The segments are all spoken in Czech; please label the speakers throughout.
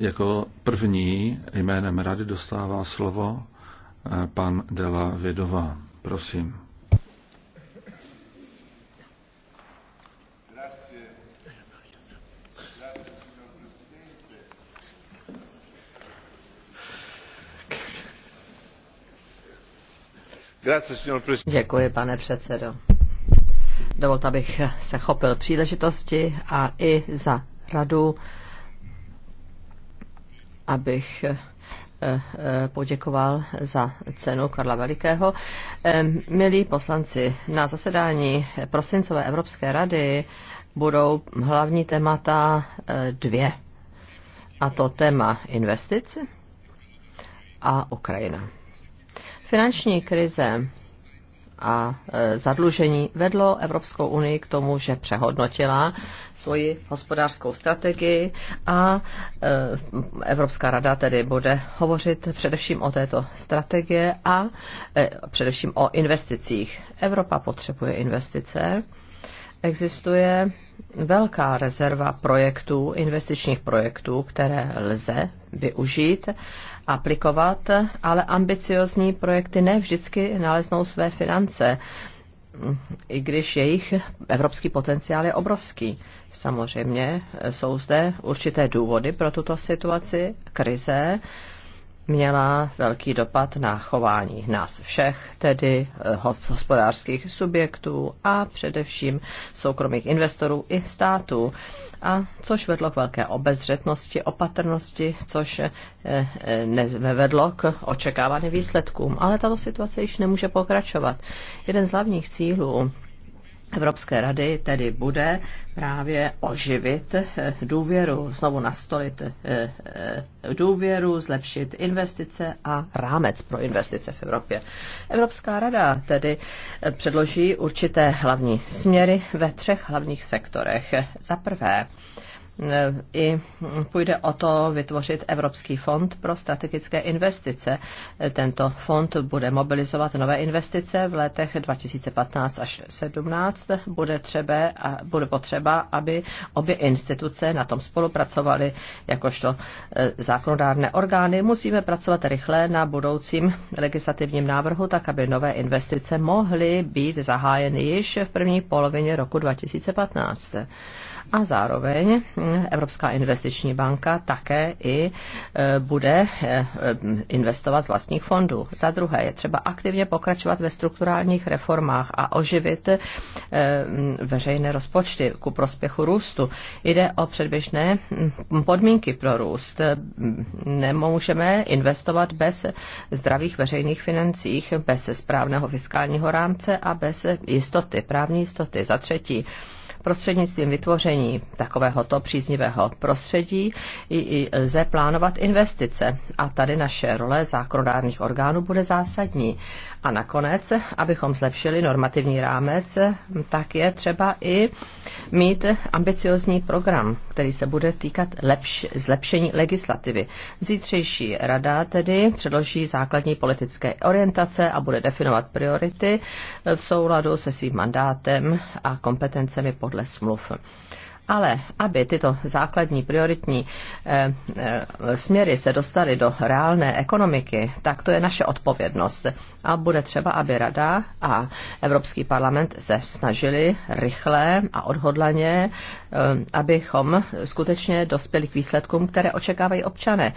Speaker 1: Jako první jménem rady dostává slovo eh, pan Dela Vidova. Prosím.
Speaker 2: Děkuji, pane předsedo. Dovolte, abych se chopil příležitosti a i za radu abych eh, eh, poděkoval za cenu Karla Velikého. Milí poslanci, na zasedání prosincové Evropské rady budou hlavní témata eh, dvě. A to téma investice a Ukrajina. Finanční krize a e, zadlužení vedlo Evropskou unii k tomu, že přehodnotila svoji hospodářskou strategii a e, Evropská rada tedy bude hovořit především o této strategie a e, především o investicích. Evropa potřebuje investice. Existuje velká rezerva projektů, investičních projektů, které lze využít aplikovat, ale ambiciozní projekty ne vždycky naleznou své finance, i když jejich evropský potenciál je obrovský. Samozřejmě jsou zde určité důvody pro tuto situaci, krize, měla velký dopad na chování nás všech, tedy eh, hospodářských subjektů a především soukromých investorů i států, a což vedlo k velké obezřetnosti, opatrnosti, což eh, eh, nevedlo k očekávaným výsledkům. Ale tato situace již nemůže pokračovat. Jeden z hlavních cílů Evropské rady tedy bude právě oživit eh, důvěru, znovu nastolit eh, eh, důvěru, zlepšit investice a rámec pro investice v Evropě. Evropská rada tedy předloží určité hlavní směry ve třech hlavních sektorech. Za prvé, E, i půjde o to vytvořit Evropský fond pro strategické investice. E, tento fond bude mobilizovat nové investice v letech 2015 až 2017. Bude, třeba, a bude potřeba, aby obě instituce na tom spolupracovaly jakožto e, zákonodárné orgány. Musíme pracovat rychle na budoucím legislativním návrhu, tak aby nové investice mohly být zahájeny již v první polovině roku 2015 a zároveň eh, Evropská investiční banka také i eh, bude eh, investovat z vlastních fondů. Za druhé je třeba aktivně pokračovat ve strukturálních reformách a oživit veřejné rozpočty ku prospěchu růstu. Jde o předběžné hm, podmínky pro růst. Nemůžeme investovat bez zdravých veřejných financích, bez správného fiskálního rámce a bez jistoty, právní jistoty. Za třetí, Prostřednictvím vytvoření takovéhoto příznivého prostředí i lze plánovat investice a tady naše role zákonodárných orgánů bude zásadní. A nakonec, abychom zlepšili normativní rámec, tak je třeba i mít ambiciozní program, který se bude týkat lepš- zlepšení legislativy. Zítřejší rada tedy předloží základní politické orientace a bude definovat priority v souladu se svým mandátem a kompetencemi podle podle smluv. Ale aby tyto základní prioritní e, e, směry se dostaly do reálné ekonomiky, tak to je naše odpovědnost. A bude třeba, aby Rada a Evropský parlament se snažili rychle a odhodlaně, e, abychom skutečně dospěli k výsledkům, které očekávají občané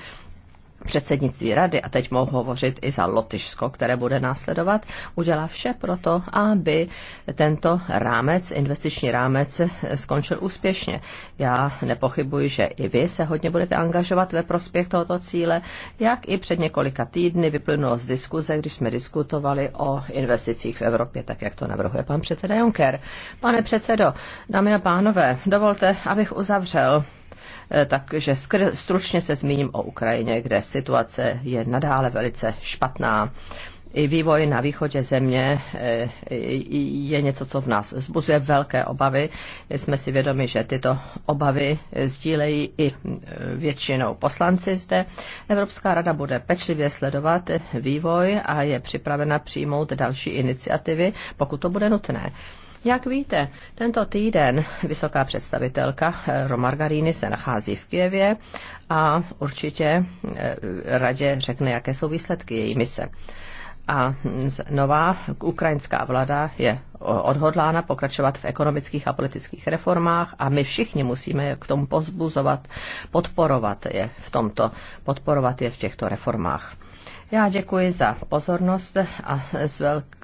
Speaker 2: předsednictví rady, a teď mohu hovořit i za Lotyšsko, které bude následovat, udělá vše pro to, aby tento rámec, investiční rámec, skončil úspěšně. Já nepochybuji, že i vy se hodně budete angažovat ve prospěch tohoto cíle, jak i před několika týdny vyplynulo z diskuze, když jsme diskutovali o investicích v Evropě, tak jak to navrhuje pan předseda Juncker. Pane předsedo, dámy a pánové, dovolte, abych uzavřel Eh, takže stručně se zmíním o Ukrajině, kde situace je nadále velice špatná. I vývoj na východě země eh, je něco, co v nás zbuzuje velké obavy. Jsme si vědomi, že tyto obavy sdílejí i eh, většinou poslanci zde. Evropská rada bude pečlivě sledovat vývoj a je připravena přijmout další iniciativy, pokud to bude nutné. Jak víte, tento týden vysoká představitelka eh, Ro Margarini se nachází v Kijevě a určitě eh, radě řekne, jaké jsou výsledky její mise a nová ukrajinská vláda je odhodlána pokračovat v ekonomických a politických reformách a my všichni musíme k tomu pozbuzovat, podporovat je v tomto, podporovat je v těchto reformách. Já děkuji za pozornost a velk,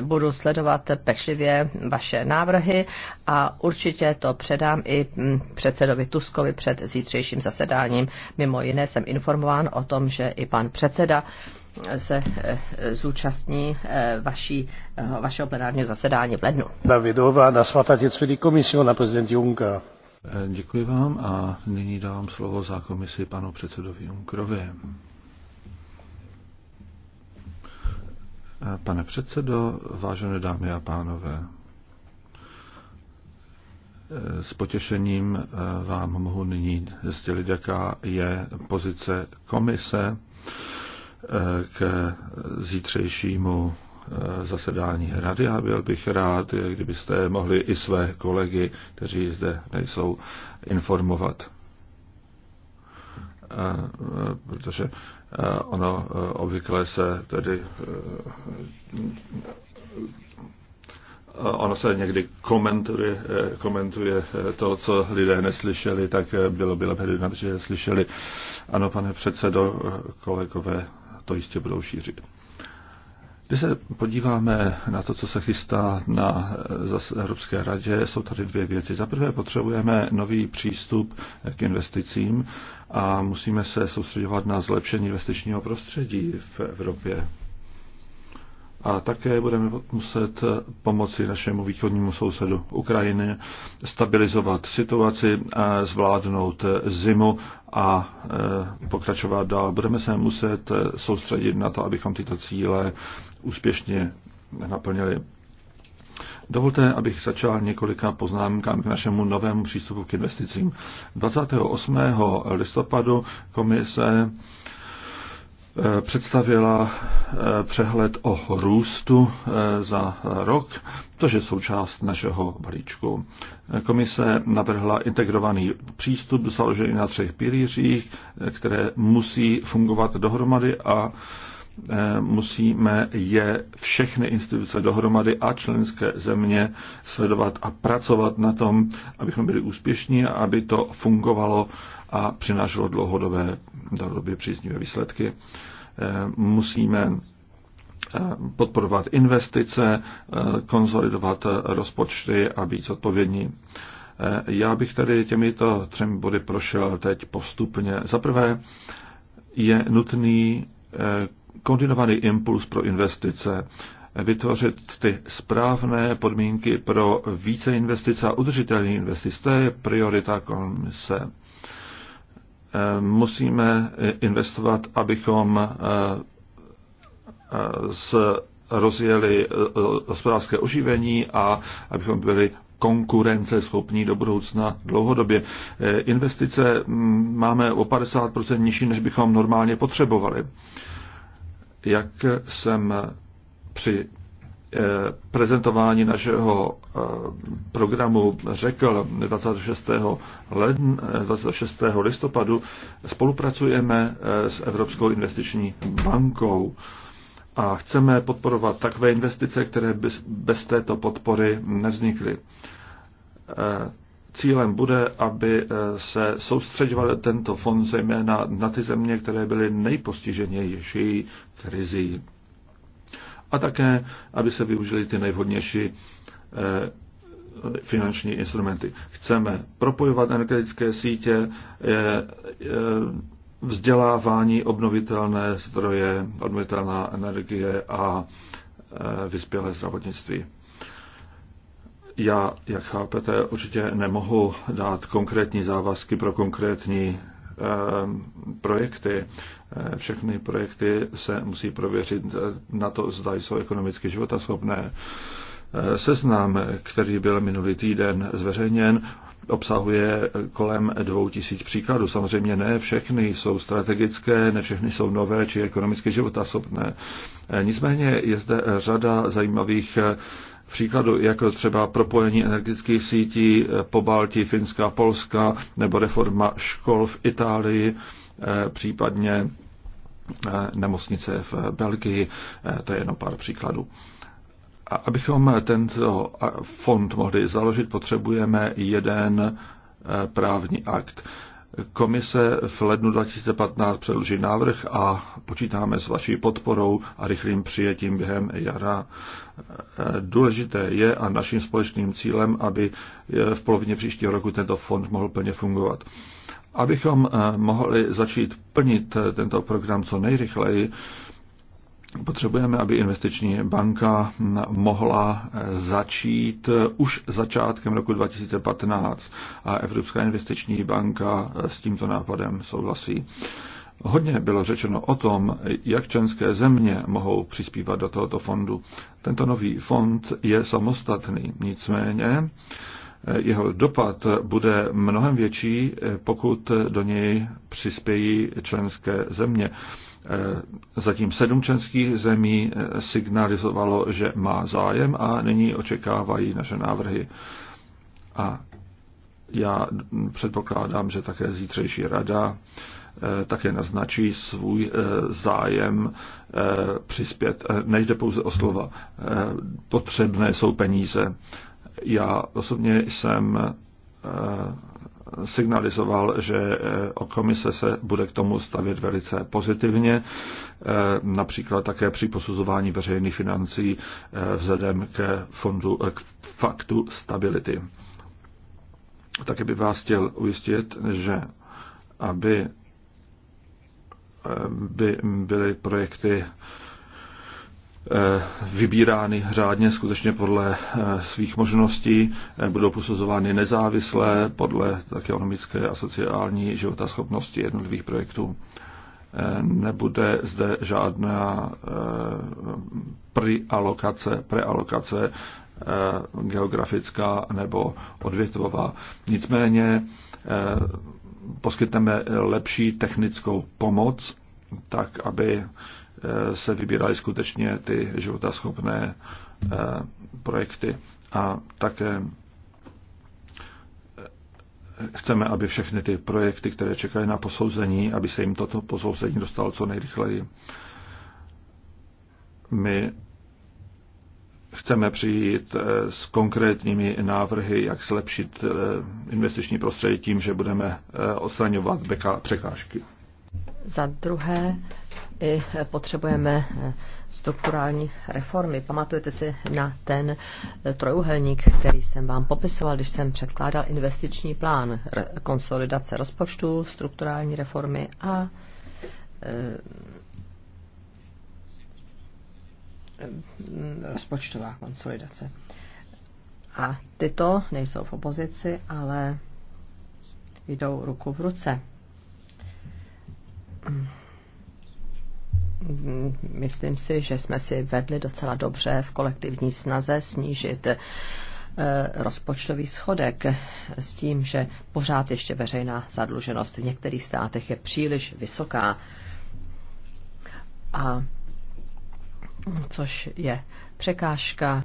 Speaker 2: budu sledovat pečlivě vaše návrhy a určitě to předám i mm, předsedovi Tuskovi před zítřejším zasedáním. Mimo jiné jsem informován o tom, že i pan předseda se eh, zúčastní eh, vaší, eh, vašeho plenárního zasedání v lednu.
Speaker 3: Davidová na svatatec komisiu na prezident Junka.
Speaker 1: Děkuji vám a nyní dávám slovo za komisi panu předsedovi Junkrovi. Pane předsedo, vážené dámy a pánové, s potěšením eh, vám mohu nyní sdělit, jaká je pozice komise eh, k zítřejšímu eh, zasedání rady a byl bych rád, kdybyste mohli i své kolegy, kteří zde nejsou, informovat protože ono obvykle se tedy ono se někdy komentuje, komentuje to, co lidé neslyšeli, tak bylo by lepší, že slyšeli. Ano, pane předsedo, kolegové to jistě budou šířit. Když se podíváme na to, co se chystá eh, na Evropské radě, jsou tady dvě věci. Za prvé potřebujeme nový přístup k investicím a musíme se soustředovat na zlepšení investičního prostředí v Evropě a také budeme muset pomoci našemu východnímu sousedu Ukrajiny stabilizovat situaci, zvládnout zimu a e, pokračovat dál. Budeme se muset soustředit na to, abychom tyto cíle úspěšně naplnili. Dovolte, abych začal několika poznámkami k našemu novému přístupu k investicím. 28. listopadu komise Eh, představila eh, přehled o růstu eh, za rok, což je součást našeho balíčku. Komise navrhla integrovaný přístup založený na třech pilířích, které musí fungovat dohromady a Eh, musíme je všechny instituce dohromady a členské země sledovat a pracovat na tom, abychom byli úspěšní a aby to fungovalo a přinášelo dlouhodobé, dlouhodobě příznivé výsledky. Eh, musíme eh, podporovat investice, konsolidovat rozpočty a být odpovědní. Já bych tady těmito třemi body prošel teď postupně. Za prvé je nutný koordinovaný impuls pro investice, vytvořit ty správné podmínky pro více investic a udržitelných investic. To je priorita komise. Musíme investovat, abychom z eh, eh, rozjeli eh, hospodářské oživení a abychom byli konkurenceschopní do budoucna dlouhodobě. Investice mm, máme o 50% nižší, než bychom normálně potřebovali jak jsem při eh, prezentování našeho eh, programu řekl 26. Ledn, 26. listopadu, spolupracujeme eh, s Evropskou investiční bankou a chceme podporovat takové investice, které by bez této podpory nevznikly. Cílem bude, aby eh, se soustředoval tento fond zejména na ty země, které byly nejpostiženější krizí. A také, aby se využili ty nejvhodnější eh, finanční instrumenty. Chceme propojovat energetické sítě, eh, vzdělávání, obnovitelné zdroje, obnovitelná energie a vyspělé zdravotnictví. Já, jak chápete, určitě nemohu dát konkrétní závazky pro konkrétní eh, projekty. Eh, všechny projekty se musí prověřit eh, na to, zda jsou ekonomicky životaschopné. Seznam, který byl minulý týden zveřejněn, obsahuje kolem dvou tisíc příkladů. Samozřejmě ne všechny jsou strategické, ne všechny jsou nové či ekonomicky životaschopné. Nicméně je zde řada zajímavých příkladu, jako třeba propojení energetických sítí eh, po Balti, Finska, Polska, nebo reforma škol v Itálii, eh, případně eh, nemocnice v Belgii. To je jenom pár příkladů. Abychom tento fond mohli založit, potřebujeme jeden právní akt. Komise v lednu 2015 předloží návrh a počítáme s vaší podporou a rychlým přijetím během jara. Důležité je a naším společným cílem, aby v polovině příštího roku tento fond mohl plně fungovat. Abychom eh, mohli začít plnit eh, tento program co nejrychleji, Potřebujeme, aby investiční banka mohla začít už začátkem roku 2015 a Evropská investiční banka s tímto nápadem souhlasí. Hodně bylo řečeno o tom, jak členské země mohou přispívat do tohoto fondu. Tento nový fond je samostatný, nicméně jeho dopad bude mnohem větší, pokud do něj přispějí členské země. Eh, zatím sedm členských zemí eh, signalizovalo, že má zájem a nyní očekávají naše návrhy. A já předpokládám, že také zítřejší rada eh, také naznačí svůj zájem přispět. Nejde pouze o slova. Potřebné jsou peníze. Já osobně jsem signalizoval, že eh, komise se bude k tomu stavět velice pozitivně, eh, například také při posuzování veřejných financí eh, vzhledem k, fondu, k faktu stability. Také bych vás chtěl ujistit, že aby by byly projekty Eh, vybírány řádně skutečně podle eh, svých možností, eh, budou posuzovány nezávisle podle ekonomické a sociální životaschopnosti jednotlivých projektů. Nebude zde žádná prealokace, prealokace geografická nebo odvětvová. Nicméně poskytneme lepší technickou pomoc, tak aby Eh, se vybíraly skutečně ty životaschopné eh, projekty. A také eh, chceme, aby všechny ty projekty, které čekají na posouzení, aby se jim toto posouzení dostalo co nejrychleji. My chceme přijít s konkrétními návrhy, jak zlepšit investiční prostředí tím, že budeme odstraňovat překážky.
Speaker 2: Za druhé, i potřebujeme eh, strukturální reformy. Pamatujete si na ten eh, trojuhelník, který jsem vám popisoval, když jsem předkládal investiční plán konsolidace rozpočtu, strukturální reformy a eh, rozpočtová konsolidace. A tyto nejsou v opozici, ale jdou ruku v ruce myslím si, že jsme si vedli docela dobře v kolektivní snaze snížit eh, rozpočtový schodek s tím, že pořád ještě veřejná zadluženost v některých státech je příliš vysoká. A což je překážka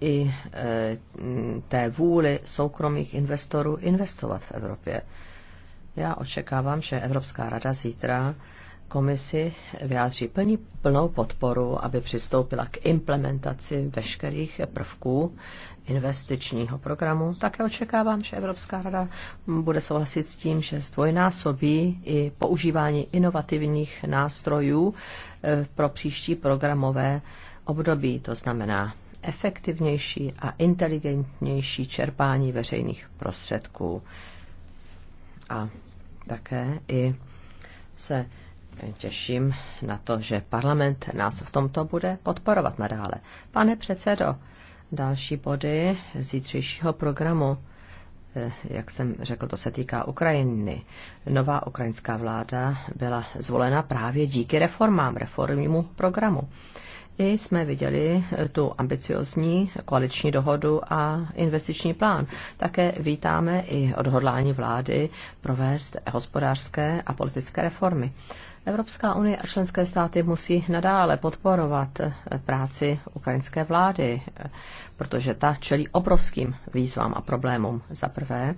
Speaker 2: i eh, té vůli soukromých investorů investovat v Evropě. Já očekávám, že Evropská rada zítra komisi vyjádří plní plnou podporu, aby přistoupila k implementaci veškerých prvků investičního programu. Také očekávám, že Evropská rada bude souhlasit s tím, že zdvojnásobí i používání inovativních nástrojů eh, pro příští programové období, to znamená efektivnější a inteligentnější čerpání veřejných prostředků. A také i se těším na to, že parlament nás v tomto bude podporovat nadále. Pane předsedo, další body zítřejšího programu, eh, jak jsem řekl, to se týká Ukrajiny. Nová ukrajinská vláda byla zvolena právě díky reformám, reformnímu programu i jsme viděli eh, tu ambiciozní koaliční dohodu a investiční plán. Také vítáme i odhodlání vlády provést hospodářské a politické reformy. Evropská unie a členské státy musí nadále podporovat eh, práci ukrajinské vlády, eh, protože ta čelí obrovským výzvám a problémům. Za prvé,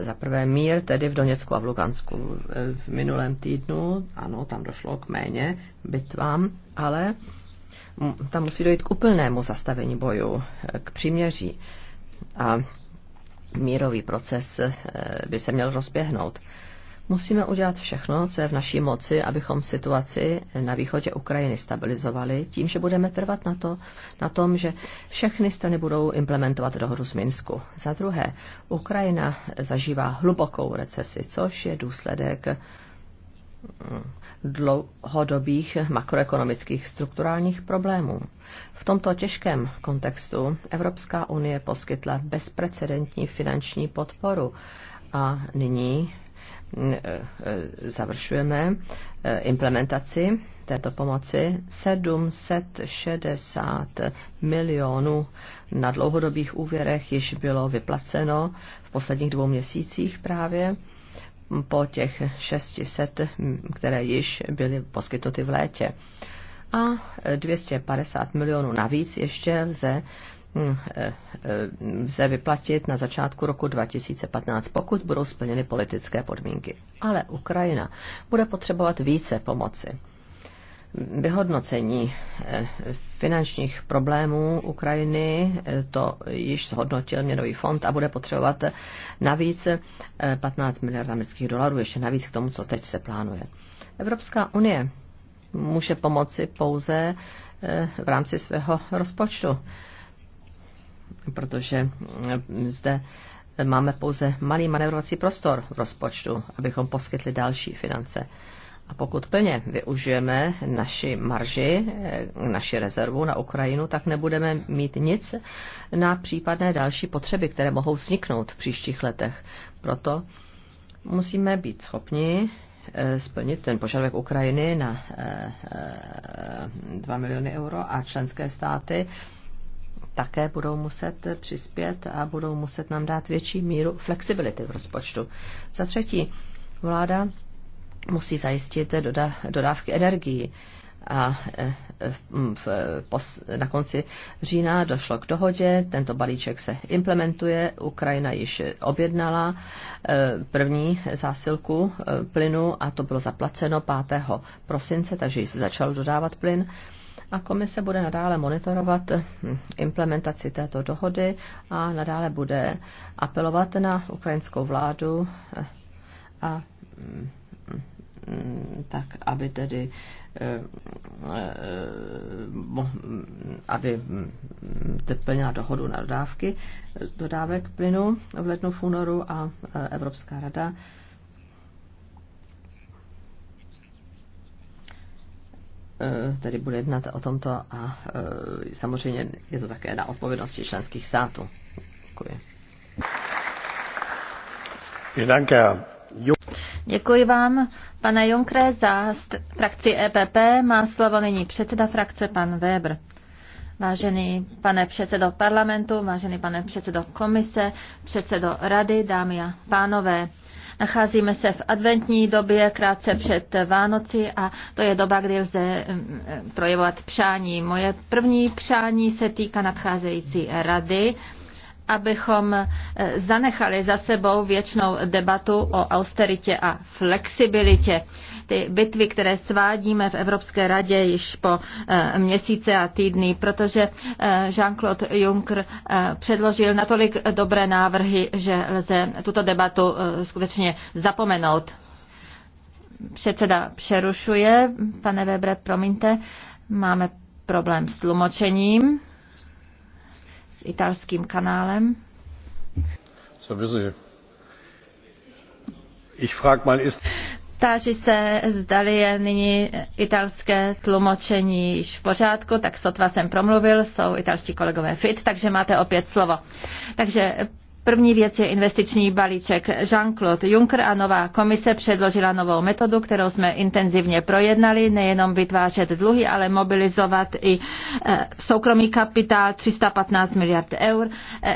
Speaker 2: za prvé mír, tedy v Doněcku a v Lugansku. V minulém týdnu, ano, tam došlo k méně bitvám, ale tam musí dojít k úplnému zastavení boju, eh, k příměří. A mírový proces eh, by se měl rozběhnout. Musíme udělat všechno, co je v naší moci, abychom situaci na východě Ukrajiny stabilizovali tím, že budeme trvat na, to, na tom, že všechny strany budou implementovat dohodu z Minsku. Za druhé, Ukrajina zažívá hlubokou recesi, což je důsledek mm, dlouhodobých makroekonomických strukturálních problémů. V tomto těžkém kontextu Evropská unie poskytla bezprecedentní finanční podporu a nyní mm, e, e, završujeme e, implementaci této pomoci 760 milionů na dlouhodobých úvěrech již bylo vyplaceno v posledních dvou měsících právě po těch 600, které již byly poskytnuty v létě. A 250 milionů navíc ještě lze hm, eh, eh, lze vyplatit na začátku roku 2015, pokud budou splněny politické podmínky. Ale Ukrajina bude potřebovat více pomoci vyhodnocení eh, finančních problémů Ukrajiny, eh, to již zhodnotil Měnový fond a bude potřebovat navíc 15 eh, miliard amerických dolarů, ještě navíc k tomu, co teď se plánuje. Evropská unie může pomoci pouze v rámci svého rozpočtu, protože zde máme pouze malý manevrovací prostor v rozpočtu, abychom poskytli další finance. A pokud plně využijeme naši marži, eh, naši rezervu na Ukrajinu, tak nebudeme mít nic na případné další potřeby, které mohou vzniknout v příštích letech. Proto musíme být schopni eh, splnit ten požadavek Ukrajiny na 2 eh, miliony euro a členské státy také budou muset přispět a budou muset nám dát větší míru flexibility v rozpočtu. Za třetí, vláda musí zajistit eh, dodávky energii. A eh, eh, mm, v, pos, na konci října došlo k dohodě, tento balíček se implementuje, Ukrajina již objednala první zásilku plynu a to bylo zaplaceno 5. prosince, takže se začal dodávat plyn. A komise bude nadále monitorovat implementaci této dohody a nadále bude apelovat na ukrajinskou vládu a mm, Mm, tak aby tedy eh, eh, aby mm, plnila dohodu na dodávky dodávek plynu v letnu v únoru a eh, Evropská rada tedy bude jednat o tomto a samozřejmě je to také na odpovědnosti členských států. Děkuji.
Speaker 3: Děkuji.
Speaker 4: Děkuji vám, pane Junkre, za frakci EPP. Má slovo nyní předseda frakce, pan Weber. Vážený pane předsedo parlamentu, vážený pane předsedo komise, předsedo rady, dámy a pánové. Nacházíme se v adventní době, krátce před Vánoci a to je doba, kdy lze mm, eh, projevovat přání. Moje první přání se týká nadcházející rady abychom eh, zanechali za sebou věčnou debatu o austeritě a flexibilitě. Ty bitvy, které svádíme v Evropské radě již po eh, měsíce a týdny, protože eh, Jean-Claude Juncker předložil natolik dobré návrhy, že lze tuto debatu skutečně zapomenout. Předseda přerušuje. Pane Webre, promiňte, máme problém s tlumočením s italským kanálem.
Speaker 3: So busy. Ich frag mal, ist...
Speaker 4: Táži se, zdali je nyní italské tlumočení již v pořádku, tak sotva jsem promluvil, jsou italští kolegové fit, takže máte opět slovo. Takže První věc je investiční balíček. Jean-Claude Juncker a nová komise předložila novou metodu, kterou jsme intenzivně projednali, nejenom vytvářet dluhy, ale mobilizovat i eh, soukromý kapitál 315 miliard eur.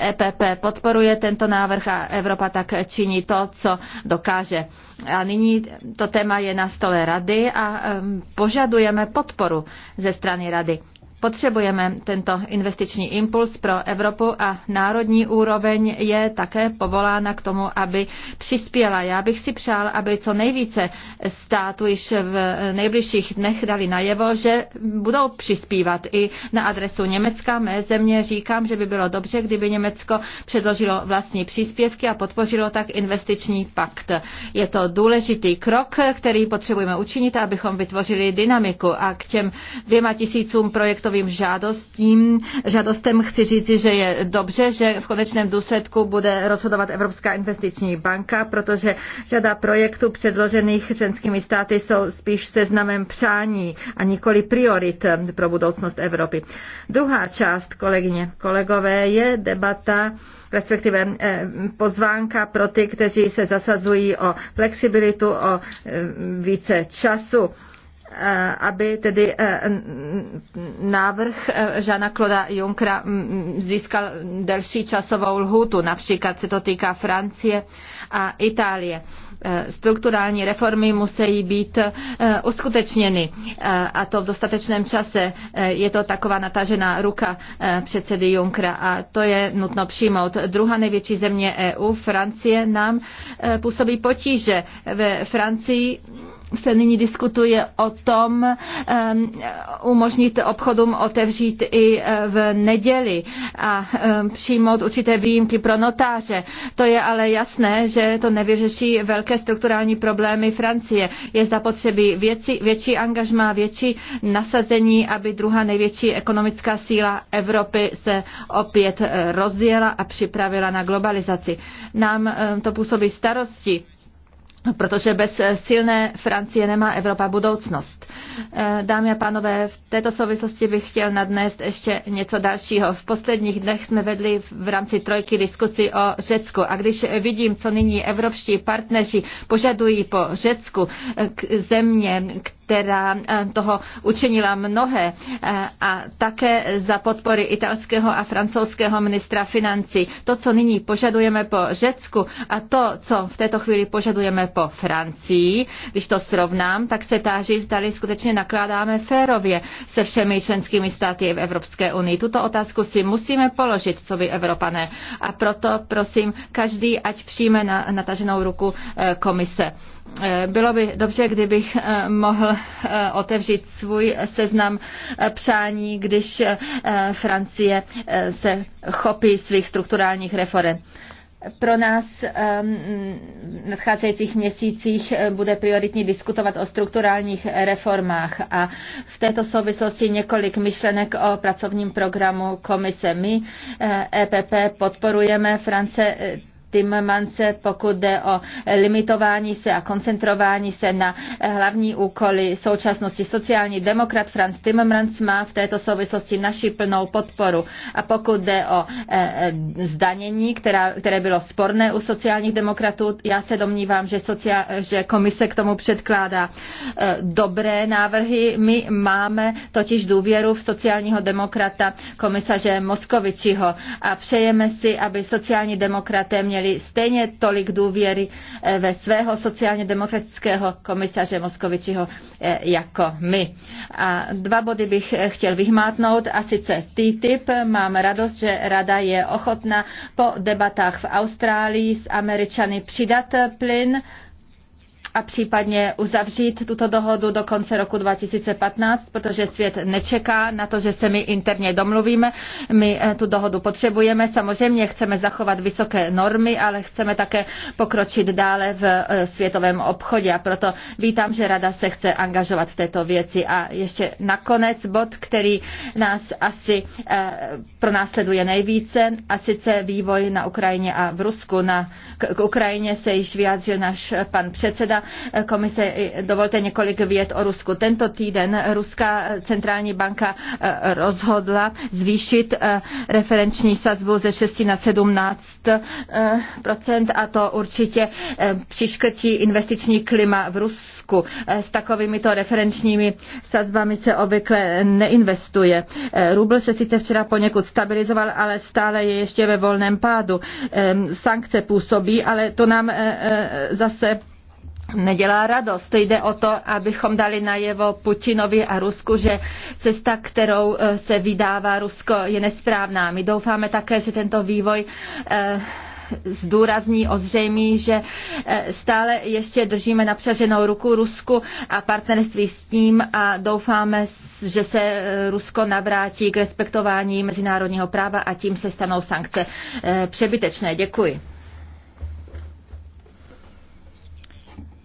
Speaker 4: EPP e podporuje tento návrh a Evropa tak činí to, co dokáže. A nyní to téma je na stole rady a eh, požadujeme podporu ze strany rady. Potřebujeme tento investiční impuls pro Evropu a národní úroveň je také povolána k tomu, aby přispěla. Já bych si přál, aby co nejvíce států již v nejbližších dnech dali najevo, že budou přispívat i na adresu Německa. Mé země říkám, že by bylo dobře, kdyby Německo předložilo vlastní příspěvky a podpořilo tak investiční pakt. Je to důležitý krok, který potřebujeme učinit, abychom vytvořili dynamiku a k těm dvěma tisícům projektů takovým žádostím, žádostem chci říci, že je dobře, že v konečném důsledku bude rozhodovat Evropská investiční banka, protože řada projektů předložených členskými státy jsou spíš seznamem přání a nikoli priorit pro budoucnost Evropy. Druhá část, kolegyně, kolegové, je debata respektive eh, pozvánka pro ty, kteří se zasazují o flexibilitu, o eh, více času. Eh, aby tedy eh, návrh eh, Žana Kloda Junkra mm, získal delší časovou lhůtu. Například se to týká Francie a Itálie. Strukturální reformy musí být uskutečněny a to v dostatečném čase. Je to taková natažená ruka předsedy Junkra a to je nutno přijmout. Druhá největší země EU, Francie, nám působí potíže. Ve Francii se nyní diskutuje o tom eh, umožnit obchodům otevřít i eh, v neděli a eh, přijmout určité výjimky pro notáře. To je ale jasné, že to nevyřeší velké strukturální problémy Francie. Je zapotřebí věci, větší angažmá, větší nasazení, aby druhá největší ekonomická síla Evropy se opět rozjela a připravila na globalizaci. Nám to působí starosti protože bez silné Francie nemá Evropa budoucnost. Eh, dámy a pánové, v této souvislosti bych chtěl nadnést ještě něco dalšího. V posledních dnech jsme vedli v rámci trojky diskusi o Řecku a když vidím, co nyní evropští partneři požadují po Řecku eh, země, k která eh, toho učinila mnohé eh, a také za podpory italského a francouzského ministra financí. To, co nyní požadujeme po Řecku a to, co v této chvíli požadujeme po Francii, když to srovnám, tak se táží, zdali skutečně nakládáme férově se všemi členskými státy v Evropské unii. Tuto otázku si musíme položit, co by Evropané. A proto prosím, každý ať přijme na, nataženou ruku eh, komise. Eh, bylo by dobře, kdybych eh, mohl eh, otevřít svůj seznam přání, když Francie se chopí svých strukturálních reform. Pro nás v nadcházejících měsících bude prioritní diskutovat o strukturálních reformách a v této souvislosti několik myšlenek o pracovním programu komise. My EPP e podporujeme France Timmermanse, pokud jde o limitování se a koncentrování se na hlavní úkoly současnosti. Sociální demokrat Franz Timmermans má v této souvislosti naši plnou podporu. A pokud jde o e, e, zdanění, která, které bylo sporné u sociálních demokratů, já se domnívám, že, sociál, že komise k tomu předkládá e, dobré návrhy. My máme totiž důvěru v sociálního demokrata komisaře Moskovičiho a přejeme si, aby sociální demokraté měli měli stejně tolik důvěry eh, ve svého sociálně demokratického komisaře Moskovičiho eh, jako my. A dva body bych eh, chtěl vyhmátnout, a sice TTIP. Mám radost, že rada je ochotná po debatách v Austrálii s Američany přidat plyn a případně uzavřít tuto dohodu do konce roku 2015, protože svět nečeká na to, že se my interně domluvíme. My eh, tu dohodu potřebujeme. Samozřejmě chceme zachovat vysoké normy, ale chceme také pokročit dále v eh, světovém obchodě a proto vítám, že Rada se chce angažovat v této věci. A ještě nakonec bod, který nás asi eh, pronásleduje nejvíce, a sice vývoj na Ukrajině a v Rusku. Na, k, k Ukrajině se již vyjádřil náš pan předseda komise, dovolte několik vět o Rusku. Tento týden Ruská centrální banka eh, rozhodla zvýšit eh, referenční sazbu ze 6 na 17 eh, a to určitě přiškrtí investiční klima v Rusku. S takovýmito referenčními sazbami se obvykle neinvestuje. Rubl se sice včera poněkud stabilizoval, ale stále je ještě ve volném pádu. Ehm, sankce působí, ale to nám zase nedělá radost. Jde o to, abychom dali najevo Putinovi a Rusku, že cesta, kterou eh, se vydává Rusko, je nesprávná. My doufáme také, že tento vývoj eh, zdůrazní, ozřejmí, že eh, stále ještě držíme napřaženou ruku Rusku a partnerství s tím a doufáme, že se Rusko navrátí k respektování mezinárodního práva a tím se stanou sankce přebytečné. Děkuji.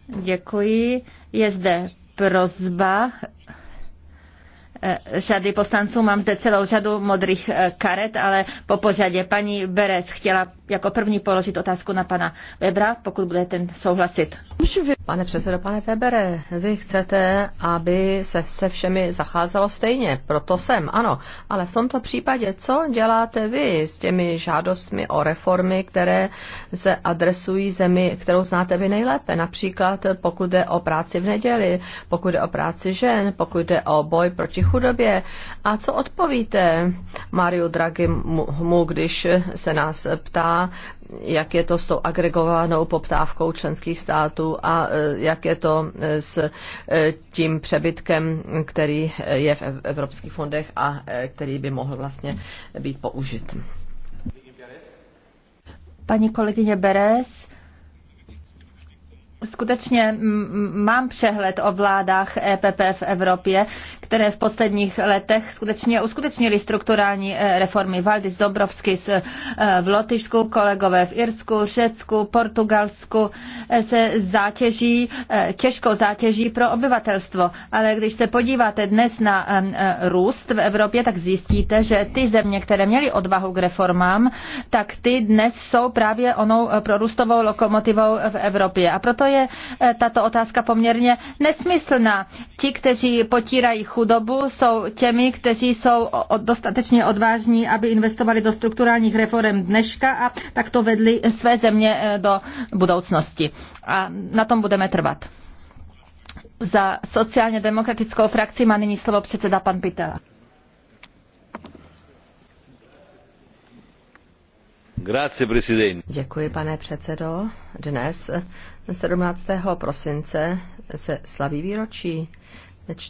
Speaker 4: Děkuji. Je zde prozba eh, řady poslanců. Mám zde celou řadu modrých eh, karet, ale po pořadě paní Beres chtěla jako první položit otázku na pana Webra, pokud bude ten souhlasit. Pane předsedo, pane Webere,
Speaker 2: vy chcete, aby se se všemi zacházelo stejně, proto jsem, ano. Ale v tomto případě, co děláte vy s těmi žádostmi o reformy, které se adresují zemi, kterou znáte vy nejlépe? Například pokud jde o práci v neděli, pokud jde o práci žen, pokud jde o boj proti chudobě. A co odpovíte Mariu Draghi mu, když se nás ptá, jak je to s tou agregovanou poptávkou členských států a e, jak je to e, s e, tím přebytkem, který je v evropských fondech a který by mohl vlastně být použit.
Speaker 4: Paní kolegyně Beres, skutečně mám přehled o vládách EPP v Evropě, které v posledních letech skutečně uskutečnili strukturální eh, reformy. Valdis Dobrovskis eh, v Lotyšsku, kolegové v Irsku, Řecku, Portugalsku eh, se zátěží, těžkou zátěží pro obyvatelstvo. Ale když se podíváte dnes na růst v Evropě, tak zjistíte, že ty země, které měly odvahu k reformám, tak ty dnes jsou právě onou prorůstovou lokomotivou v Evropě. A proto je eh, tato otázka poměrně nesmyslná. Ti, kteří potírají chudobu, jsou těmi, kteří jsou dostatečně odvážní, aby investovali do strukturálních reform dneška a takto vedli své země eh, do budoucnosti. A na tom budeme trvat. Za sociálně demokratickou frakci má nyní slovo předseda pan Pitela.
Speaker 2: Děkuji, pane předsedo. Dnes 17. prosince se slaví výročí.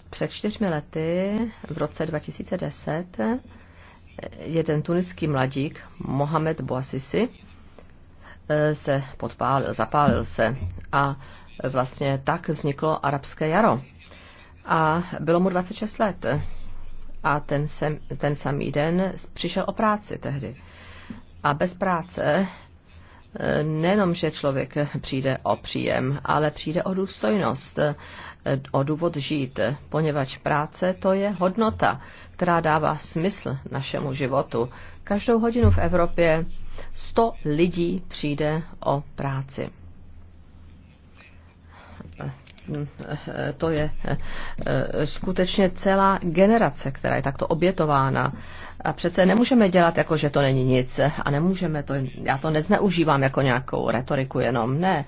Speaker 2: Před čtyřmi lety, v roce 2010, jeden tuniský mladík, Mohamed Bouassisi, se podpálil, zapálil se a vlastně tak vzniklo arabské jaro. A bylo mu 26 let a ten, sem, ten samý den přišel o práci tehdy. A bez práce nejenom, že člověk přijde o příjem, ale přijde o důstojnost, o důvod žít, poněvadž práce to je hodnota, která dává smysl našemu životu. Každou hodinu v Evropě 100 lidí přijde o práci to je eh, skutečně celá generace, která je takto obětována. A přece nemůžeme dělat jako, že to není nic a nemůžeme to, já to nezneužívám jako nějakou retoriku jenom, ne.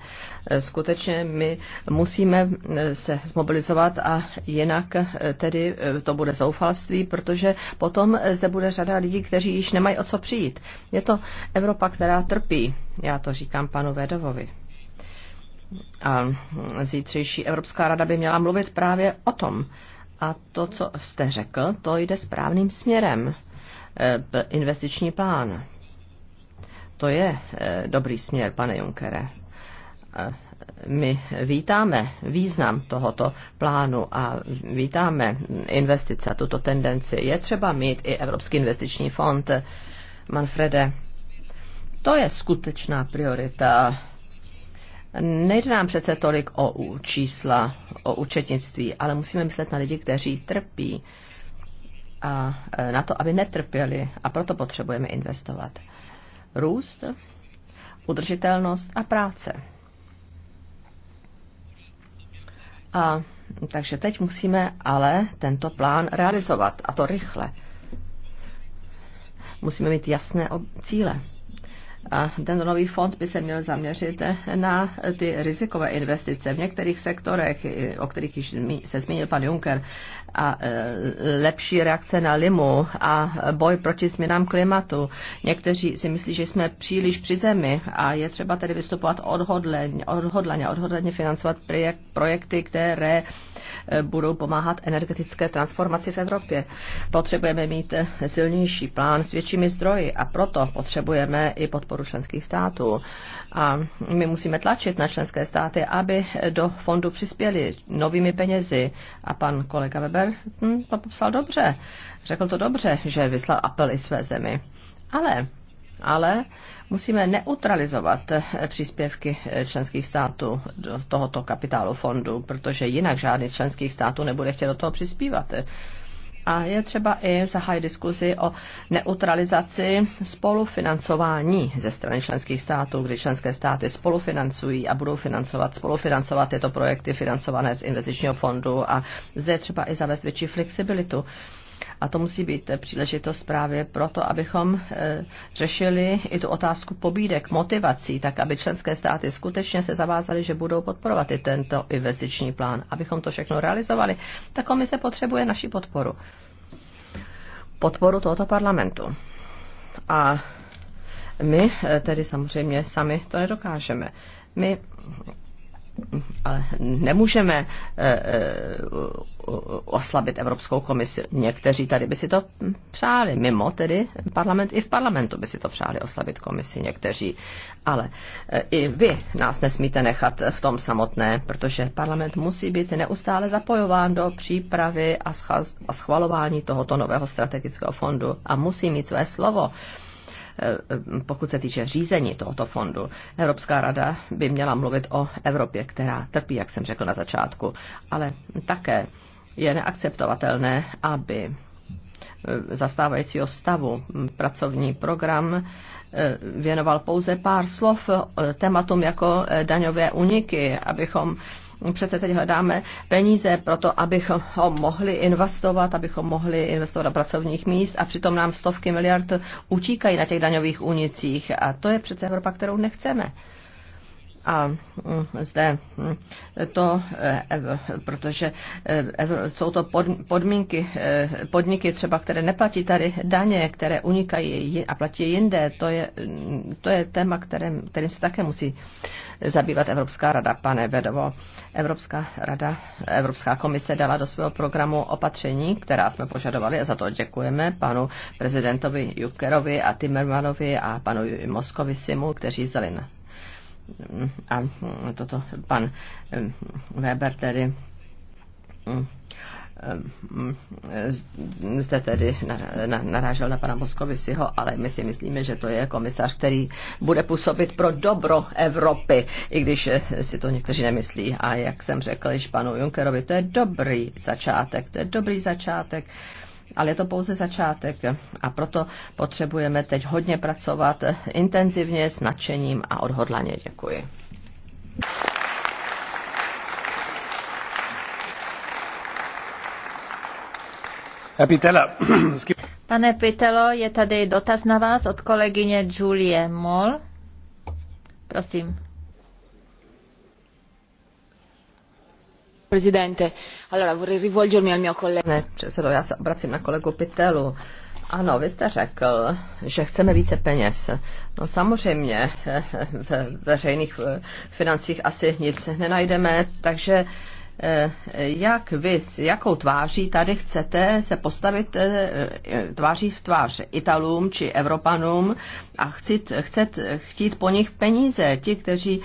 Speaker 2: Skutečně my musíme eh, se zmobilizovat a jinak eh, tedy to bude zoufalství, protože potom zde bude řada lidí, kteří již nemají o co přijít. Je to Evropa, která trpí, já to říkám panu Vedovovi. A zítřejší Evropská rada by měla mluvit právě o tom. A to, co jste řekl, to jde správným směrem. E, investiční plán. To je e, dobrý směr, pane Junkere. E, my vítáme význam tohoto plánu a vítáme investice a tuto tendenci. Je třeba mít i Evropský investiční fond. Manfrede, to je skutečná priorita Nejde nám přece tolik o čísla, o účetnictví, ale musíme myslet na lidi, kteří trpí a e, na to, aby netrpěli. A proto potřebujeme investovat. Růst, udržitelnost a práce. A takže teď musíme ale tento plán realizovat, a to rychle. Musíme mít jasné cíle. A ten nový fond by se měl zaměřit na ty rizikové investice v některých sektorech, o kterých již se zmínil pan Juncker, a e, lepší reakce na limu a boj proti změnám klimatu. Někteří si myslí, že jsme příliš při zemi a je třeba tedy vystupovat odhodleně, odhodleně, odhodleně financovat projekty, které e, budou pomáhat energetické transformaci v Evropě. Potřebujeme mít silnější plán s většími zdroji a proto potřebujeme i podporu členských států. A my musíme tlačit na členské státy, aby do fondu přispěli novými penězi. A pan kolega Weber hm, to popsal dobře. Řekl to dobře, že vyslal apel i své zemi. Ale, ale musíme neutralizovat eh, příspěvky eh, členských států do tohoto kapitálu fondu, protože jinak žádný z členských států nebude chtět do toho přispívat. A je třeba i zahájit diskuzi o neutralizaci spolufinancování ze strany členských států, kdy členské státy spolufinancují a budou financovat, spolufinancovat tyto projekty financované z investičního fondu a zde je třeba i zavést větší flexibilitu a to musí být příležitost právě proto, abychom e, řešili i tu otázku pobídek, motivací, tak aby členské státy skutečně se zavázaly, že budou podporovat i tento investiční plán. Abychom to všechno realizovali, ta komise potřebuje naši podporu. Podporu tohoto parlamentu. A my e, tedy samozřejmě sami to nedokážeme. My ale nemůžeme eh, eh, oslabit Evropskou komisi. Někteří tady by si to přáli, mimo tedy parlament, i v parlamentu by si to přáli oslabit komisi někteří. Ale eh, i vy nás nesmíte nechat v tom samotné, protože parlament musí být neustále zapojován do přípravy a schvalování tohoto nového strategického fondu a musí mít své slovo. Eh, pokud se týče řízení tohoto fondu. Evropská rada by měla mluvit o Evropě, která trpí, jak jsem řekl na začátku, ale také je neakceptovatelné, aby eh, zastávajícího stavu pracovní program eh, věnoval pouze pár slov tématům jako daňové uniky, abychom přece teď hledáme peníze pro to, abychom ho mohli investovat, abychom mohli investovat do pracovních míst a přitom nám stovky miliard utíkají na těch daňových únicích. A to je přece Evropa, kterou nechceme. A mm, zde mm, to, eh, protože eh, jsou to podmínky, eh, podniky třeba, které neplatí tady daně, které unikají a platí jinde, to je, mm, to je téma, kterým, kterým se také musí zabývat Evropská rada, pane Vedovo. Evropská rada, Evropská komise dala do svého programu opatření, která jsme požadovali a za to děkujeme panu prezidentovi Junckerovi a Timmermanovi a panu Simu, kteří vzali a toto pan Weber tedy zde tedy narážel na pana Moskovisiho, ale my si myslíme, že to je komisař, který bude působit pro dobro Evropy, i když eh, si to někteří nemyslí. A jak jsem řekl již panu Junkerovi, to je dobrý začátek, to je dobrý začátek ale je to pouze začátek a proto potřebujeme teď hodně pracovat intenzivně s nadšením a odhodlaně. Děkuji.
Speaker 4: Pane Pitelo, je tady dotaz na vás od kolegyně Julie Moll. Prosím. Presidente,
Speaker 2: allora vorrei rivolgermi al mio collega. Ne, předsedo, já se obracím na kolegu Pitelu. Ano, vy jste řekl, že chceme více peněz. No samozřejmě, eh, ve veřejných eh, financích asi nic nenajdeme, takže Eh, jak vy, jakou tváří tady chcete se postavit eh, tváří v tvář Italům či Evropanům a chcít, chcet, chtít po nich peníze, ti, kteří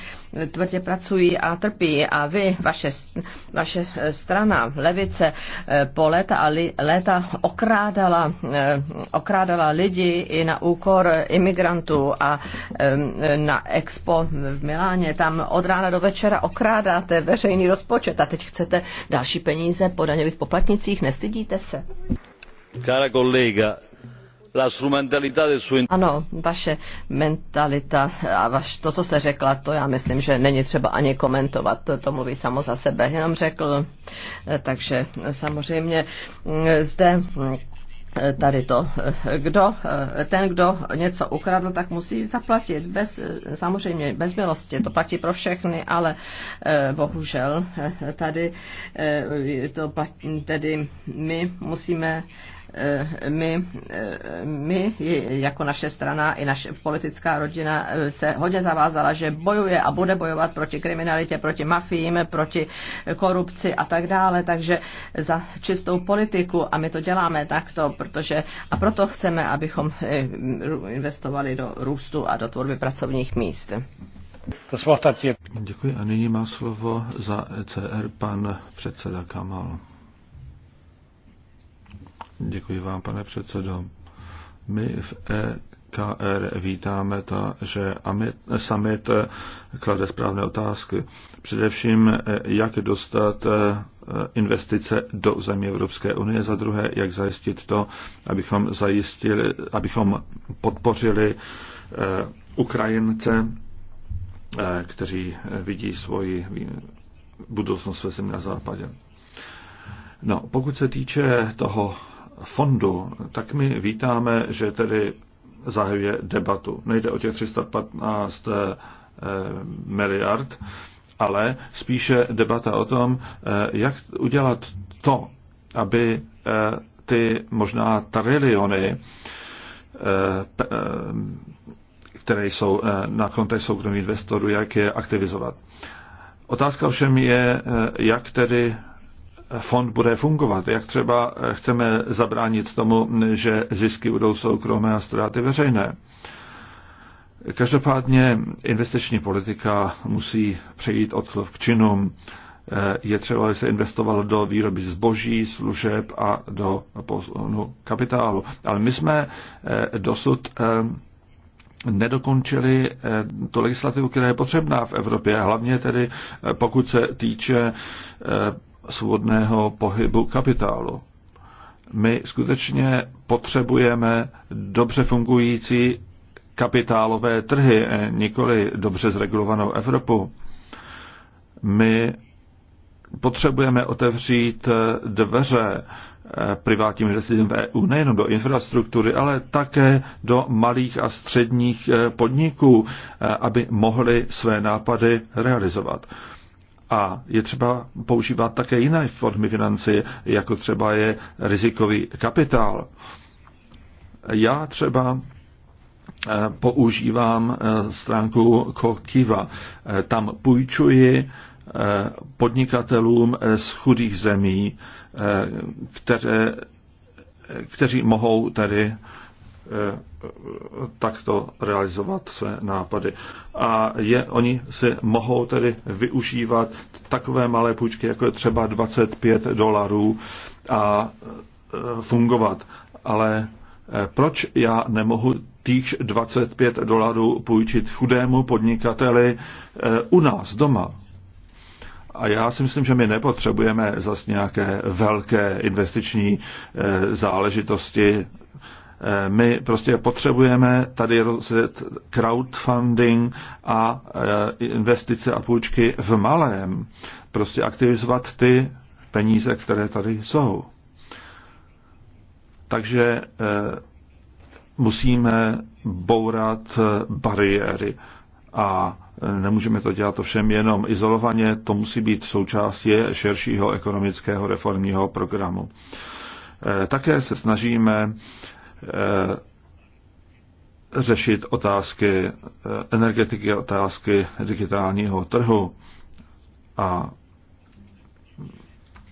Speaker 2: tvrdě pracují a trpí a vy, vaše, vaše strana, levice, eh, po léta a li, léta okrádala, okrádala lidi i na úkor imigrantů a na expo v Miláně, tam od rána do večera okrádáte veřejný rozpočet a teď chcete další peníze po daňových poplatnicích, nestydíte se?
Speaker 1: Cara kolega,
Speaker 5: la strumentalità del suo...
Speaker 2: Ano, vaše mentalita a vaš, to, co jste řekla, to já myslím, že není třeba ani komentovat, to, to mluví samo za sebe, jenom řekl. E, takže e, samozřejmě e, zde Eh, tady to, eh, kdo, eh, ten, kdo něco ukradl, tak musí zaplatit. Bez, samozřejmě bez milosti, to platí pro všechny, ale bohužel tady to platí, tedy my musíme Eh, my, eh, my jako naše strana i naše politická rodina eh, se hodně zavázala, že bojuje a bude bojovat proti kriminalitě, proti mafím, proti korupci a tak dále, takže za čistou politiku a my to děláme takto, protože a proto chceme, abychom investovali do růstu a do tvorby pracovních míst.
Speaker 1: Děkuji a nyní má slovo za ECR pan předseda Kamal. Děkuji vám, pane předsedo. My v EKR vítáme ta, že summit klade správné otázky. Především, jak dostat eh, investice do zemí Evropské unie, za druhé, jak zajistit to, abychom, zajistili, abychom podpořili eh, Ukrajince, eh, kteří vidí svoji budoucnost ve na západě. No, pokud se týče toho fondu, tak my vítáme, že tedy zahajuje debatu. Nejde o těch 315 eh, miliard, ale spíše debata o tom, eh, jak udělat to, aby eh, ty možná triliony, které jsou na kontech soukromých investorů, jak je aktivizovat. Otázka všem je, jak tedy fond bude fungovat, jak třeba eh, chceme zabránit tomu, že zisky budou soukromé a ztráty veřejné. Každopádně investiční politika musí přejít od slov k činům. Eh, je třeba, aby se investovalo do výroby zboží, služeb a do posunu kapitálu. Ale my jsme eh, dosud nedokončili tu legislativu, která je potřebná v Evropě, hlavně tedy pokud se týče svobodného pohybu kapitálu. My skutečně potřebujeme dobře fungující kapitálové trhy, nikoli dobře zregulovanou Evropu. My potřebujeme otevřít dveře privátním investicím v EU nejenom do infrastruktury, ale také do malých a středních podniků, aby mohli své nápady realizovat. A je třeba používat také jiné formy financí, jako třeba je rizikový kapitál. Já třeba eh, používám eh, stránku Kokiva. Eh, tam půjčuji podnikatelům z chudých zemí, které, kteří mohou tady. Eh, takto realizovat své nápady. A je, oni si mohou tedy využívat takové malé půjčky, jako je třeba 25 dolarů a eh, fungovat. Ale eh, proč já nemohu týž 25 dolarů půjčit chudému podnikateli u nás doma? A já si myslím, že my nepotřebujeme zase nějaké velké investiční záležitosti Eh, my prostě potřebujeme tady rozjet crowdfunding a eh, investice a půjčky v malém. Prostě aktivizovat ty peníze, které tady jsou. Takže eh, musíme bourat bariéry a nemůžeme to dělat všem jenom izolovaně, to musí být součástí širšího ekonomického reformního programu. Také se snažíme Eh, řešit otázky eh, energetiky, otázky digitálního trhu. A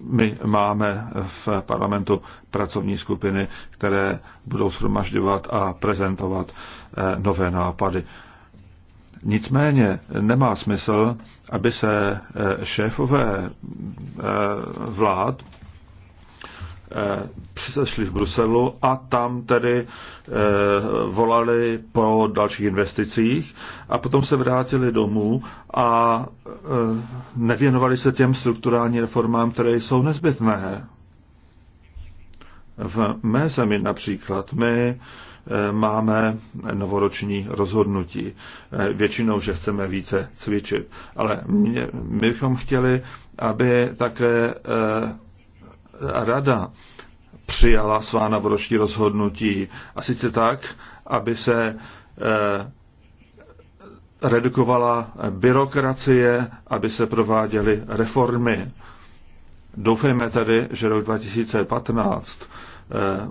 Speaker 1: my máme v parlamentu pracovní skupiny, které budou shromažďovat a prezentovat eh, nové nápady. Nicméně nemá smysl, aby se šéfové vlád Eh, přišli v Bruselu a tam tedy eh, volali po dalších investicích a potom se vrátili domů a eh, nevěnovali se těm strukturálním reformám, které jsou nezbytné. V mé zemi například my máme novoroční rozhodnutí. Většinou, že chceme více cvičit. Ale my bychom chtěli, aby také rada přijala svá novoroční rozhodnutí. A sice tak, aby se eh, redukovala byrokracie, aby se prováděly reformy. Doufejme tedy, že rok 2015 eh,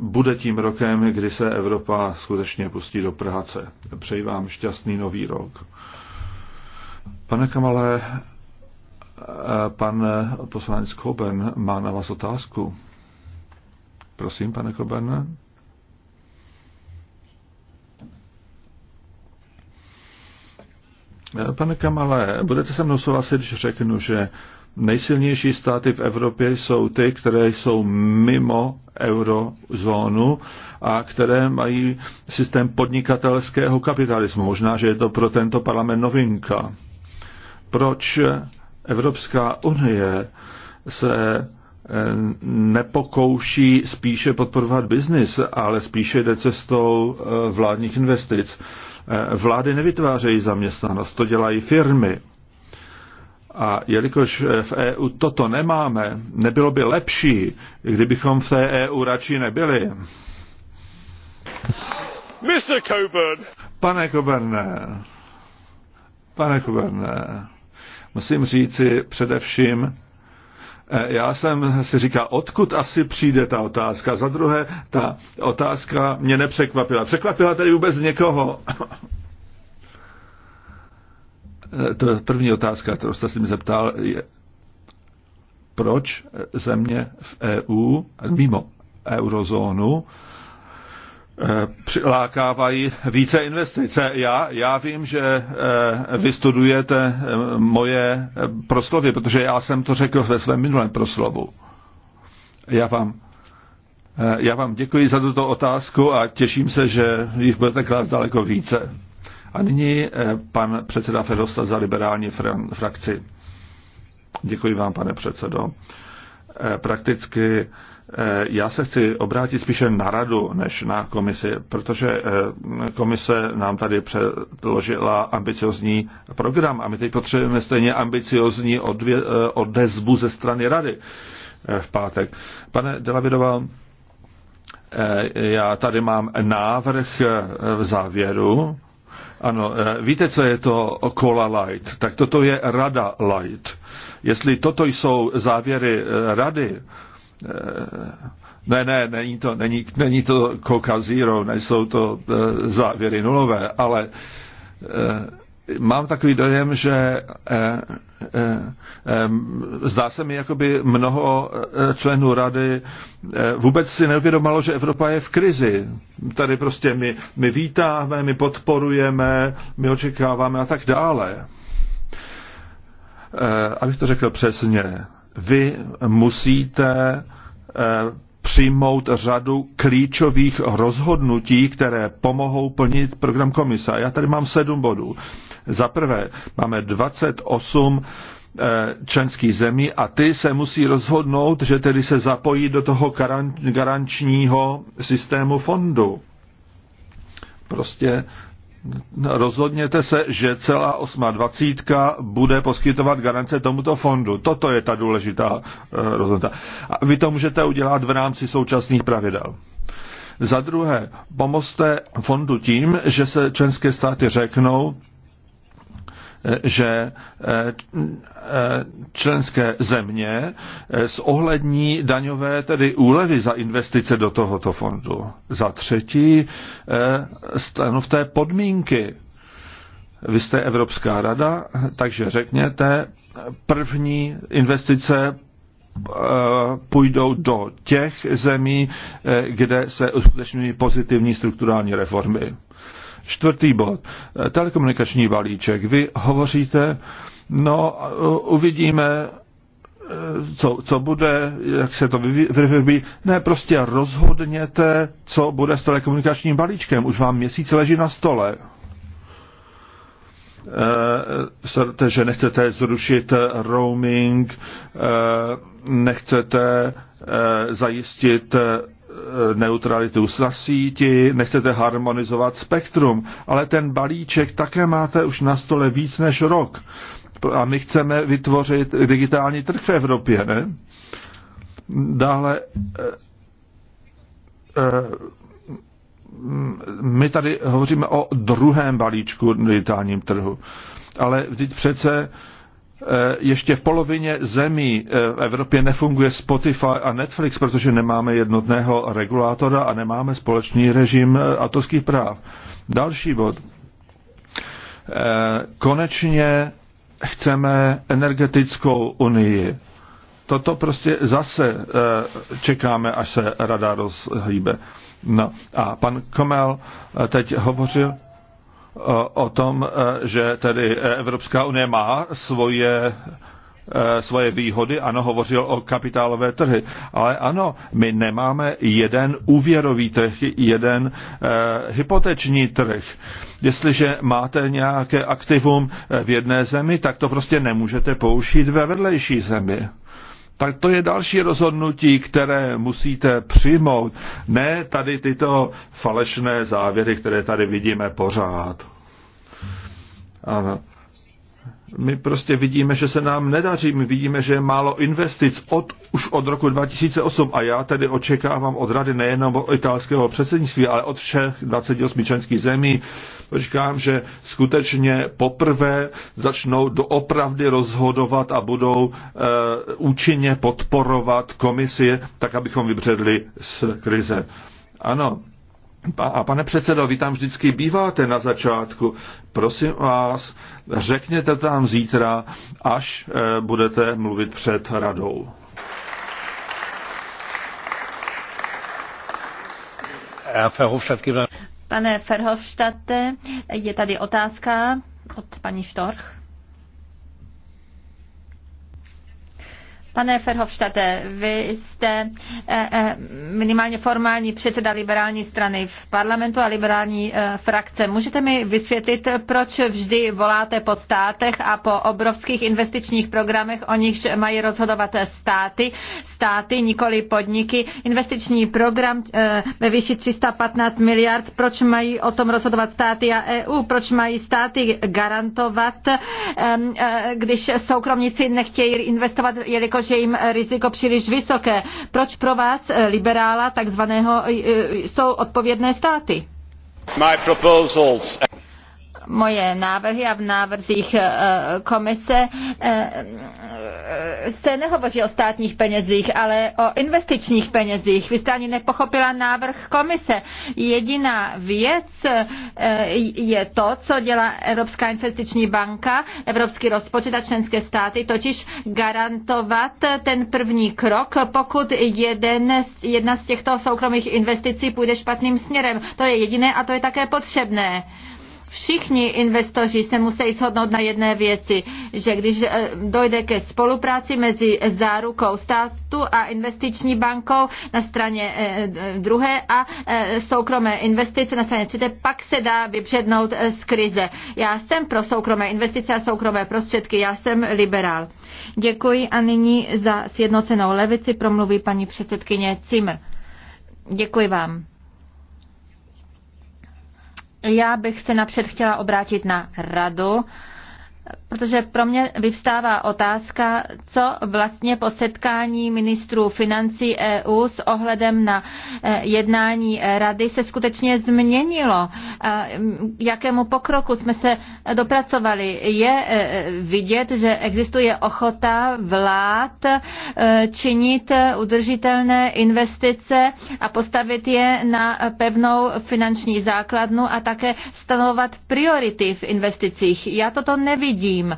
Speaker 1: bude tím rokem, kdy se Evropa skutečně pustí do práce. Přeji vám šťastný nový rok. Pane Kamale, Eh, pan eh, poslanec Koben má na vás otázku. Prosím, pane Koben. Eh, pane Kamale, budete se mnou souhlasit, když řeknu, že nejsilnější státy v Evropě jsou ty, které jsou mimo eurozónu a které mají systém podnikatelského kapitalismu. Možná, že je to pro tento parlament novinka. Proč Evropská unie se eh, nepokouší spíše podporovat biznis, ale spíše jde cestou eh, vládních investic. Eh, vlády nevytvářejí zaměstnanost, to dělají firmy. A jelikož v EU toto nemáme, nebylo by lepší, kdybychom v té EU radši nebyli.
Speaker 3: Mr. Coburn.
Speaker 1: Pane Coburne. Pane Coburne musím říci především, eh, já jsem si říkal, odkud asi přijde ta otázka. Za druhé, ta otázka mě nepřekvapila. Překvapila tady vůbec někoho. Eh, to je první otázka, kterou jste si mi zeptal, je, proč země v EU, mimo eurozónu, Eh, přilákávají více investice. Eh, já, já vím, že eh, vy studujete moje proslovy, protože já jsem to řekl ve svém minulém proslovu. Já vám, já vám děkuji za tuto otázku a těším se, že jich budete klást daleko více. A nyní pan předseda Fedosta za liberální frakci. Děkuji vám, pane předsedo. Prakticky Eh, já se chci obrátit spíše na radu než na komisi, protože eh, komise nám tady předložila ambiciozní program a my teď potřebujeme stejně ambiciozní odvě, eh, odezvu ze strany rady v pátek. Pane delavidoval, já tady mám návrh v závěru. Ano, víte, co je to kola light? Tak toto je rada light. Jestli toto jsou závěry rady, Eh, ne, ne, není to, není, není to Coca Zero, nejsou to eh, závěry nulové, ale eh, mám takový dojem, že zdá se mi, jakoby mnoho členů rady vůbec si neuvědomalo, že Evropa je v krizi. Tady prostě my, my vítáme, my podporujeme, my očekáváme a tak dále. Abych to řekl přesně, vy musíte eh, přijmout řadu klíčových rozhodnutí, které pomohou plnit program komise. já tady mám sedm bodů. Za prvé, máme 28 eh, členských zemí a ty se musí rozhodnout, že tedy se zapojí do toho garančního systému fondu. Prostě rozhodněte se, že celá dvacítka bude poskytovat garance tomuto fondu. Toto je ta důležitá eh, rozhodnutá. A vy to můžete udělat v rámci současných pravidel. Za druhé, pomozte fondu tím, že se členské státy řeknou, že eh, eh, členské země eh, zohlední daňové tedy úlevy za investice do tohoto fondu. Za třetí stanovte podmínky. Vy jste Evropská rada, takže řekněte, první investice půjdou do těch zemí, kde se uskutečňují pozitivní strukturální reformy. Čtvrtý bod. Telekomunikační balíček. Vy hovoříte, no uvidíme, co, co bude, jak se to vyvíjí. Ne, prostě rozhodněte, co bude s telekomunikačním balíčkem. Už vám měsíc leží na stole. E, že nechcete zrušit roaming, e, nechcete e, zajistit neutralitu na síti, nechcete harmonizovat spektrum, ale ten balíček také máte už na stole víc než rok. A my chceme vytvořit digitální trh v Evropě, ne? Dále eh, eh, my tady hovoříme o druhém balíčku digitálním trhu. Ale vždyť přece Eh, ještě v polovině zemí eh, v Evropě nefunguje Spotify a Netflix, protože nemáme jednotného regulátora a nemáme společný režim eh, autorských práv. Další bod. Konečně chceme energetickou unii. Toto prostě zase čekáme, až se rada rozhýbe. No a pan Komel teď hovořil Eh, o tom, eh, že tedy eh, Evropská unie má svoje svoje výhody, ano, hovořil o kapitálové trhy, ale ano, my nemáme jeden úvěrový trh, jeden eh, hypoteční trh. Jestliže máte nějaké aktivum v jedné zemi, tak to prostě nemůžete použít ve vedlejší zemi tak to je další rozhodnutí, které musíte přijmout. Ne tady tyto falešné závěry, které tady vidíme pořád. Ano my prostě vidíme, že se nám nedaří, my vidíme, že je málo investic od, už od roku 2008 a já tedy očekávám od rady nejenom od italského předsednictví, ale od všech 28 členských zemí, říkám, že skutečně poprvé začnou doopravdy rozhodovat a budou e, účinně podporovat komisi, tak abychom vybředli z krize. Ano, a pane předsedo, vy tam vždycky býváte na začátku. Prosím vás, řekněte tam zítra, až eh, budete mluvit před radou.
Speaker 4: Pane Ferhofštate, je tady otázka od paní Štorch. Pane Ferhofštate, vy jste eh, eh, minimálně formální předseda liberální strany v parlamentu a liberální eh, frakce. Můžete mi vysvětlit, proč vždy voláte po státech a po obrovských investičních programech, o nichž mají rozhodovat státy, státy, nikoli podniky. Investiční program ve výši 315 miliard, proč mají o tom rozhodovat státy a EU? Proč mají státy garantovat, když soukromníci nechtějí investovat, jelikož že jim eh, riziko příliš vysoké. Proč pro vás, eh, liberála, takzvaného, eh, jsou odpovědné státy?
Speaker 6: My proposals
Speaker 4: moje návrhy a v návrzích eh, komise eh, se nehovoří o státních penězích, ale o investičních penězích. Vy jste ani nepochopila návrh komise. Jediná věc eh, je to, co dělá Evropská investiční banka, Evropský rozpočet a členské státy, totiž garantovat ten první krok, pokud jeden, jedna z těchto soukromých investicí půjde špatným směrem. To je jediné a to je také potřebné. Všichni investoři se musí shodnout na jedné věci, že když eh, dojde ke spolupráci mezi zárukou státu a investiční bankou na straně eh, eh, druhé a soukromé investice na straně třetí, pak se dá vypřednout z krize. Já jsem pro soukromé investice a soukromé prostředky, já jsem liberál. Děkuji a nyní za sjednocenou levici promluví paní předsedkyně Cimr. Děkuji vám. Já bych se napřed chtěla obrátit na radu protože pro mě vyvstává otázka, co vlastně po setkání ministrů financí EU s ohledem na eh, jednání rady se skutečně změnilo. Mm, jakému pokroku jsme se dopracovali? Je eh, vidět, že existuje ochota vlád eh, činit udržitelné investice a postavit je na pevnou finanční základnu a také stanovat priority v investicích. Já toto nevidím nevím.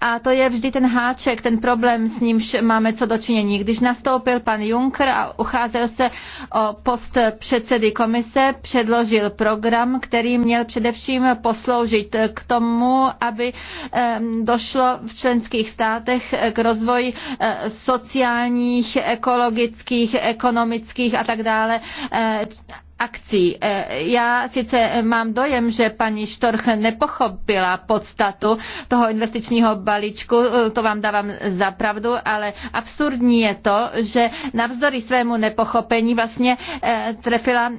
Speaker 4: A to je vždy ten háček, ten problém, s nímž máme co dočinění. Když nastoupil pan Juncker a ucházel se o post předsedy komise, předložil program, který měl především posloužit k tomu, aby došlo v členských státech k rozvoji eh, sociálních, ekologických, ekonomických a tak dále eh, akcí. E, já sice mám dojem, že paní Štorch nepochopila podstatu toho investičního balíčku, e, to vám dávám za pravdu, ale absurdní je to, že navzdory svému nepochopení vlastně e, trefila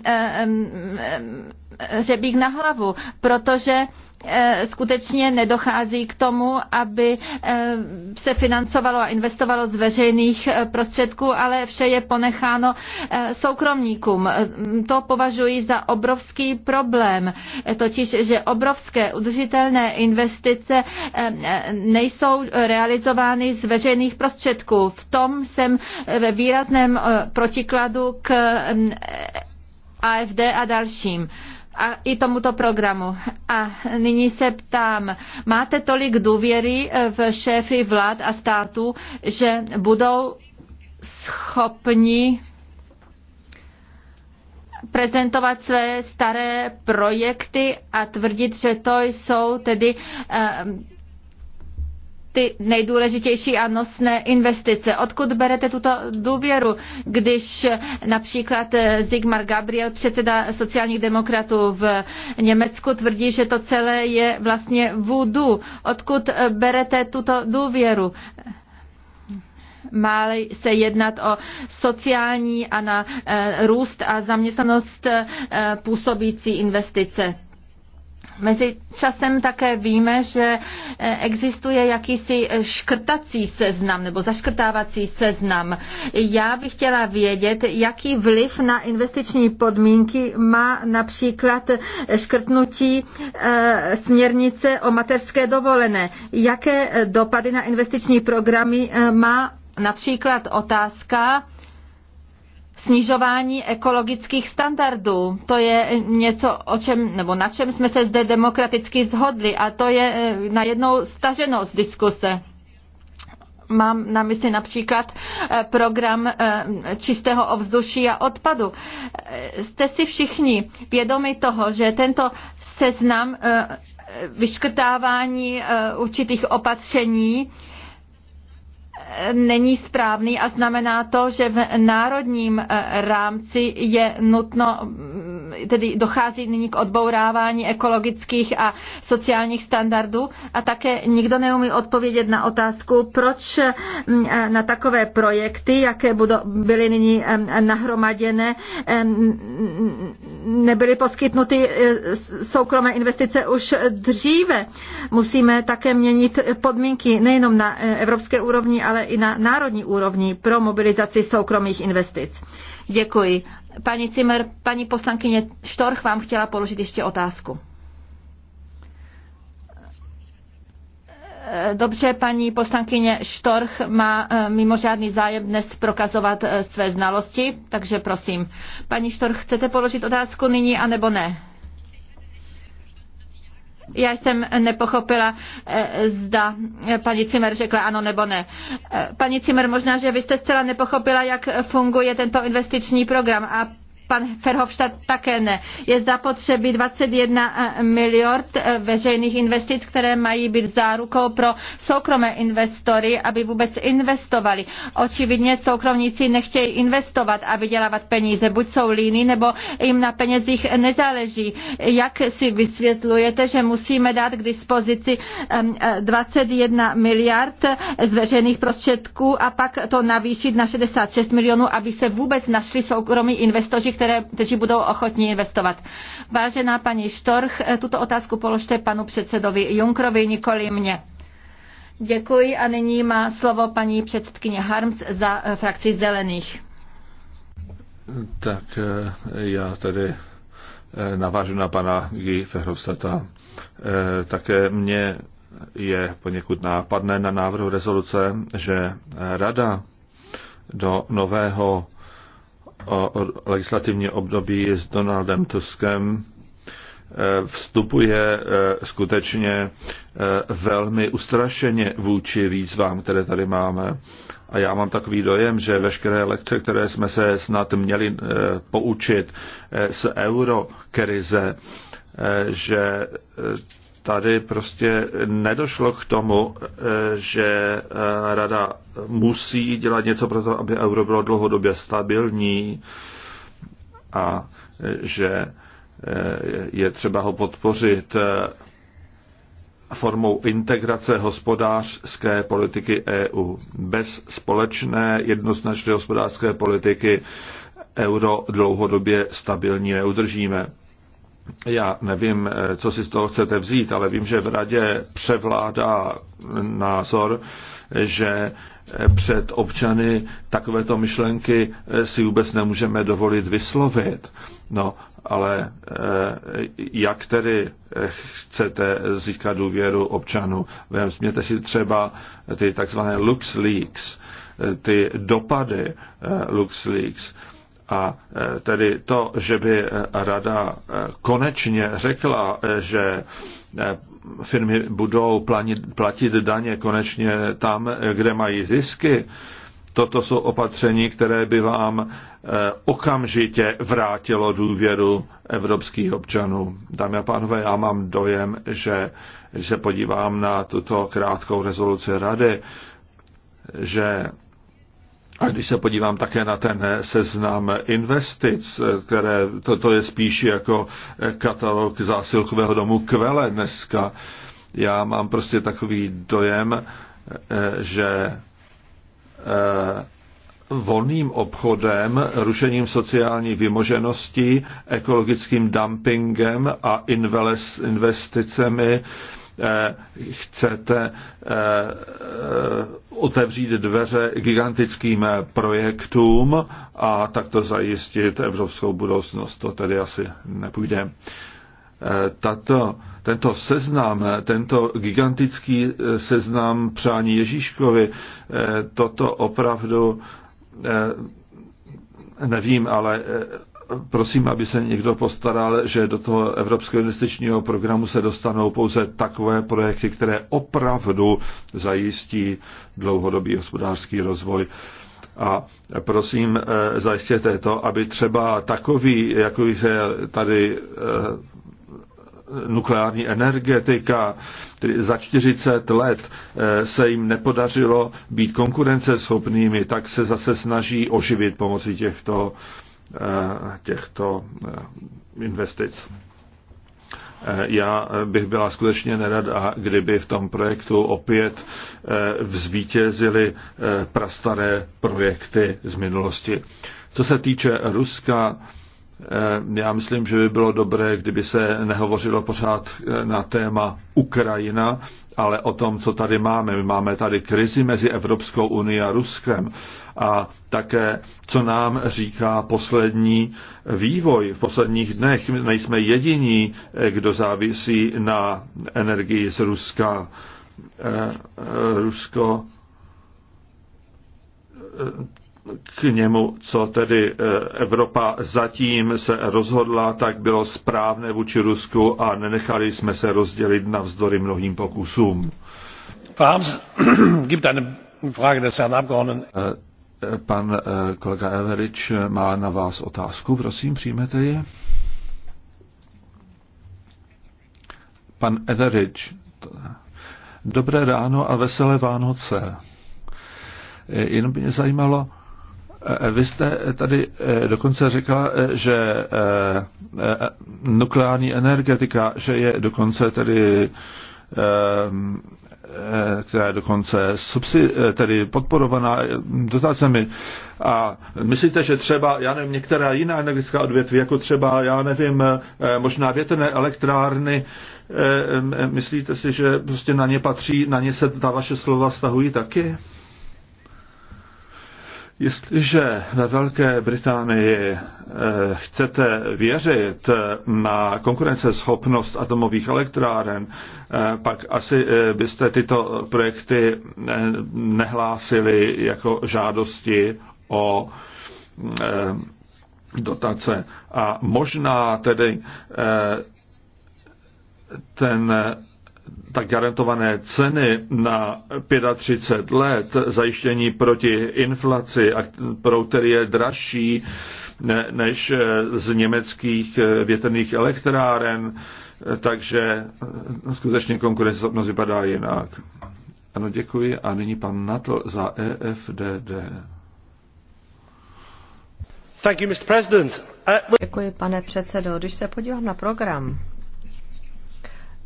Speaker 4: řebík na hlavu, protože Eh, skutečně nedochází k tomu, aby eh, se financovalo a investovalo z veřejných eh, prostředků, ale vše je ponecháno soukromníkům. To považuji za obrovský problém, totiž, že obrovské udržitelné investice nejsou realizovány z veřejných prostředků. V tom jsem ve výrazném protikladu k AFD a dalším a i tomuto programu. A nyní se ptám, máte tolik důvěry eh, v šéfy vlád a států, že budou schopni prezentovat své staré projekty a tvrdit, že to jsou tedy eh, ty nejdůležitější a nosné investice. Odkud berete tuto důvěru, když například Sigmar Gabriel, předseda sociálních demokratů v Německu, tvrdí, že to celé je vlastně vůdu. Odkud berete tuto důvěru? má se jednat o sociální a na eh, růst a zaměstnanost eh, působící investice. Mezi časem také víme, že eh, existuje jakýsi eh, škrtací seznam nebo zaškrtávací seznam. Já bych chtěla vědět, jaký vliv na investiční podmínky má například eh, škrtnutí směrnice o mateřské dovolené. Jaké dopady na investiční programy má například otázka, snižování ekologických standardů. To je něco, o čem, nebo na čem jsme se zde demokraticky zhodli a to je eh, na jednou staženost diskuse. Mám na mysli například eh, program eh, čistého ovzduší a odpadu. Jste si všichni vědomi toho, že tento seznam vyškrtávání určitých opatření není správný a znamená to, že v národním eh, rámci je nutno mm, tedy dochází nyní k odbourávání ekologických a sociálních standardů a také nikdo neumí odpovědět na otázku, proč mm, eh, na takové projekty, jaké byly nyní eh, nahromaděné, eh, nebyly poskytnuty soukromé investice už dříve. Musíme také měnit podmínky nejenom na evropské úrovni, ale i na národní úrovni pro mobilizaci soukromých investic. Děkuji. Pani Cimer, paní poslankyně Štorch vám chtěla položit ještě otázku. Dobře, paní poslankyně Štorch má eh, mimořádný zájem dnes prokazovat eh, své znalosti, takže prosím. Paní Štorch, chcete položit otázku nyní, anebo ne? Já jsem nepochopila, eh, zda paní Cimer řekla ano nebo ne. Eh, paní Cimer, možná, že vy jste zcela nepochopila, jak funguje tento investiční program a pan Ferhofstadt také ne. Je zapotřebí 21 eh, miliard eh, veřejných investic, které mají být zárukou pro soukromé investory, aby vůbec investovali. Očividně soukromníci nechtějí investovat a vydělávat peníze. Buď jsou líní, nebo jim na penězích nezáleží. Jak si vysvětlujete, že musíme dát k dispozici 21 eh, miliard z veřejných prostředků a pak to navýšit na 66 milionů, aby se vůbec našli soukromí investoři, které, kteří budou ochotní investovat. Vážená paní Štorch, tuto otázku položte panu předsedovi Junkrovi, nikoli mě. Děkuji a nyní má slovo paní předsedkyně Harms za eh, frakci Zelených.
Speaker 1: Tak eh, já tady eh, navážu na pana Guy Fehrovstata. Také mě je poněkud nápadné na návrhu rezoluce, že rada do nového o legislativní období s Donaldem Tuskem e, vstupuje e, skutečně e, velmi ustrašeně vůči výzvám, které tady máme. A já mám takový dojem, že veškeré lekce, které jsme se snad měli poučit z eurokrize, že tady prostě nedošlo k tomu, eh, že eh, rada musí dělat něco pro to, aby euro bylo dlouhodobě stabilní a eh, že je třeba ho podpořit formou integrace hospodářské politiky EU. Bez společné jednoznačné hospodářské politiky euro dlouhodobě stabilní neudržíme já nevím, eh, co si z toho chcete vzít, ale vím, že v radě převládá názor, že eh, před občany takovéto myšlenky eh, si vůbec nemůžeme dovolit vyslovit. No, ale jak tedy chcete získat důvěru občanů? Vezměte si třeba ty takzvané LuxLeaks, ty dopady LuxLeaks a e, tedy to, že by e, rada e, konečně řekla, že firmy budou planit, platit daně konečně tam, kde mají zisky, toto jsou opatření, které by vám okamžitě vrátilo důvěru evropských občanů. Dámy a pánové, já mám dojem, že když se podívám na tuto krátkou rezoluci rady, že a když se podívám také na ten seznam investic, které, to, to je spíš jako katalog zásilkového domu Kvele dneska, já mám prostě takový dojem, že eh, volným obchodem, rušením sociální vymoženosti, ekologickým dumpingem a investicemi Eh, chcete eh, otevřít dveře gigantickým eh, projektům a takto zajistit evropskou budoucnost. To tedy asi nepůjde. Tato, tento seznam, tento gigantický seznam přání Ježíškovi, toto opravdu nevím, ale prosím, aby se někdo postaral, že do toho Evropského investičního programu se dostanou pouze takové projekty, které opravdu zajistí dlouhodobý hospodářský rozvoj. A prosím, eh, zajistěte to, aby třeba takový, jako je tady eh, nukleární energetika, tedy za 40 let eh, se jim nepodařilo být konkurenceschopnými, tak se zase snaží oživit pomocí těchto Eh, těchto eh, investic. Eh, já bych byla skutečně nerada, kdyby v tom projektu opět vzvítězily prastaré projekty z minulosti. Co se týče Ruska, Eh, já myslím, že by bylo dobré, kdyby se nehovořilo pořád eh, na téma Ukrajina, ale o tom, co tady máme. My máme tady krizi mezi Evropskou unii a Ruskem a také, co nám říká poslední vývoj v posledních dnech. My nejsme jediní, eh, kdo závisí na energii z Ruska. Rusko k němu, co tedy eh, Evropa zatím se rozhodla, tak bylo správné vůči Rusku a nenechali jsme se rozdělit navzdory mnohým pokusům. Eh, eh, pan kolega Everich má na vás otázku, prosím, přijmete je. Pan Everich, dobré ráno a veselé Vánoce. Jenom by mě zajímalo, Eh, vy jste eh, tady eh, dokonce řekla, že nukleární energetika, že je dokonce tedy která je dokonce subsi, tedy podporovaná dotacemi. A myslíte, že třeba, já nevím, některá jiná energetická odvětví, jako třeba, já nevím, možná větrné elektrárny, myslíte si, že prostě na ně patří, na ně se ta vaše slova stahují taky? Jestliže ve Velké Británii eh, chcete věřit na konkurenceschopnost atomových elektráren, eh, pak asi eh, byste tyto projekty nehlásili jako žádosti o dotace. A možná tedy ten tak garantované ceny na 35 let, zajištění proti inflaci, pro který je dražší než eh, z německých eh, větrných elektráren, eh, takže skutečně konkurenceschopnost vypadá jinak. Ano, děkuji. A nyní pan Natl za EFDD.
Speaker 6: Thank you, Mr. President.
Speaker 2: Uh, děkuji, pane předsedo. Když se podívám na program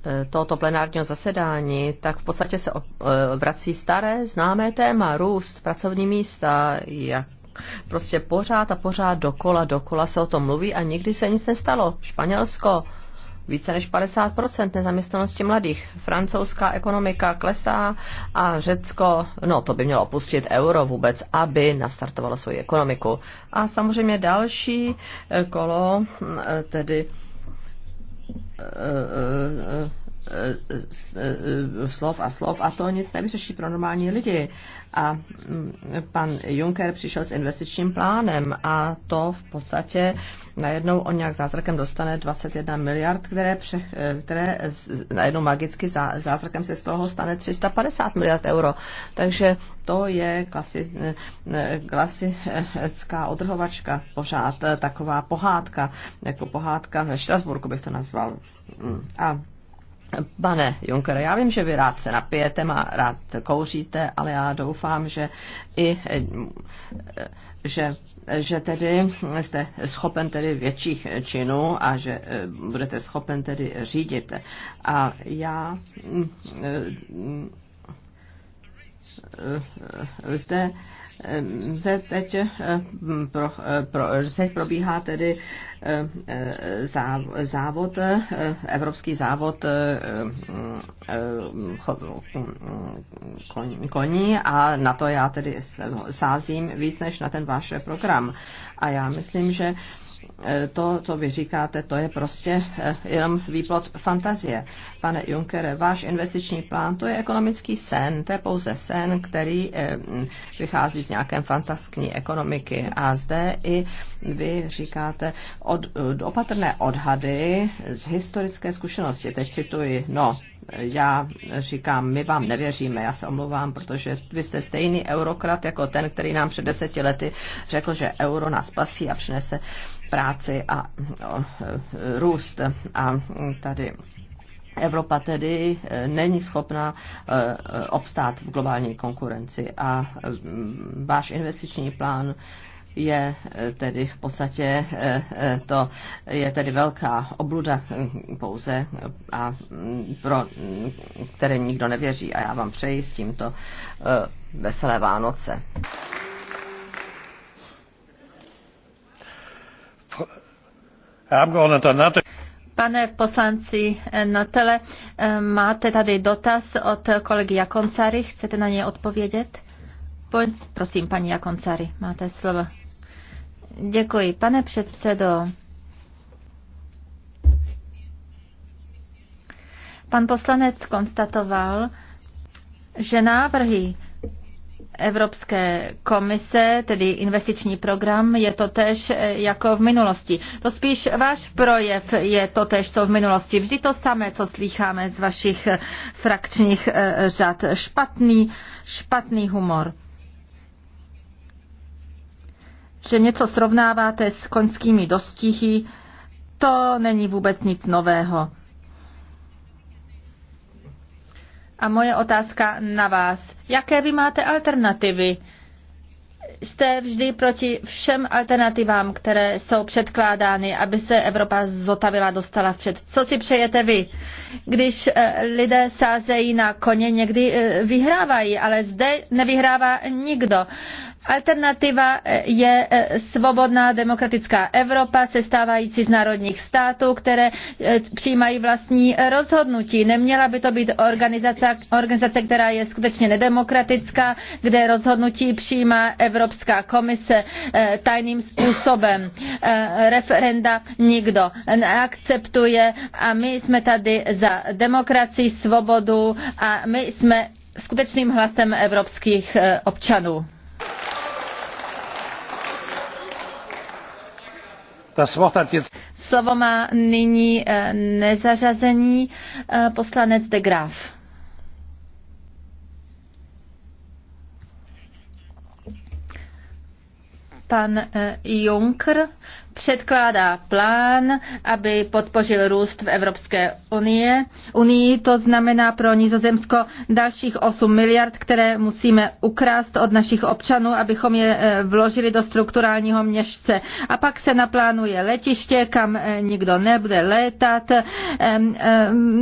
Speaker 2: Eh, tohoto plenárního zasedání, tak v podstatě se eh, vrací staré známé téma, růst, pracovní místa, jak prostě pořád a pořád dokola, dokola se o tom mluví a nikdy se nic nestalo. Španělsko, více než 50% nezaměstnanosti mladých. Francouzská ekonomika klesá a Řecko, no to by mělo opustit euro vůbec, aby nastartovalo svoji ekonomiku. A samozřejmě další eh, kolo, hm, tedy E, e, e, slov a slov a to nic nevyřeší pro normální lidi. A pan Juncker přišel s investičním plánem a to v podstatě najednou on nějak zázrakem dostane 21 miliard, které, pře, eh, které najednou magicky zázrakem se z toho stane 350 miliard euro. Takže to je klasi, eh, eh, klasická odrhovačka, pořád taková pohádka, jako pohádka ve Štrasburku bych to nazval. Mm. A Pane Juncker, já vím, že vy rád se napijete, má, rád kouříte, ale já doufám, že i že že tedy jste schopen tedy větších činů a že eh, budete schopen tedy řídit. A já zde mm, eh, mm, eh, zde teď, eh, pro, eh, pro, eh, teď probíhá tedy závod, evropský závod koní a na to já tedy sázím víc než na ten váš program. A já myslím, že Eh, to, co vy říkáte, to je prostě eh, jenom výplod fantazie. Pane Junkere. váš investiční plán, to je ekonomický sen, to je pouze sen, který eh, mm, vychází z nějaké fantaskní ekonomiky. A zde i vy říkáte od, opatrné odhady z historické zkušenosti, teď cituji, no, já říkám, my vám nevěříme, já se omlouvám, protože vy jste stejný eurokrat jako ten, který nám před deseti lety řekl, že euro nás spasí a přinese práci a no, růst. A tady Evropa tedy e, není schopna e, e, obstát v globální konkurenci a váš investiční plán je eh, tedy v podstatě eh, eh, to je tedy velká obluda hm, pouze, a hm, pro hm, které nikdo nevěří. A já vám přeji s tímto veselé Vánoce.
Speaker 4: Pane poslanci Natele, máte tady dotaz od kolegy Jakoncary. Chcete na něj odpovědět? Prosím, paní Jakoncary, máte slovo. Děkuji, pane předsedo. Pan poslanec konstatoval, že návrhy Evropské komise, tedy investiční program, je to tež eh, jako v minulosti. To spíš váš projev je to tež, co v minulosti. Vždy to samé, co slýcháme z vašich eh, frakčních eh, řad. Špatný, špatný humor že něco srovnáváte s koňskými dostihy, to není vůbec nic nového. A moje otázka na vás. Jaké vy máte alternativy? Jste vždy proti všem alternativám, které jsou předkládány, aby se Evropa zotavila, dostala vpřed. Co si přejete vy? Když eh, lidé sázejí na koně, někdy eh, vyhrávají, ale zde nevyhrává nikdo. Alternativa eh, je eh, svobodná demokratická Evropa, sestávající z národních států, které eh, přijímají vlastní rozhodnutí. Neměla by to být organizace, organizace, která je skutečně nedemokratická, kde rozhodnutí přijímá Evropská komise tajným způsobem. Referenda nikdo neakceptuje a my jsme tady za demokracii, svobodu a my jsme skutečným hlasem evropských občanů. Slovo má nyní eh, nezařazení eh, poslanec de Graaf. Pan eh, Juncker předkládá plán, aby podpořil růst v Evropské unie. unii. To znamená pro Nizozemsko dalších 8 miliard, které musíme ukrást od našich občanů, abychom je eh, vložili do strukturálního měšce. A pak se naplánuje letiště, kam eh, nikdo nebude létat, eh,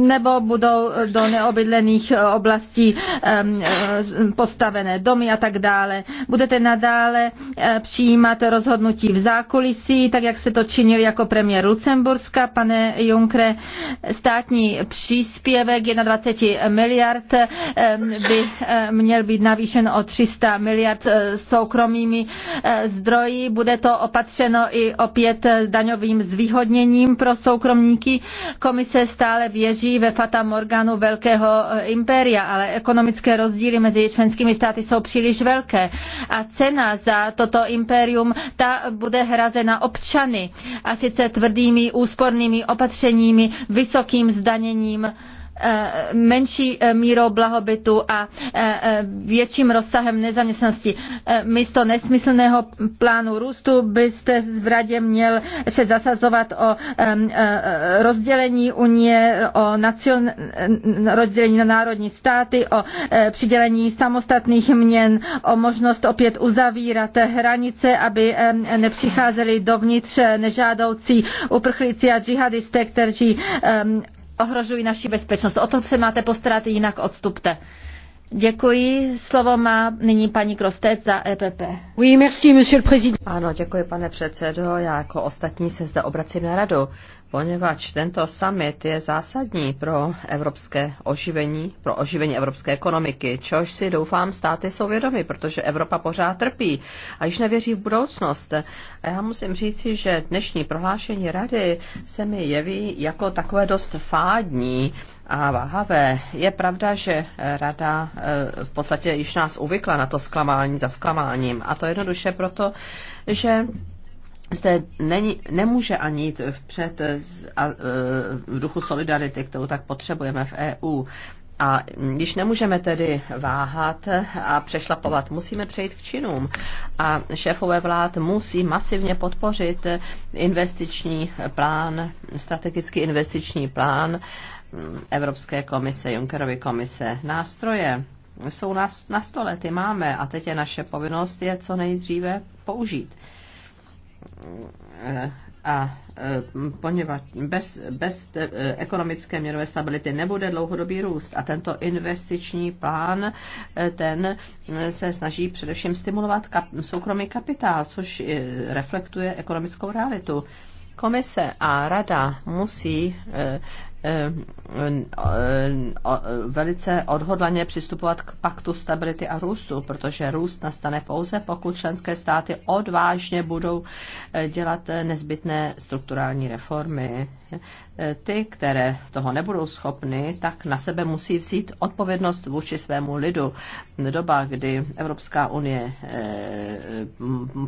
Speaker 4: nebo budou do neobydlených oblastí postavené domy a tak dále. Budete nadále přijímat rozhodnutí v zákulisí, tak tak jak jste to činili jako premiér Lucemburska, pane Junkre, státní příspěvek 21 miliard by měl být navýšen o 300 miliard eh, soukromými eh, zdroji. Bude to opatřeno i opět daňovým zvýhodněním pro soukromníky. Komise stále věří ve Fata Morganu velkého eh, impéria, ale ekonomické rozdíly mezi členskými státy jsou příliš velké. A cena za toto impérium, ta bude hrazena občanům občany, a sice tvrdými úspornými opatřeními, vysokým zdaněním Eh, menší eh, mírou blahobytu a eh, větším rozsahem nezaměstnanosti. Místo nesmyslného plánu růstu byste v radě měl se zasazovat o rozdělení Unie, o nacion, rozdělení na národní státy, o přidělení samostatných měn, o možnost opět uzavírat hranice, aby nepřicházeli dovnitř nežádoucí uprchlíci a džihadisté, kteří ohrožují naši bezpečnost. O to se máte postarat, jinak odstupte. Děkuji. Slovo má nyní paní Krostec za EPP. Oui, merci, monsieur le président. Ano,
Speaker 2: děkuji, pane předsedo. Já jako ostatní se zde obracím na radu poněvadž tento summit je zásadní pro evropské oživení, pro oživení evropské ekonomiky, což si doufám státy jsou vědomi, protože Evropa pořád trpí a již nevěří v budoucnost. A já musím říci, že dnešní prohlášení rady se mi jeví jako takové dost fádní a váhavé. Je pravda, že rada eh, v podstatě již nás uvykla na to zklamání za zklamáním a to jednoduše proto, že zde není, nemůže ani jít vpřed a, e, v duchu solidarity, kterou tak potřebujeme v EU. A když nemůžeme tedy váhat a přešlapovat, musíme přejít k činům. A šéfové vlád musí masivně podpořit investiční plán, strategický investiční plán Evropské komise, Junckerovy komise, nástroje, jsou na, na stole, ty máme a teď je naše povinnost je co nejdříve použít a eh, poněvadž bez, bez te, eh, ekonomické měnové stability nebude dlouhodobý růst. A tento investiční plán, eh, ten se snaží především stimulovat kap, soukromý kapitál, což reflektuje ekonomickou realitu. Komise a rada musí Eh, eh, velice odhodlaně přistupovat k paktu stability a růstu, protože růst nastane pouze, pokud členské státy odvážně budou eh, dělat nezbytné strukturální reformy ty, které toho nebudou schopny, tak na sebe musí vzít odpovědnost vůči svému lidu. Doba, kdy Evropská unie eh,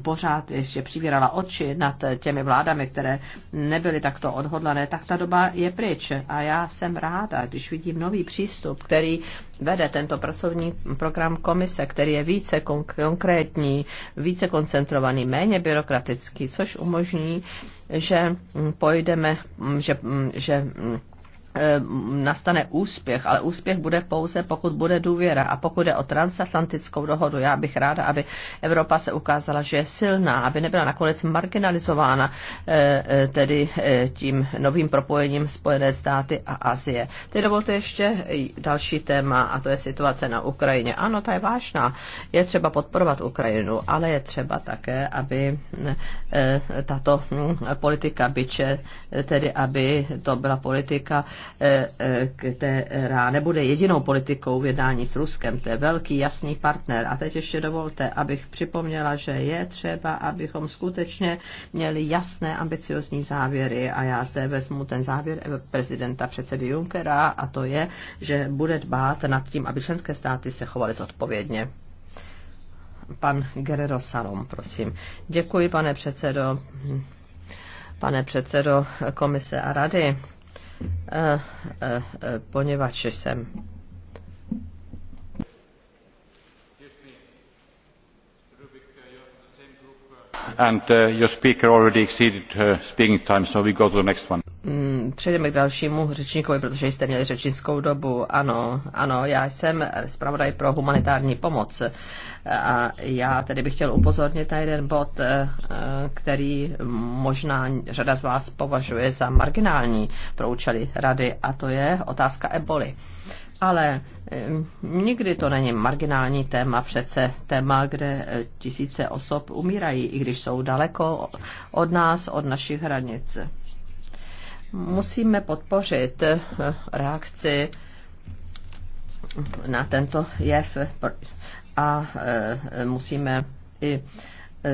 Speaker 2: pořád ještě přivírala oči nad těmi vládami, které nebyly takto odhodlané, tak ta doba je pryč. A já jsem ráda, když vidím nový přístup, který vede tento pracovní program komise, který je více konkrétní, více koncentrovaný, méně byrokratický, což umožní že pojdeme, že, že Ehm, nastane úspěch, ale úspěch bude pouze, pokud bude důvěra. A pokud je o transatlantickou dohodu, já bych ráda, aby Evropa se ukázala, že je silná, aby nebyla nakonec marginalizována eh, eh, tedy eh, tím novým propojením Spojené státy a Asie. Teď dovolte ještě další téma, a to je situace na Ukrajině. Ano, ta je vážná. Je třeba podporovat Ukrajinu, ale je třeba také, aby tato hm, politika byče, tedy aby to byla politika, Eh, eh, která nebude jedinou politikou v jednání s Ruskem. To je velký jasný partner. A teď ještě dovolte, abych připomněla, že je třeba, abychom skutečně měli jasné ambiciozní závěry. A já zde vezmu ten závěr prezidenta předsedy Junckera a to je, že bude dbát nad tím, aby členské státy se chovaly zodpovědně pan Guerrero Salom, prosím. Děkuji, pane předsedo, pane předsedo komise a rady. Eh, eh, eh, poněvadž jsem
Speaker 1: and uh, your speaker already exceeded her speaking time so we go to the next one.
Speaker 2: Mm, přejdeme k dalšímu řečníkovi, protože jste měli řečnickou dobu. Ano, ano, já jsem zpravodaj pro humanitární pomoc. A já tedy bych chtěl upozornit na jeden bod, eh, který možná řada z vás považuje za marginální pro účely rady, a to je otázka eboli. Ale eh, nikdy to není marginální téma, přece téma, kde tisíce osob umírají, i když jsou daleko od nás, od našich hranic musíme podpořit eh, reakci na tento jev a eh, musíme i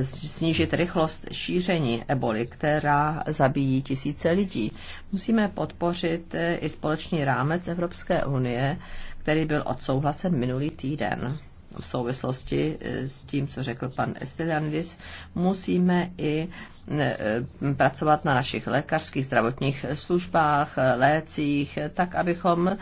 Speaker 2: snížit rychlost šíření eboli, která zabíjí tisíce lidí. Musíme podpořit eh, i společný rámec Evropské unie, který byl odsouhlasen minulý týden v souvislosti eh, s tím, co řekl pan Estelianidis, musíme i eh, pracovat na našich lékařských zdravotních službách, lécích, tak, abychom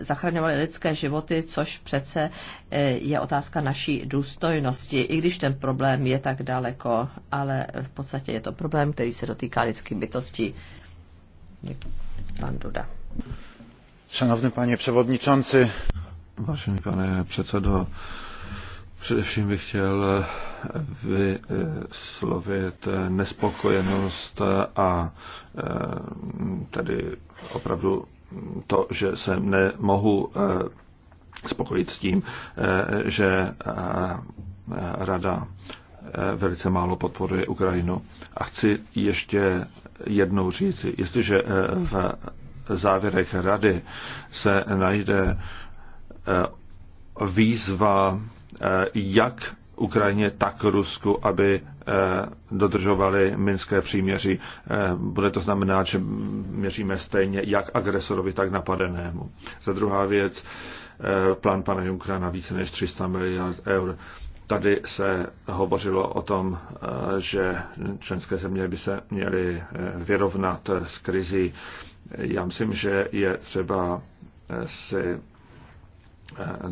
Speaker 2: zachraňovali lidské životy, což přece eh, je otázka naší důstojnosti, i když ten problém je tak daleko, ale v podstatě je to problém, který se dotýká lidských bytostí.
Speaker 1: Pan Duda. Szanowny panie przewodniczący, Vážený pane předsedo, především bych chtěl vyslovit nespokojenost a e, tedy opravdu to, že se nemohu e, spokojit s tím, e, že rada velice málo podporuje Ukrajinu. A chci ještě jednou říct, jestliže v závěrech rady se najde Eh, výzva eh, jak Ukrajině, tak Rusku, aby eh, dodržovali minské příměří. Bude to znamenat, že měříme stejně jak agresorovi, tak napadenému. Za druhá věc, plán pana Junkra na více než 300 miliard eur. Tady se hovořilo o tom, že členské země by se měly vyrovnat s krizí. Já myslím, že je třeba si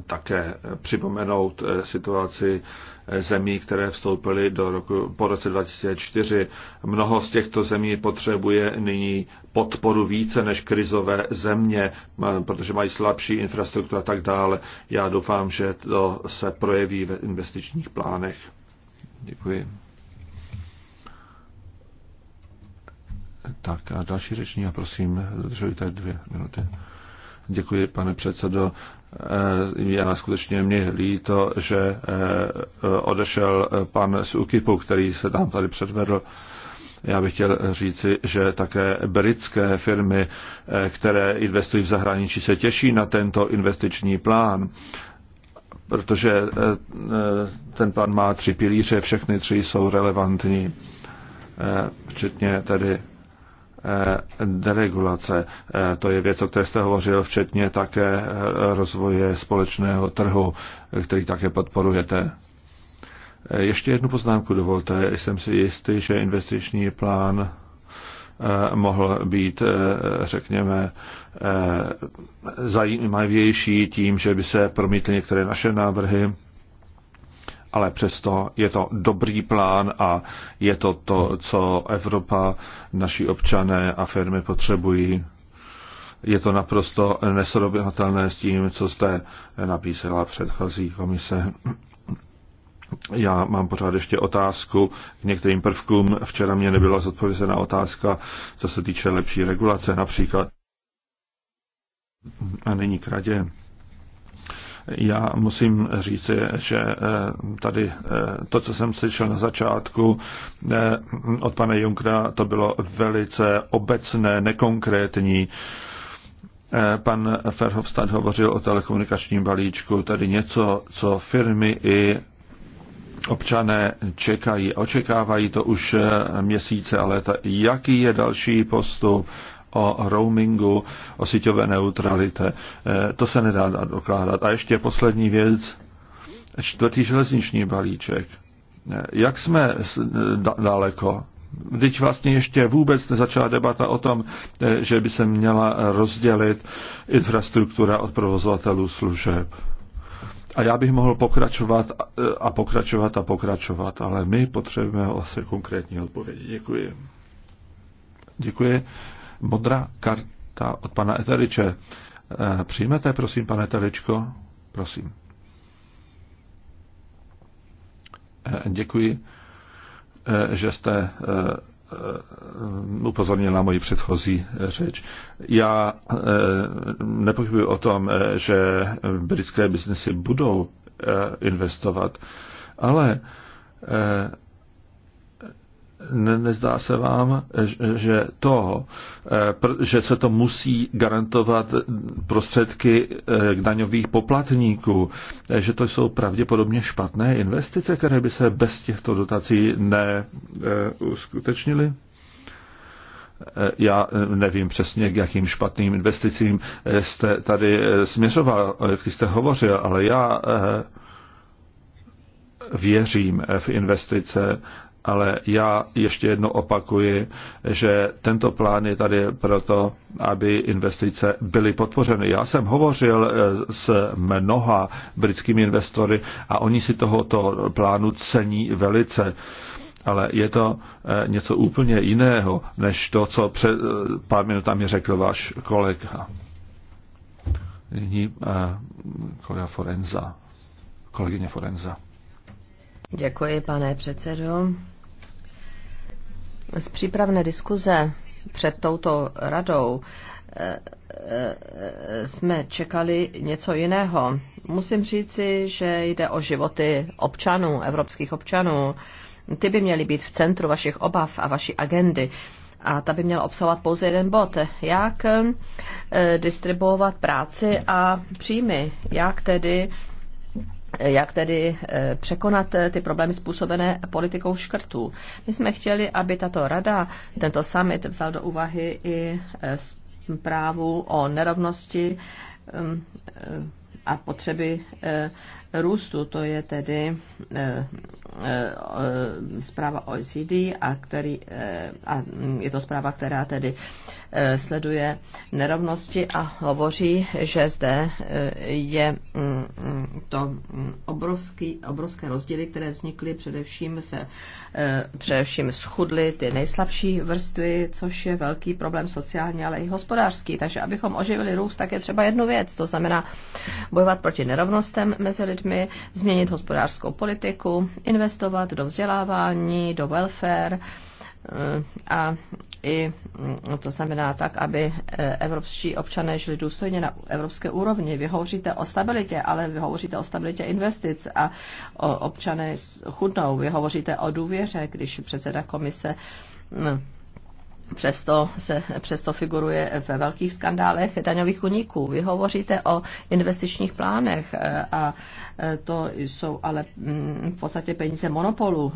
Speaker 1: také připomenout eh, situaci eh, zemí, které vstoupily do roku, po roce 2004. Mnoho z těchto zemí potřebuje nyní podporu více než krizové země, eh, protože mají slabší infrastrukturu a tak dále. Já doufám, že to se projeví ve investičních plánech. Děkuji. Tak a další řečník, prosím, držujte dvě minuty. Děkuji, pane předsedo. Eh, já skutečně mě líto, že eh, odešel pan z UKIPu, který se tam tady předvedl. Já bych chtěl říci, že také britské firmy, eh, které investují v zahraničí, se těší na tento investiční plán, protože ten plán má tři pilíře, všechny tři jsou relevantní, včetně tedy deregulace. Eh, to je věc, o které jste hovořil, včetně také eh, rozvoje společného trhu, který také podporujete. Eh, ještě jednu poznámku dovolte. Jsem si jistý, že investiční plán mohl být, řekněme, zajímavější tím, že by se promítly některé naše návrhy ale přesto je to dobrý plán a je to to, co Evropa, naši občané a firmy potřebují. Je to naprosto nesrovnatelné s tím, co jste napísala předchozí komise. Já mám pořád ještě otázku k některým prvkům. Včera mě nebyla zodpovězena otázka, co se týče lepší regulace například. A není k já musím říct, že eh, tady eh, to, co jsem slyšel na začátku eh, od pana Junkra, to bylo velice obecné, nekonkrétní. Pan Ferhofstadt hovořil o telekomunikačním balíčku, tady něco, co firmy i občané čekají, očekávají to už měsíce a léta. Jaký je další postup? o roamingu, o síťové neutralitě. E, to se nedá dokládat. A ještě poslední věc, čtvrtý železniční balíček. E, jak jsme daleko? Když vlastně ještě vůbec nezačala debata o tom, e, že by se měla rozdělit infrastruktura od provozovatelů služeb. A já bych mohl pokračovat a pokračovat a pokračovat, ale my potřebujeme asi konkrétní odpovědi. Děkuji. Děkuji modrá karta od pana Eteriče. Eh, přijmete, prosím, pane Eteričko? Prosím. Eh, děkuji, eh, že jste upozornil na moji předchozí řeč. Já nepochybuji o tom, že britské biznesy budou investovat, ale nezdá se vám, že to, eh, že se to musí garantovat prostředky eh, daňových poplatníků, eh, že to jsou pravděpodobně špatné investice, které by se bez těchto dotací neuskutečnily? Já nevím přesně, k jakým špatným investicím jste tady směřoval, jak jste hovořil, ale já věřím v investice ale já ještě jedno opakuji, že tento plán je tady proto, aby investice byly podpořeny. Já jsem hovořil eh, s mnoha britskými investory a oni si tohoto plánu cení velice ale je to eh, něco úplně jiného, než to, co před eh, pár minutami řekl váš kolega. Nyní kolega Forenza, kolegyně Forenza.
Speaker 2: Děkuji, pane předsedo. Z přípravné diskuze před touto radou eh, eh, jsme čekali něco jiného. Musím říci, že jde o životy občanů, evropských občanů. Ty by měly být v centru vašich obav a vaší agendy. A ta by měla obsahovat pouze jeden bod. Jak eh, distribuovat práci a příjmy. Jak tedy jak tedy eh, překonat eh, ty problémy způsobené politikou škrtů. My jsme chtěli, aby tato rada, tento summit vzal do úvahy i eh, zprávu o nerovnosti mm, a potřeby růstu, to je tedy zpráva OECD, a, který, a je to zpráva, která tedy Eh, sleduje nerovnosti a hovoří, že zde eh, je mm, mm, to mm, obrovský, obrovské rozdíly, které vznikly především se eh, především schudly ty nejslabší vrstvy, což je velký problém sociální, ale i hospodářský. Takže abychom oživili růst, tak je třeba jednu věc, to znamená bojovat proti nerovnostem mezi lidmi, změnit hospodářskou politiku, investovat do vzdělávání, do welfare, a i mm, to znamená tak, aby e, evropští občané žili důstojně na evropské úrovni. Vy hovoříte o stabilitě, ale vy hovoříte o stabilitě investic a o občané chudnou. Vy hovoříte o důvěře, když předseda komise mm, přesto, se, přesto figuruje ve velkých skandálech daňových uniků. Vy hovoříte o investičních plánech e, a e, to jsou ale mm, v podstatě peníze monopolu,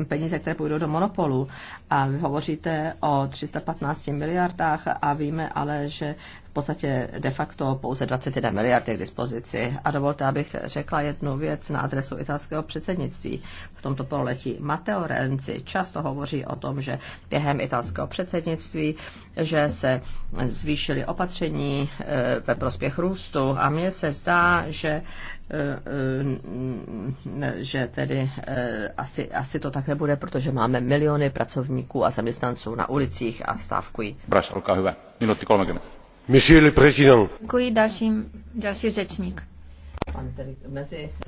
Speaker 2: e, peníze, které půjdou do monopolu. A vy hovoříte o 315 miliardách a víme ale, že podstatě de facto pouze 21 miliard k dispozici. A dovolte, abych řekla jednu věc na adresu italského předsednictví v tomto pololetí. Matteo Renzi často hovoří o tom, že během italského předsednictví, že se zvýšily opatření eh, ve prospěch růstu a mně se zdá, že eh, eh, že tedy asi, asi to také bude, protože máme miliony pracovníků a zaměstnanců na ulicích a stávkují.
Speaker 3: Braš, olkaa hyvä. Minuutti 30
Speaker 6: mezi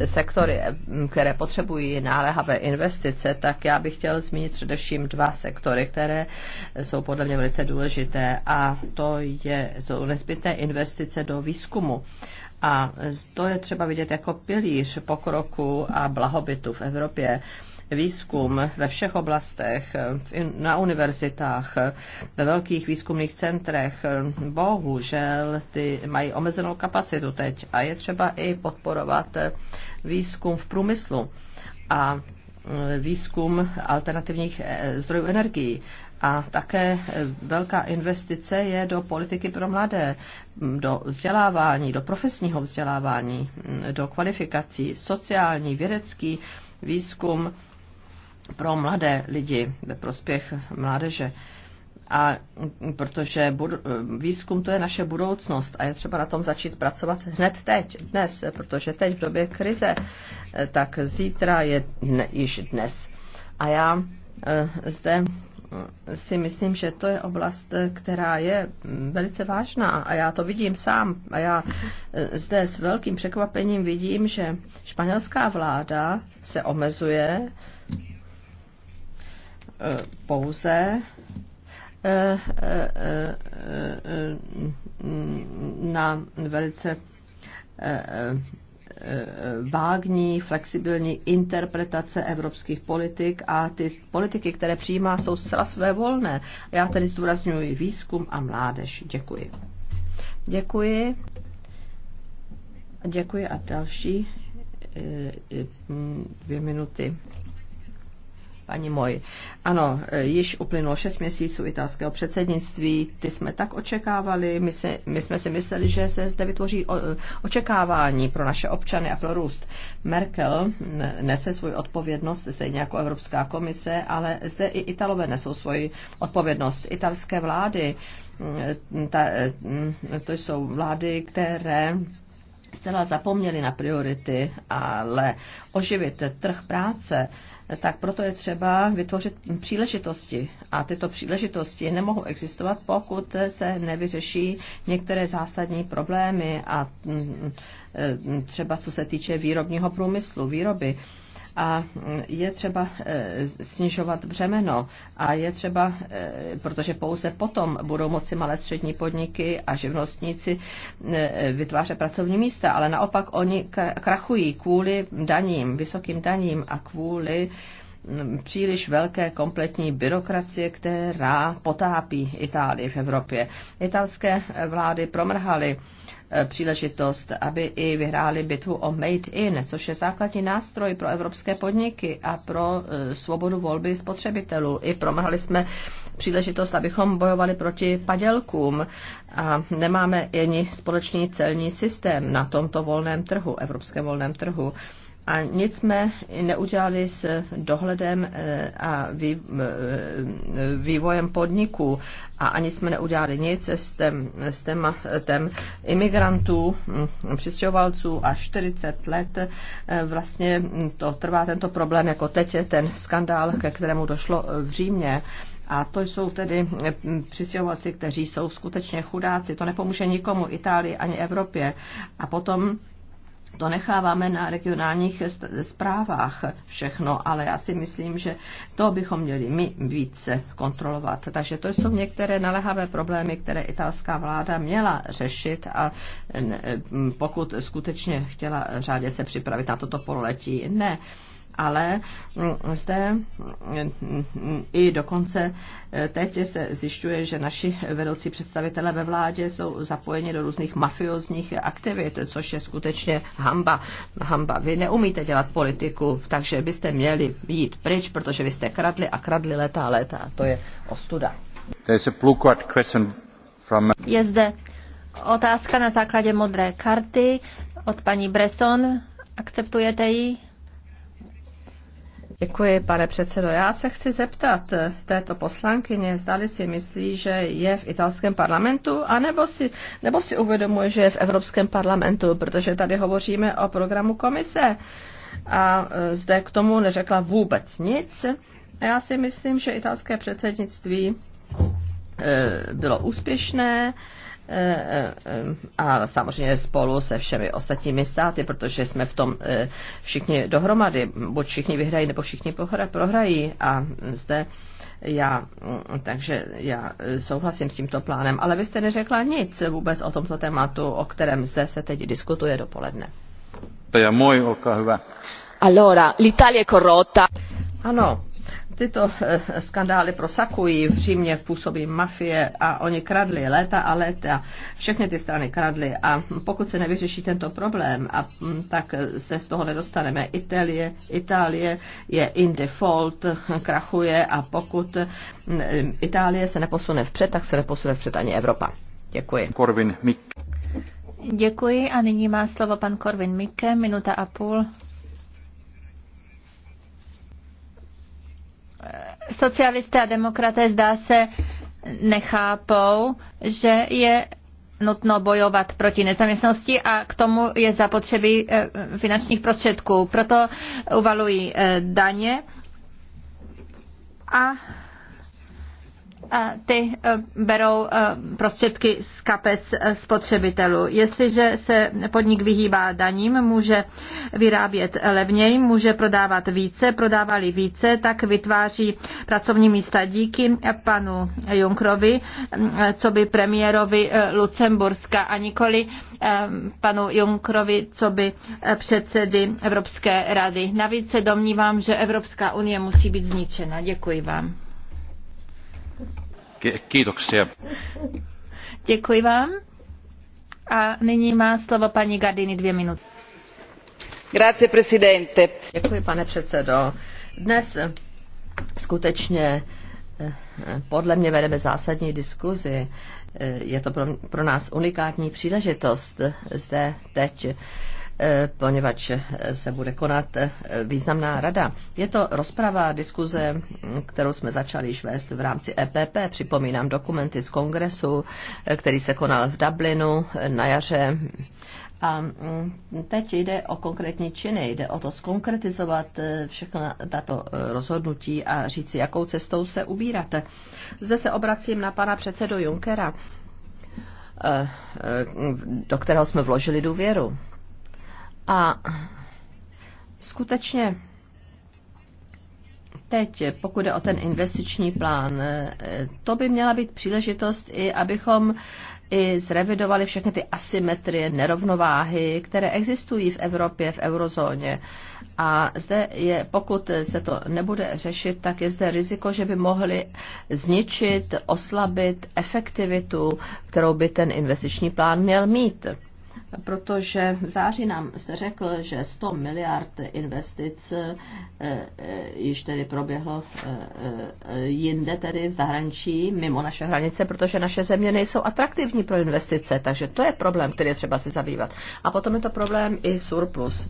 Speaker 2: sektory, eh, které potřebují náléhavé investice, tak já bych chtěl zmínit především dva sektory, které jsou podle mě velice důležité a to je, jsou nezbytné investice do výzkumu. A to je třeba vidět jako pilíř pokroku a blahobytu v Evropě výzkum ve všech oblastech, na univerzitách, ve velkých výzkumných centrech, bohužel ty mají omezenou kapacitu teď a je třeba i podporovat výzkum v průmyslu a eh, výzkum alternativních eh, zdrojů energií. A také eh, velká investice je do politiky pro mladé, hm, do vzdělávání, do profesního vzdělávání, hm, do kvalifikací, sociální, vědecký výzkum pro mladé lidi, ve prospěch mládeže. A protože budu, výzkum to je naše budoucnost a je třeba na tom začít pracovat hned teď, dnes, protože teď v době krize, tak zítra je dne, již dnes. A já eh, zde eh, si myslím, že to je oblast, eh, která je mm, velice vážná a já to vidím sám a já zde s velkým překvapením vidím, že španělská vláda se omezuje Eh, pouze eh, eh, na velice vágní, flexibilní interpretace evropských politik a ty politiky, které přijímá, jsou zcela své volné. Já tedy zdůrazňuji výzkum a mládež. Děkuji. Děkuji. Děkuji a další dvě minuty paní Moj. Ano, e, již uplynulo šest měsíců italského předsednictví, ty jsme tak očekávali, my, se, my jsme si mysleli, že se zde vytvoří o, e, očekávání pro naše občany a pro růst. Merkel nese svou odpovědnost, stejně jako Evropská komise, ale zde i Italové nesou svoji odpovědnost. Italské vlády, ta, e, to jsou vlády, které zcela zapomněli na priority, ale oživit trh práce tak proto je třeba vytvořit příležitosti. A tyto příležitosti nemohou existovat, pokud se nevyřeší některé zásadní problémy a mm, e, třeba co se týče výrobního průmyslu, výroby a je třeba e, snižovat břemeno a je třeba, e, protože pouze potom budou moci malé střední podniky a živnostníci e, vytvářet pracovní místa, ale naopak oni krachují kvůli daním, vysokým daním a kvůli příliš velké kompletní byrokracie, která potápí Itálii v Evropě. Italské vlády promrhaly Eh, příležitost, aby i vyhráli bitvu o Made In, což je základní nástroj pro evropské podniky a pro eh, svobodu volby spotřebitelů. I promrhali jsme příležitost, abychom bojovali proti padělkům a nemáme ani společný celní systém na tomto volném trhu, evropském volném trhu a nic jsme neudělali s dohledem eh, a eh, vývojem podniků a ani jsme neudělali nic s, tém, s tématem imigrantů, hm, přistěhovalců a 40 let eh, vlastně to trvá tento problém, jako teď je ten skandál, ke kterému došlo v Římě. A to jsou tedy hm, přistěhovalci, kteří jsou skutečně chudáci. To nepomůže nikomu, Itálii ani Evropě. A potom to necháváme na regionálních zprávách všechno, ale já si myslím, že to bychom měli my více kontrolovat. Takže to jsou některé naléhavé problémy, které italská vláda měla řešit a pokud skutečně chtěla řádě se připravit na toto pololetí, ne ale mm, zde mm, i dokonce eh, teď se zjišťuje, že naši vedoucí představitelé ve vládě jsou zapojeni do různých mafiozních aktivit, což je skutečně hamba. Hamba, vy neumíte dělat politiku, takže byste měli jít pryč, protože vy jste kradli a kradli leta a leta. A to je ostuda.
Speaker 4: Je zde otázka na základě modré karty od paní Bresson. Akceptujete ji?
Speaker 2: Děkuji, pane předsedo. Já se chci zeptat této poslankyně, zdali si myslí, že je v italském parlamentu, anebo si, nebo si uvědomuje, že je v Evropském parlamentu, protože tady hovoříme o programu komise. A e, zde k tomu neřekla vůbec nic. A já si myslím, že italské předsednictví e, bylo úspěšné a samozřejmě spolu se všemi ostatními státy, protože jsme v tom eh, všichni dohromady, buď všichni vyhrají, nebo všichni prohrají a zde já, mm, takže já souhlasím s tímto plánem, ale vy jste neřekla nic vůbec o tomto tématu, o kterém zde se teď diskutuje dopoledne.
Speaker 5: To je můj oka,
Speaker 2: Allora, l'Italia è corrotta. Ano, tyto eh, skandály prosakují, v Římě působí mafie a oni kradli léta a léta, všechny ty strany kradly a pokud se nevyřeší tento problém, a, mm, tak se z toho nedostaneme. Itálie, Itálie je in default, krachuje a pokud mm, Itálie se neposune vpřed, tak se neposune vpřed ani Evropa. Děkuji. Korvin Mik.
Speaker 4: Děkuji a nyní má slovo pan Korvin Mikke, minuta a půl. socialisté a demokraté zdá se nechápou, že je nutno bojovat proti nezaměstnosti a k tomu je zapotřebí eh, finančních prostředků. Proto uvalují eh, daně a ty eh, berou eh, prostředky z kapes eh, spotřebitelů. Jestliže se podnik vyhýbá daním, může vyrábět levněji, může prodávat více, prodávali více, tak vytváří pracovní místa díky panu Junkrovi, co by premiérovi Lucemburska a nikoli panu Junkrovi, co by předsedy Evropské rady. Navíc se domnívám, že Evropská unie musí být zničena. Děkuji vám. Kiitoksia. Děkuji vám. A nyní má slovo paní Gardini dvě minuty. Grazie,
Speaker 2: presidente. Děkuji, pane předsedo. Dnes skutečně eh, podle mě vedeme zásadní diskuzi. Eh, je to pro, pro nás unikátní příležitost eh, zde teď Eh, poněvadž eh, se bude konat eh, významná rada. Je to rozprava, diskuze, mm, kterou jsme začali již vést v rámci EPP. Připomínám dokumenty z kongresu, který se konal v Dublinu na jaře a mm, teď jde o konkrétní činy, jde o to skonkretizovat všechna tato rozhodnutí a říci, jakou cestou se ubírat. Zde se obracím na pana předsedu Junkera, do kterého jsme vložili důvěru. A skutečně teď, pokud jde o ten investiční plán, eh, to by měla být příležitost i, abychom i zrevidovali všechny ty asymetrie, nerovnováhy, které existují v Evropě, v eurozóně. A zde je, pokud se to nebude řešit, tak je zde riziko, že by mohli zničit, oslabit efektivitu, kterou by ten investiční plán měl mít protože v září nám jste řekl, že 100 miliard investic eh, eh, již tedy proběhlo eh, jinde, tedy v zahraničí, mimo naše hranice, protože naše země nejsou atraktivní pro investice, takže to je problém, který je třeba si zabývat. A potom je to problém i surplus.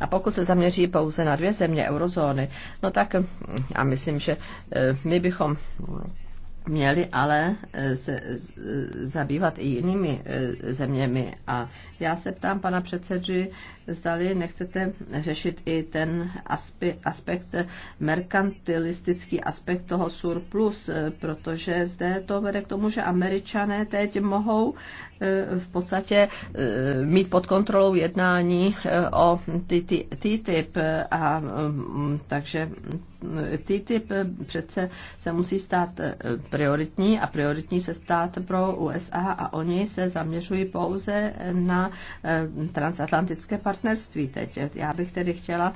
Speaker 2: A pokud se zaměří pouze na dvě země eurozóny, no tak hm, a myslím, že my bychom měli ale eh, se zabývat i jinými eh, zeměmi. A já se ptám pana předsedy, zdali nechcete řešit i ten aspe, aspekt, merkantilistický aspekt toho surplus, protože zde to vede k tomu, že američané teď mohou eh, v podstatě eh, mít pod kontrolou jednání eh, o TTIP a mm, takže mm, TTIP přece se musí stát prioritní a prioritní se stát pro USA a oni se zaměřují pouze na transatlantické partnery partnerství teď. Já bych tedy chtěla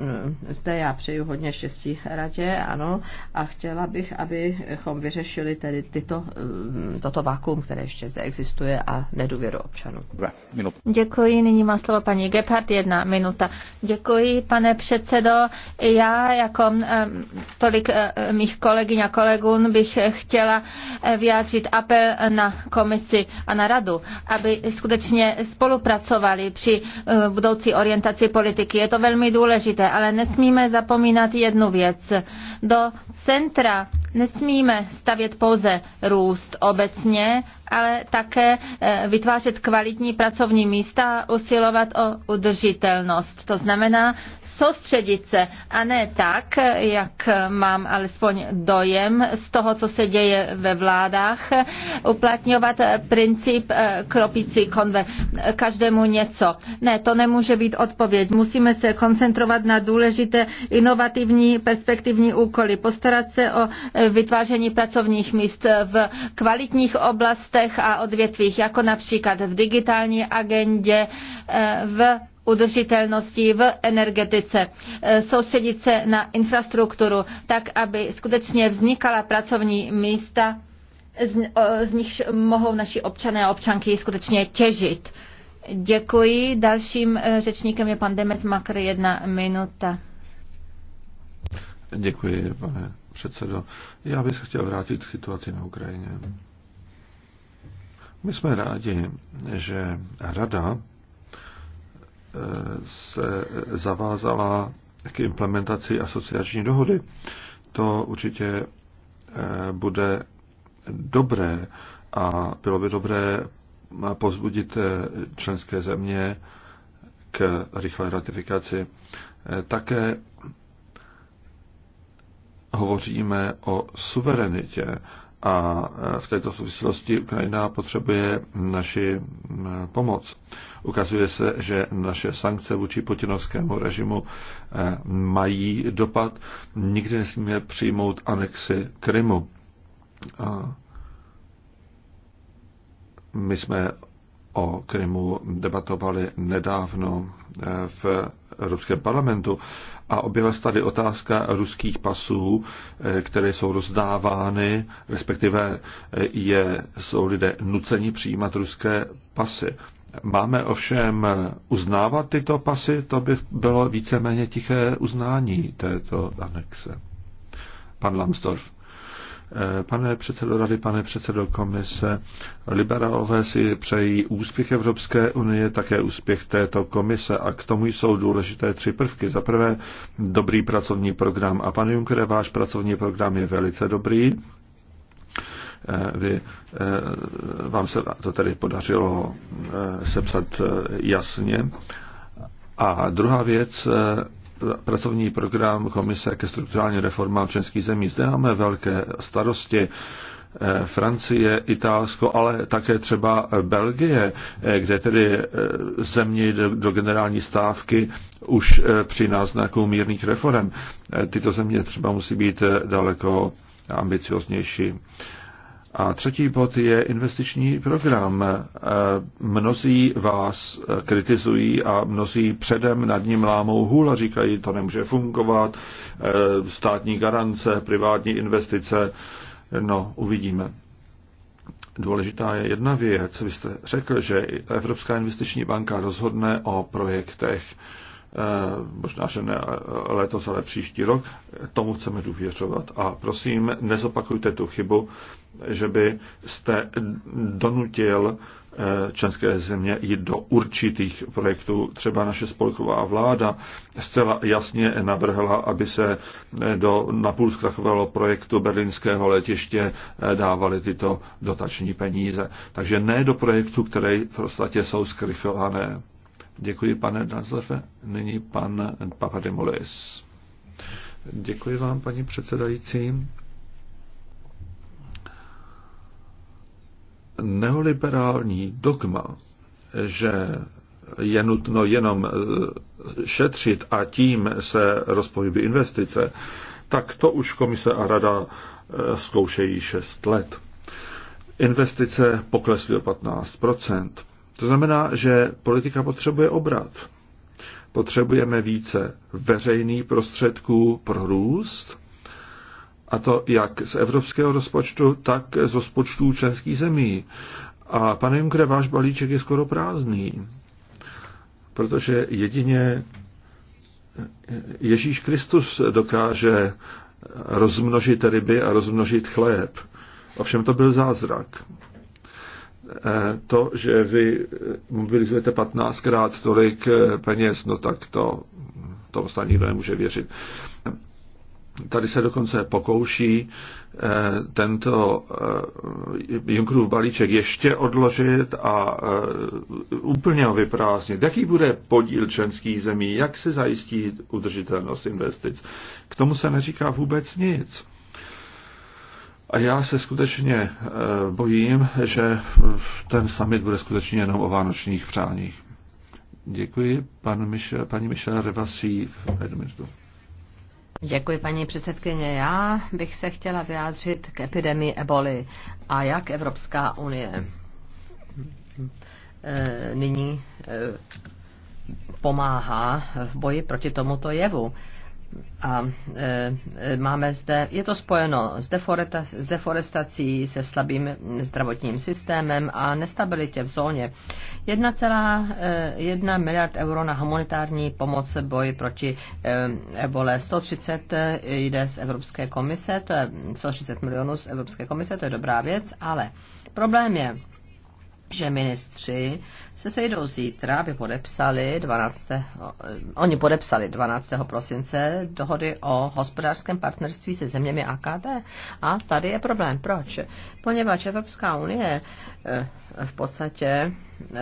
Speaker 2: Eh, zde já přeju hodně štěstí radě, ano, a chtěla bych, abychom vyřešili tedy tyto, eh, toto vakuum, které ještě zde existuje a nedůvěru občanů.
Speaker 4: Děkuji, nyní má slovo paní Gephardt, jedna minuta. Děkuji, pane předsedo. Já jako eh, tolik mých kolegyň a kolegů bych chtěla vyjádřit apel na komisi a na radu, aby skutečně spolupracovali při budoucí orientaci politiky. Je to velmi důležité důležité, ale nesmíme zapomínat jednu věc. Do centra nesmíme stavět pouze růst obecně, ale také eh, vytvářet kvalitní pracovní místa a usilovat o udržitelnost. To znamená soustředit se a ne tak, jak mám alespoň dojem z toho, co se děje ve vládách, uplatňovat princip eh, kropící konve. Každému něco. Ne, to nemůže být odpověď. Musíme se koncentrovat na důležité inovativní perspektivní úkoly, postarat se o eh, vytváření pracovních míst v kvalitních oblastech a odvětvích, jako například v digitální agendě, eh, v udržitelnosti v energetice. E, soustředit se na infrastrukturu, tak aby skutečně vznikala pracovní místa, z, z nichž mohou naši občané a občanky skutečně těžit. Děkuji. Dalším e, řečníkem je pan Demes Makr, jedna minuta.
Speaker 1: Děkuji, pane předsedo. Já bych se chtěl vrátit k situaci na Ukrajině. My jsme rádi, že Rada se zavázala k implementaci asociační dohody. To určitě eh, bude dobré a bylo by dobré pozbudit eh, členské země k rychlé ratifikaci. Eh, také hovoříme o suverenitě a e, v této souvislosti Ukrajina potřebuje naši pomoc. Ukazuje se, že naše sankce vůči putinovskému režimu e, mají dopad. Nikdy nesmíme přijmout anexi Krymu. A my jsme o Krymu debatovali nedávno v Evropském parlamentu a objevila se tady otázka ruských pasů, eh, které jsou rozdávány, respektive eh, je, jsou lidé nuceni přijímat ruské pasy. Máme ovšem uznávat tyto pasy, to by bylo víceméně tiché uznání této anexe. Pan Lambsdorff. Pane předsedo rady, pane předsedo komise, liberálové si přejí úspěch Evropské unie, také úspěch této komise a k tomu jsou důležité tři prvky. Za prvé, dobrý pracovní program a pane Juncker, váš pracovní program je velice dobrý. Vy, eh, vám se to tedy podařilo eh, sepsat eh, jasně. A druhá věc, pracovní program Komise ke strukturální reformám v českých zemí. Zde máme velké starosti. Eh, Francie, Itálsko, ale také třeba Belgie, eh, kde tedy eh, země jde do generální stávky už při náznaku mírných reform. Tyto země třeba musí být daleko ambicioznější. A třetí bod je investiční program. E, mnozí vás kritizují a mnozí předem nad ním lámou hůl a říkají, to nemůže fungovat, e, státní garance, privátní investice, no uvidíme. Důležitá je jedna věc. Vy jste řekl, že Evropská investiční banka rozhodne o projektech, e, možná, že ne letos, ale příští rok. Tomu chceme důvěřovat. A prosím, nezopakujte tu chybu, že by jste donutil eh, členské země jít do určitých projektů. Třeba naše spolková vláda zcela jasně navrhla, aby se eh, do napůl zkrachovalo projektu berlínského letiště eh, dávaly tyto dotační peníze. Takže ne do projektů, které v podstatě jsou skrychované. Děkuji, pane Danzlefe. Nyní pan Papademolis. Děkuji vám, paní předsedající. neoliberální dogma, že je nutno jenom e, šetřit a tím se rozpohybí investice, tak to už komise a rada e, zkoušejí 6 let. Investice poklesly o 15 To znamená, že politika potřebuje obrat. Potřebujeme více veřejných prostředků pro růst a to jak z evropského rozpočtu, tak z rozpočtů členských zemí. A pane Junkere, váš balíček je skoro prázdný, protože jedině Ježíš Kristus dokáže rozmnožit ryby a rozmnožit chléb. Ovšem to byl zázrak. E, to, že vy mobilizujete 15krát tolik peněz, no tak to, to ostatní nikdo nemůže věřit. Tady se dokonce pokouší eh, tento eh, Junckerův balíček ještě odložit a eh, úplně ho vyprázdnit. Jaký bude podíl členských zemí? Jak se zajistí udržitelnost investic? K tomu se neříká vůbec nic. A já se skutečně bojím, že ten summit bude skutečně jenom o vánočních přáních. Děkuji, pan Michel, paní Michelle Revasí v Edmirtu.
Speaker 2: Děkuji, paní předsedkyně. Já bych se chtěla vyjádřit k epidemii eboli a jak Evropská unie eh, nyní eh, pomáhá v boji proti tomuto jevu a e, e, máme zde, je to spojeno s, deforeta, s deforestací, se slabým zdravotním systémem a nestabilitě v zóně. 1,1 e, miliard euro na humanitární pomoc boji proti e, ebole. 130 e, jde z Evropské komise, to je 130 milionů z Evropské komise, to je dobrá věc, ale problém je, že ministři se sejdou zítra, aby podepsali 12. Eh, oni podepsali 12. prosince dohody o hospodářském partnerství se zeměmi AKT. A tady je problém. Proč? Poněvadž Evropská unie eh, v podstatě eh,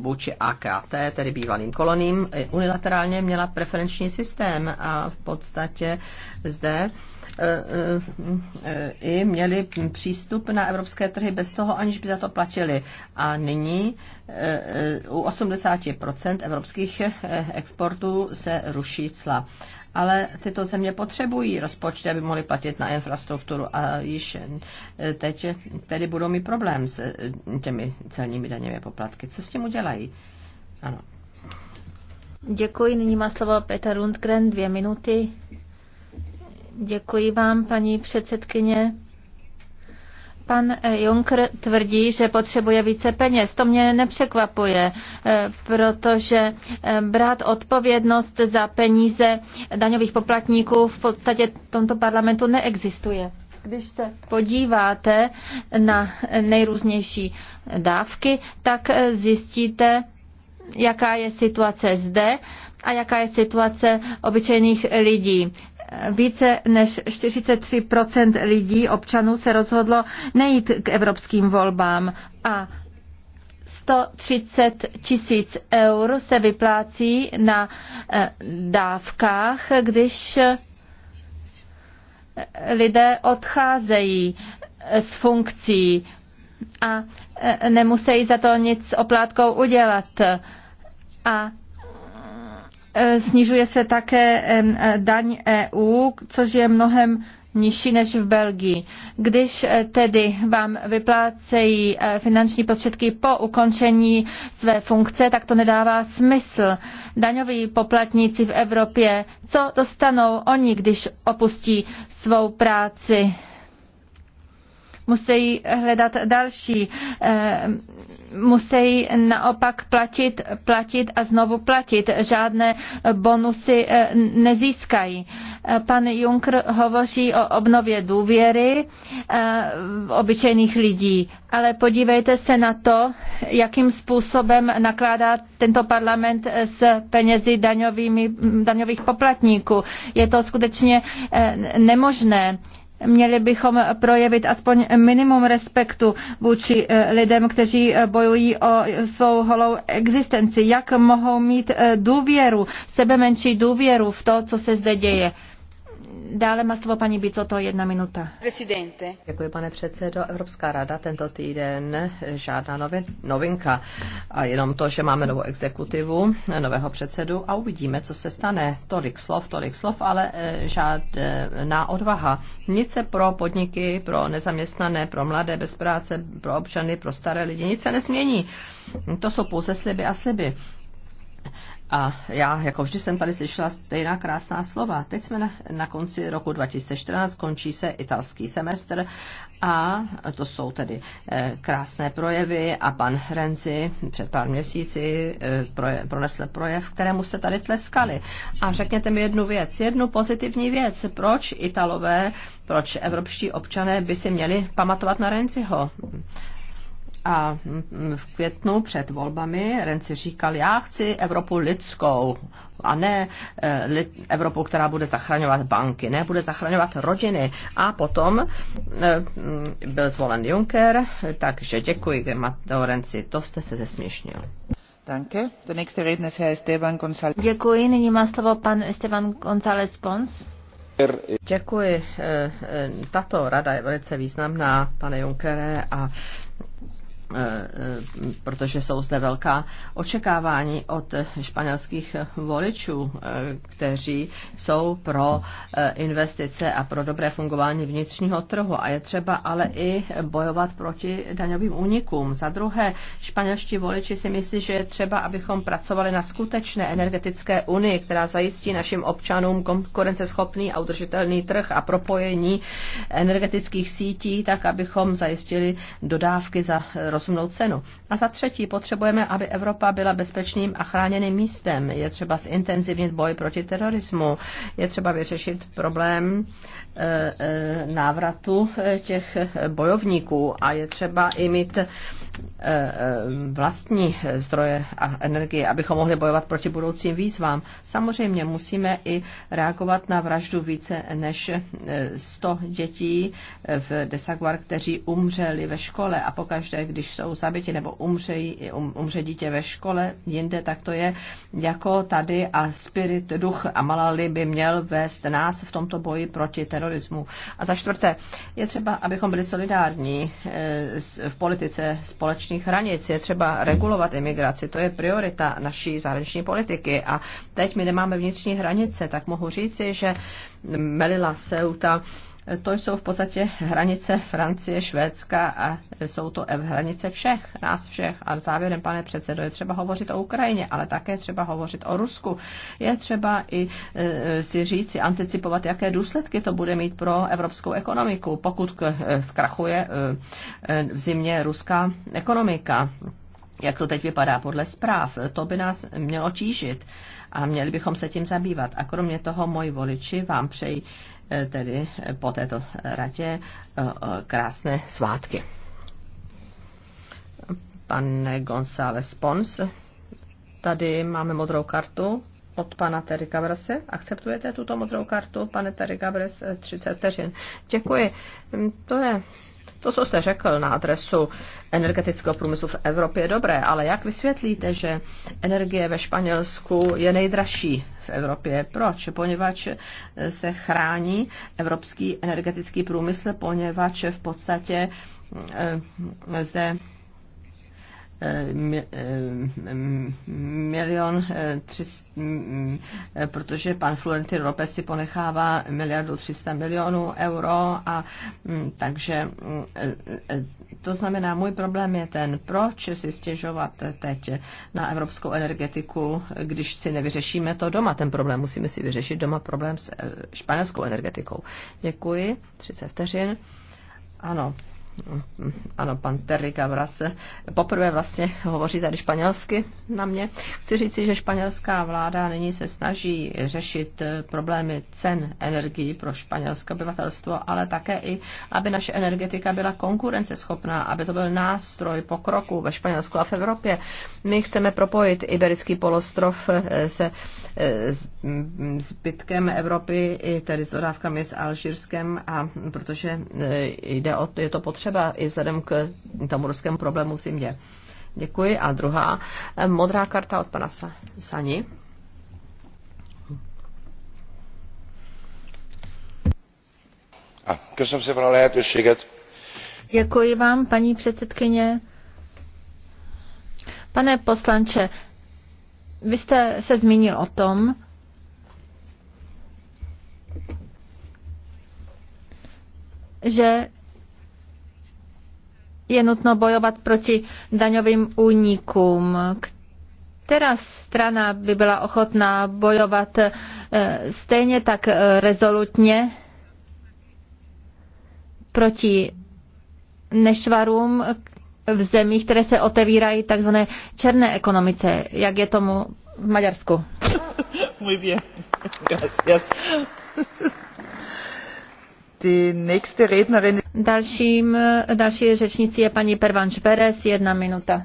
Speaker 2: vůči AKT, tedy bývalým koloním, unilaterálně měla preferenční systém a v podstatě zde i měli přístup na evropské trhy bez toho, aniž by za to platili. A nyní eh, u 80% evropských eh, exportů se ruší cla. Ale tyto země potřebují rozpočty, aby mohly platit na infrastrukturu a již eh, teď tedy budou mít problém s těmi celními daněmi poplatky. Co s tím udělají? Ano.
Speaker 4: Děkuji. Nyní má slovo Petr Rundgren, dvě minuty. Děkuji vám, paní předsedkyně. Pan eh, Juncker tvrdí, že potřebuje více peněz. To mě nepřekvapuje, eh, protože eh, brát odpovědnost za peníze daňových poplatníků v podstatě v tomto parlamentu neexistuje. Když se podíváte na nejrůznější dávky, tak zjistíte, jaká je situace zde a jaká je situace obyčejných lidí. Více než 43 lidí, občanů, se rozhodlo nejít k evropským volbám a 130 tisíc eur se vyplácí na eh, dávkách, když eh, lidé odcházejí eh, z funkcí a nemusí za to nic oplátkou udělat. A E, snižuje se také e, e, daň EU, což je mnohem nižší než v Belgii. Když tedy vám vyplácejí finanční prostředky po ukončení své funkce, tak to nedává smysl. Daňoví poplatníci v Evropě, co dostanou oni, když opustí svou práci? musí hledat další, eh, musí naopak platit, platit a znovu platit. Žádné bonusy eh, nezískají. Eh, pan Juncker hovoří o obnově důvěry obyčejných lidí, ale podívejte se na to, jakým způsobem nakládá tento parlament s penězi daňovými, daňových poplatníků. Je to skutečně nemožné. Měli bychom projevit aspoň minimum respektu vůči eh, lidem, kteří eh, bojují o svou holou existenci. Jak mohou mít eh, důvěru, sebe menší důvěru v to, co se zde děje? Dále má slovo paní Bicoto, jedna minuta.
Speaker 2: Presidente. Děkuji, pane předsedo. Evropská rada tento týden žádná novin, novinka. A jenom to, že máme novou exekutivu, nového předsedu a uvidíme, co se stane. Tolik slov, tolik slov, ale e, žádná odvaha. Nic se pro podniky, pro nezaměstnané, pro mladé bez práce, pro občany, pro staré lidi, nic se nesmění. To jsou pouze sliby a sliby. A já, jako vždy, jsem tady slyšela stejná krásná slova. Teď jsme na, na konci roku 2014, končí se italský semestr a to jsou tedy e, krásné projevy a pan Renzi před pár měsíci e, proje, pronesl projev, kterému jste tady tleskali. A řekněte mi jednu věc, jednu pozitivní věc. Proč Italové, proč evropští občané by si měli pamatovat na Renziho? A v květnu před volbami Renci říkal, já chci Evropu lidskou a ne eh, Evropu, která bude zachraňovat banky, ne bude zachraňovat rodiny. A potom eh, byl zvolen Juncker, takže děkuji, Mateo Renci,
Speaker 4: to jste se zesměšnil. Děkuji, nyní má slovo pan Esteban González Pons. Děkuji. Eh,
Speaker 2: tato rada je velice významná, pane Junckere, a Eh, eh, protože jsou zde velká očekávání od španělských voličů, eh, kteří jsou pro investice a pro dobré fungování vnitřního trhu. A je třeba ale i bojovat proti daňovým únikům. Za druhé, španělští voliči si myslí, že je třeba, abychom pracovali na skutečné energetické unii, která zajistí našim občanům konkurenceschopný a udržitelný trh a propojení energetických sítí, tak abychom zajistili dodávky za rozumnou cenu. A za třetí potřebujeme, aby Evropa byla bezpečným a chráněným místem. Je třeba zintenzivnit boj proti terorismu, je třeba vyřešit problém návratu eh, těch eh, bojovníků a je třeba i mít eh, vlastní zdroje a energie, abychom mohli bojovat proti budoucím výzvám. Samozřejmě musíme i reagovat na vraždu více než 100 dětí v Desaguar, kteří umřeli ve škole a pokaždé, když jsou zabiti nebo umřejí, um, umře dítě ve škole, jinde, tak to je jako tady a spirit, duch a Malali by měl vést nás v tomto boji proti terorismu terorismu. A za čtvrté, je třeba, abychom byli solidární eh, v politice společných hranic. Je třeba regulovat imigraci. To je priorita naší zahraniční politiky. A teď my nemáme vnitřní hranice, tak mohu říci, že Melila Seuta to jsou v podstatě hranice Francie, Švédska a jsou to hranice všech, nás všech. A závěrem, pane předsedo, je třeba hovořit o Ukrajině, ale také třeba hovořit o Rusku. Je třeba i eh, si říci, anticipovat, jaké důsledky to bude mít pro evropskou ekonomiku, pokud eh, zkrachuje eh, v zimě ruská ekonomika jak to teď vypadá podle zpráv, to by nás mělo tížit a měli bychom se tím zabývat. A kromě toho, moji voliči vám přeji Eh, tedy eh, po této ratě eh, krásné svátky. Pane González Pons, tady máme modrou kartu od pana Terry Cabrese. Akceptujete tuto modrou kartu, pane Terry Cabres, 30 vteřin. Děkuji. To je to, co jste řekl na adresu energetického průmyslu v Evropě, je dobré, ale jak vysvětlíte, že energie ve Španělsku je nejdražší v Evropě? Proč? Poněvadž se chrání evropský energetický průmysl, poněvadž v podstatě eh, zde Eh, milion eh, eh, protože pan Florentino Lopez si ponechává miliardu 300 milionů euro a mm, takže mm, to znamená, můj problém je ten, proč si stěžovat teď na evropskou energetiku, když si nevyřešíme to doma, ten problém musíme si vyřešit doma problém s španělskou energetikou. Děkuji, 30 vteřin. Ano, ano, pan Terry Vras poprvé vlastně hovoří tady španělsky na mě. Chci říci, že španělská vláda nyní se snaží řešit problémy cen energii pro španělské obyvatelstvo, ale také i, aby naše energetika byla konkurenceschopná, aby to byl nástroj pokroku ve Španělsku a v Evropě. My chceme propojit Iberický polostrov eh, se eh, mm, zbytkem Evropy, i tedy s dodávkami s Alžírskem, a protože eh, jde o, je to potřeba Třeba i vzhledem k tomu ruskému problému v zimě. Děkuji. A druhá, eh, modrá karta od pana Sani.
Speaker 4: Děkuji vám, paní předsedkyně. Pane poslanče, vy jste se zmínil o tom, že je nutno bojovat proti daňovým únikům. Která strana by byla ochotná bojovat eh, stejně tak eh, rezolutně proti nešvarům v zemích, které se otevírají takzvané černé ekonomice, jak je tomu v Maďarsku?
Speaker 7: Muy bien. Gracias.
Speaker 4: Dalším, další řečnicí je paní Pervanš Perez, jedna minuta.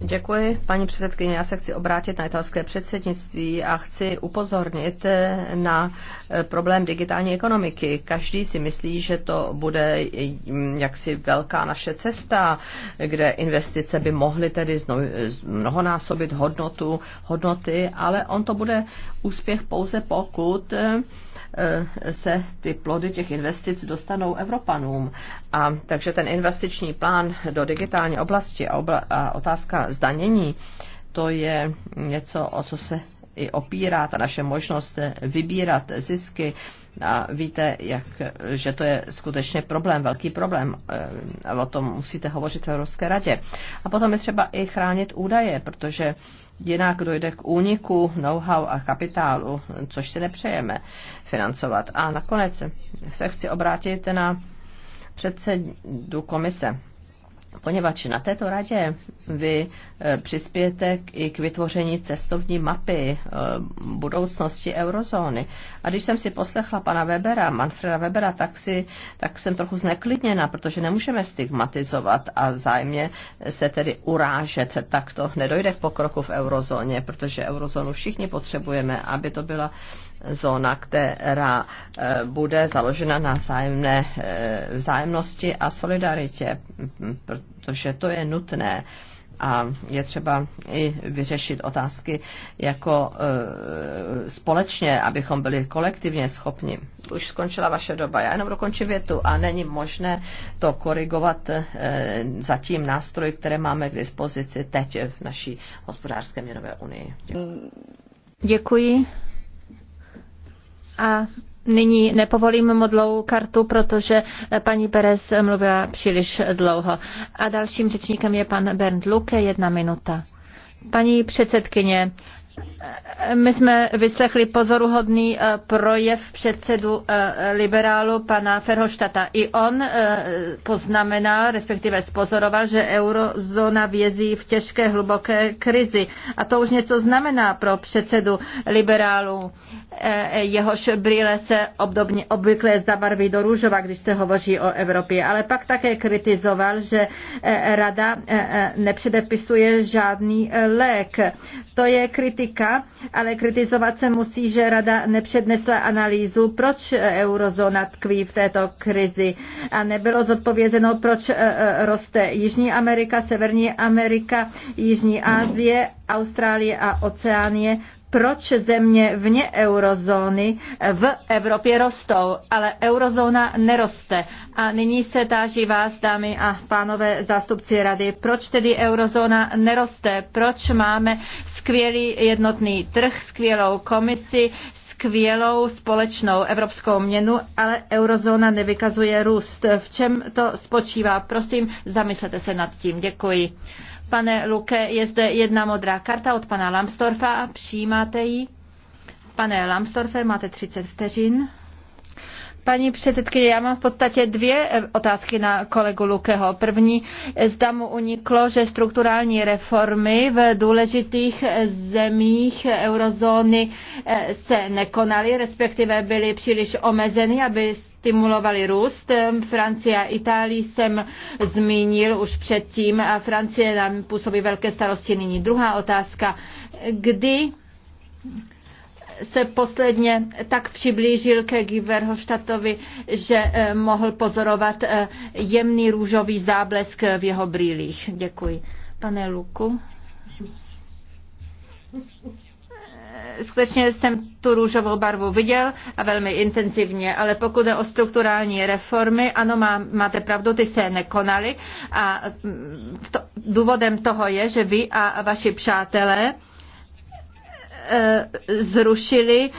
Speaker 2: Děkuji, paní předsedkyně. Já se chci obrátit na italské předsednictví a chci upozornit na eh, problém digitální ekonomiky. Každý si myslí, že to bude hm, jaksi velká naše cesta, kde investice by mohly tedy eh, mnohonásobit hodnotu, hodnoty, ale on to bude úspěch pouze pokud eh, Eh, se ty plody těch investic dostanou Evropanům. A takže ten investiční plán do digitální oblasti a, obla- a otázka zdanění, to je něco, o co se i opírá ta naše možnost vybírat zisky. A víte, jak, že to je skutečně problém, velký problém. A eh, o tom musíte hovořit v Evropské radě. A potom je třeba i chránit údaje, protože jinak dojde k úniku know-how a kapitálu, což si nepřejeme financovat. A nakonec se chci obrátit na předsedu komise poněvadž na této radě vy e, přispějete i k vytvoření cestovní mapy e, budoucnosti eurozóny. A když jsem si poslechla pana Webera, Manfreda Webera, tak, si, tak jsem trochu zneklidněna, protože nemůžeme stigmatizovat a zájemně se tedy urážet. Tak to nedojde k pokroku v eurozóně, protože eurozónu všichni potřebujeme, aby to byla zóna, která eh, bude založena na vzájemné eh, vzájemnosti a solidaritě, protože to je nutné a je třeba i vyřešit otázky jako e, společně, abychom byli kolektivně schopni. Už skončila vaše doba, já jenom dokončím větu a není možné to korigovat e, zatím nástroj, které máme k dispozici teď v naší hospodářské měnové unii.
Speaker 4: Děkuji. Děkuji. A nyní nepovolím modlou kartu, protože paní Perez mluvila příliš dlouho. A dalším řečníkem je pan Bernd Luke, jedna minuta. Paní předsedkyně, my jsme vyslechli pozoruhodný eh, projev předsedu eh, liberálu pana Ferhoštata. I on eh, poznamenal, respektive spozoroval, že eurozóna vězí v těžké, hluboké krizi. A to už něco znamená pro předsedu liberálu. Jehož brýle se obdobně, obvykle zabarví do růžova, když se hovoří o Evropě. Ale pak také kritizoval, že rada nepředepisuje žádný lék. To je kritika rizika, ale kritizovat se musí, že rada nepřednesla analýzu, proč eh, eurozóna tkví v této krizi a nebylo zodpovězeno, proč eh, eh, roste Jižní Amerika, Severní Amerika, Jižní Asie, Austrálie a Oceánie, proč země vně eurozóny v Evropě rostou, ale eurozóna neroste. A nyní se táží vás, dámy a pánové zástupci rady, proč tedy eurozóna neroste, proč máme skvělý jednotný trh, skvělou komisi, skvělou společnou evropskou měnu, ale eurozóna nevykazuje růst. V čem to spočívá? Prosím, zamyslete se nad tím. Děkuji. Pane Luke, je zde jedna modrá karta od pana Lambstorfa. Přijímáte ji? Pane Lambstorfe, máte 30 vteřin. Paní předsedkyně, já mám v podstatě dvě eh, otázky na kolegu Lukeho. První, zda mu uniklo, že strukturální reformy v důležitých eh, zemích eurozóny eh, se nekonaly, respektive byly příliš omezeny, aby stimulovali růst. Francie a Itálii jsem zmínil už předtím a Francie nám působí velké starosti nyní. Druhá otázka, kdy se posledně tak přiblížil ke Giverhoštatovi, že eh, mohl pozorovat eh, jemný růžový záblesk v jeho brýlích. Děkuji. Pane Luku. Eh, skutečně jsem tu růžovou barvu viděl a velmi intenzivně, ale pokud je o strukturální reformy, ano, má, máte pravdu, ty se nekonaly a mm, to, důvodem toho je, že vy a vaši přátelé Eh, zrušili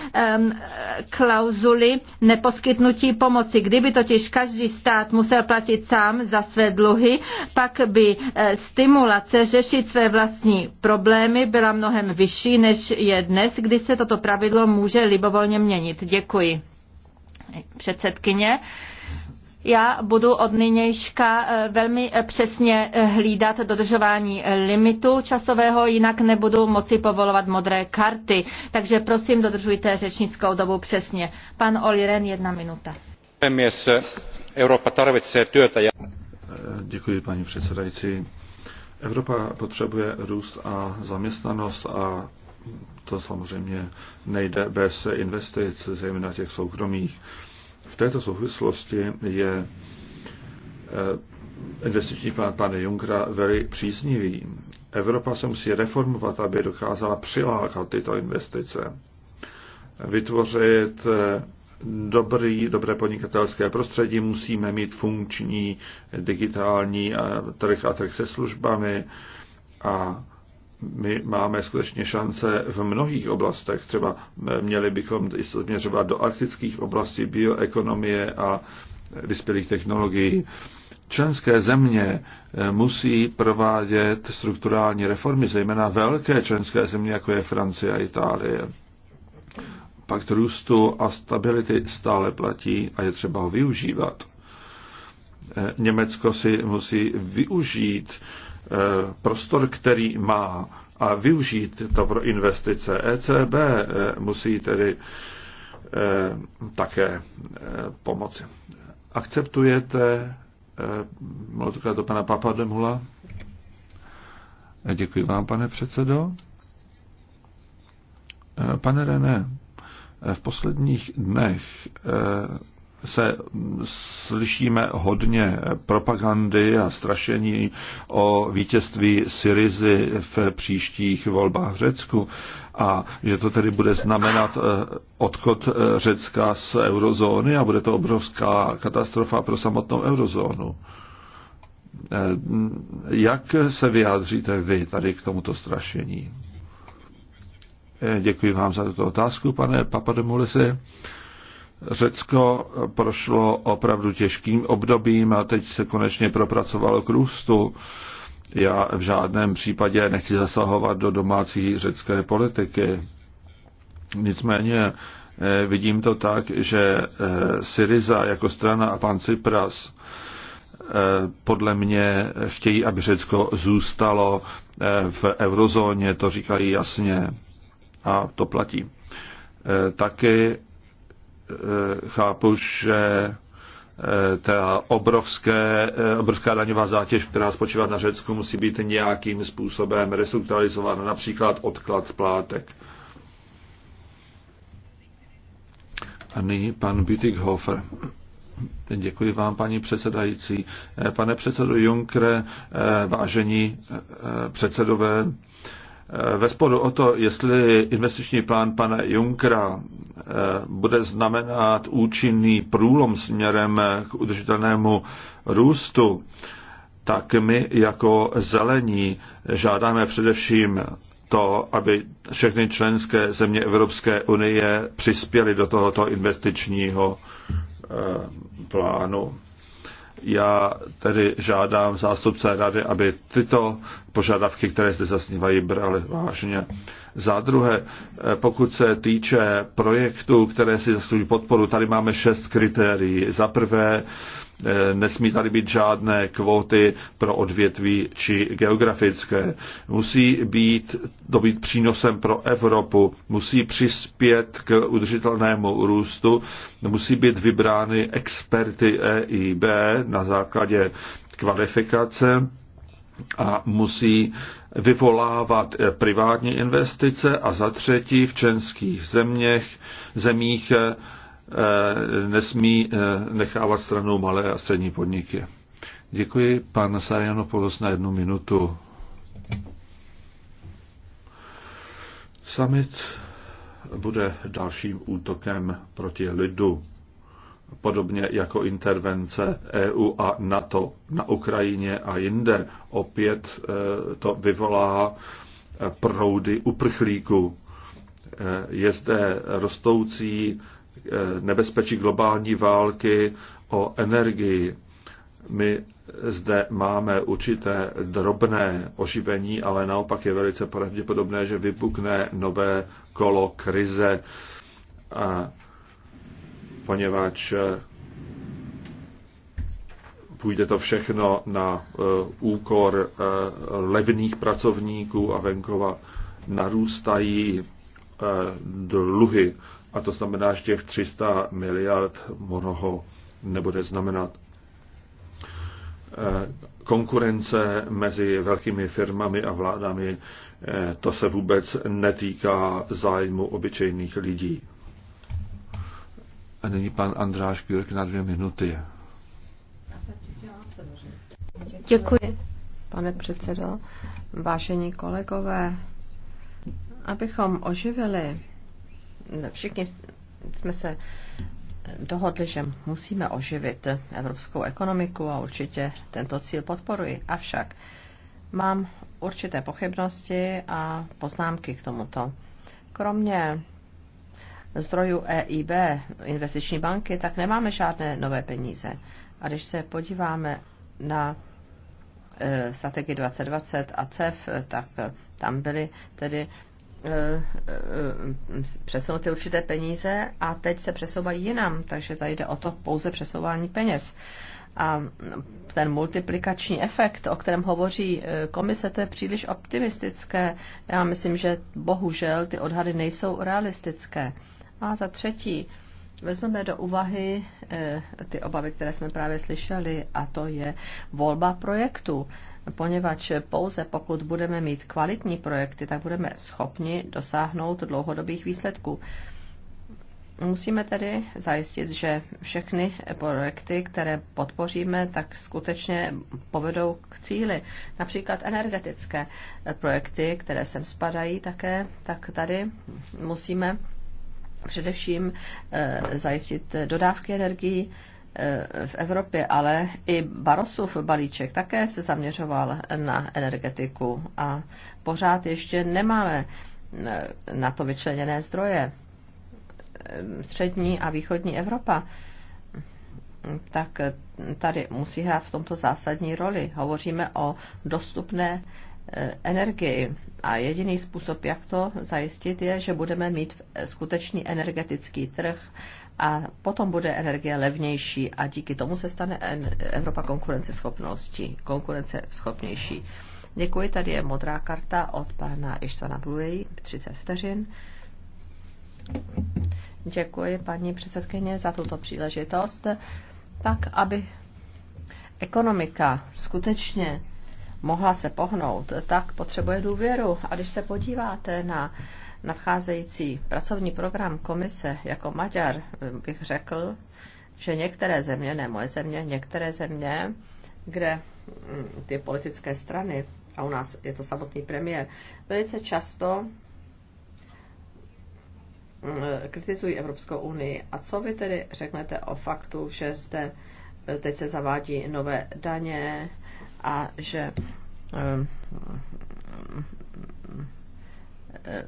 Speaker 4: klauzuly neposkytnutí pomoci. Kdyby totiž každý stát musel platit sám za své dluhy, pak by eh, stimulace řešit své vlastní problémy byla mnohem vyšší, než je dnes, kdy se toto pravidlo může libovolně měnit. Děkuji. Předsedkyně. Já budu od nynějška eh, velmi eh, přesně eh, hlídat dodržování limitu časového, jinak nebudu moci povolovat modré karty. Takže prosím, dodržujte řečnickou dobu přesně. Pan Oliren, jedna minuta.
Speaker 1: Děkuji, paní předsedající. Evropa potřebuje růst a zaměstnanost a to samozřejmě nejde bez investic, zejména těch soukromých této souvislosti je eh, investiční plán pana Junkra velmi příznivý. Evropa se musí reformovat, aby dokázala přilákat tyto investice, vytvořit eh, dobrý, dobré podnikatelské prostředí, musíme mít funkční digitální eh, trh a trh se službami a my máme skutečně šance v mnohých oblastech. Třeba eh, měli bychom směřovat do arktických oblastí bioekonomie a vyspělých technologií. Členské země eh, musí provádět strukturální reformy, zejména velké členské země, jako je Francie a Itálie. Pakt růstu a stability stále platí a je třeba ho využívat. Eh, Německo si musí využít Eh, prostor, který má a využít to pro investice. ECB eh, musí tedy eh, také pomoci. Akceptujete mluvíte do pana Papademula? Děkuji vám, pane předsedo. Pane René, v posledních dnech se slyšíme hodně propagandy a strašení o vítězství Syrizy v příštích volbách v Řecku a že to tedy bude znamenat eh, odchod eh, Řecka z eurozóny a bude to obrovská katastrofa pro samotnou eurozónu. Eh, jak se vyjádříte vy tady k tomuto strašení? Děkuji vám za tuto otázku, pane Papademulisi. Řecko prošlo opravdu těžkým obdobím a teď se konečně propracovalo k růstu. Já v žádném případě nechci zasahovat do domácí řecké politiky. Nicméně eh, vidím to tak, že eh, Syriza jako strana a pan Cypras eh, podle mě chtějí, aby Řecko zůstalo v eurozóně, to říkají jasně a to platí. Taky chápu, že eh, ta obrovské, eh, obrovská daňová zátěž, která spočívá na Řecku, musí být nějakým způsobem restrukturalizována, například odklad splátek. A nyní pan Bütikhofer. Děkuji vám, paní předsedající. Eh, pane předsedo Junkre, vážení předsedové Eh, ve sporu o to, jestli investiční plán pana Junkra eh, bude znamenat účinný průlom směrem eh, k udržitelnému růstu, tak my jako zelení žádáme především to, aby všechny členské země Evropské unie přispěly do tohoto investičního plánu. Já tedy žádám zástupce rady, aby tyto požadavky, které zde zasnívají, brali vážně. Za druhé, eh, pokud se týče projektů, které si zaslouží podporu, tady máme šest kritérií. Za prvé, Eh, nesmí tady být žádné kvóty pro odvětví či geografické. Musí být, to být přínosem pro Evropu, musí přispět k udržitelnému růstu, musí být vybrány experty EIB na základě kvalifikace a musí vyvolávat privátní investice a za třetí v členských zeměch, zemích eh, Eh, nesmí eh, nechávat stranou malé a střední podniky. Děkuji, pan Polos, na jednu minutu. Summit bude dalším útokem proti lidu, podobně jako intervence EU a NATO na Ukrajině a jinde. Opět eh, to vyvolá proudy uprchlíků. Je zde rostoucí Eh, nebezpečí globální války, o energii. My zde máme určité drobné oživení, ale naopak je velice pravděpodobné, že vypukne nové kolo krize, a poněvadž eh, půjde to všechno na eh, úkor levných pracovníků a venkova narůstají dluhy a to znamená, že těch 300 miliard mnoho nebude znamenat. Eh, konkurence mezi velkými firmami a vládami, eh, to se vůbec netýká zájmu obyčejných lidí. A nyní pan Andráš Kürk na dvě minuty.
Speaker 2: Děkuji, pane předsedo. Vážení kolegové, abychom oživili všichni jsme se dohodli, že musíme oživit evropskou ekonomiku a určitě tento cíl podporuji. Avšak mám určité pochybnosti a poznámky k tomuto. Kromě zdrojů EIB, investiční banky, tak nemáme žádné nové peníze. A když se podíváme na e, strategii 2020 a CEF, tak tam byly tedy Eh, eh, přesunuty určité peníze a teď se přesouvají jinam, takže tady jde o to pouze přesouvání peněz. A ten multiplikační efekt, o kterém hovoří eh, komise, to je příliš optimistické. Já myslím, že bohužel ty odhady nejsou realistické. A za třetí, vezmeme do úvahy ty obavy, které jsme právě slyšeli, a to je volba projektu poněvadž pouze pokud budeme mít kvalitní projekty, tak budeme schopni dosáhnout dlouhodobých výsledků. Musíme tedy zajistit, že všechny projekty, které podpoříme, tak skutečně povedou k cíli. Například energetické projekty, které sem spadají také, tak tady musíme především eh, zajistit dodávky energií, Eh, v Evropě, ale i Barosův balíček také se zaměřoval na energetiku a pořád ještě nemáme eh, na to vyčleněné zdroje. Eh, střední a východní Evropa tak tady musí hrát v tomto zásadní roli. Hovoříme o dostupné energii a jediný způsob, jak to zajistit, je, že budeme mít skutečný energetický trh a potom bude energie levnější a díky tomu se stane Evropa konkurenceschopnosti, konkurenceschopnější. Děkuji, tady je modrá karta od pana Ištvana Bluej, 30 vteřin. Děkuji, paní předsedkyně, za tuto příležitost. Tak, aby ekonomika skutečně mohla se pohnout, tak potřebuje důvěru. A když se podíváte na uh, nadcházející pracovní program komise jako Maďar bych řekl, že některé země, ne moje země, některé země, kde mm, ty politické strany, a u nás je to samotný premiér, velice často mm, kritizují Evropskou unii. A co vy tedy řeknete o faktu, že zde e, teď se zavádí nové daně a že e, Eh,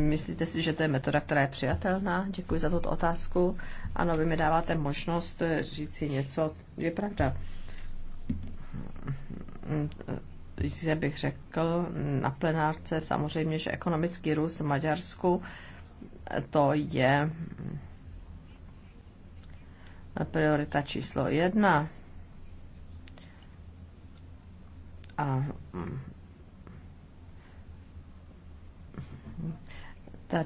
Speaker 2: myslíte si, že to je metoda, která je přijatelná? Děkuji za tuto otázku. Ano, vy mi dáváte možnost eh, říct si něco. Je pravda. Já bych řekl na plenárce samozřejmě, že ekonomický růst v Maďarsku to je priorita číslo jedna. A mm, ta,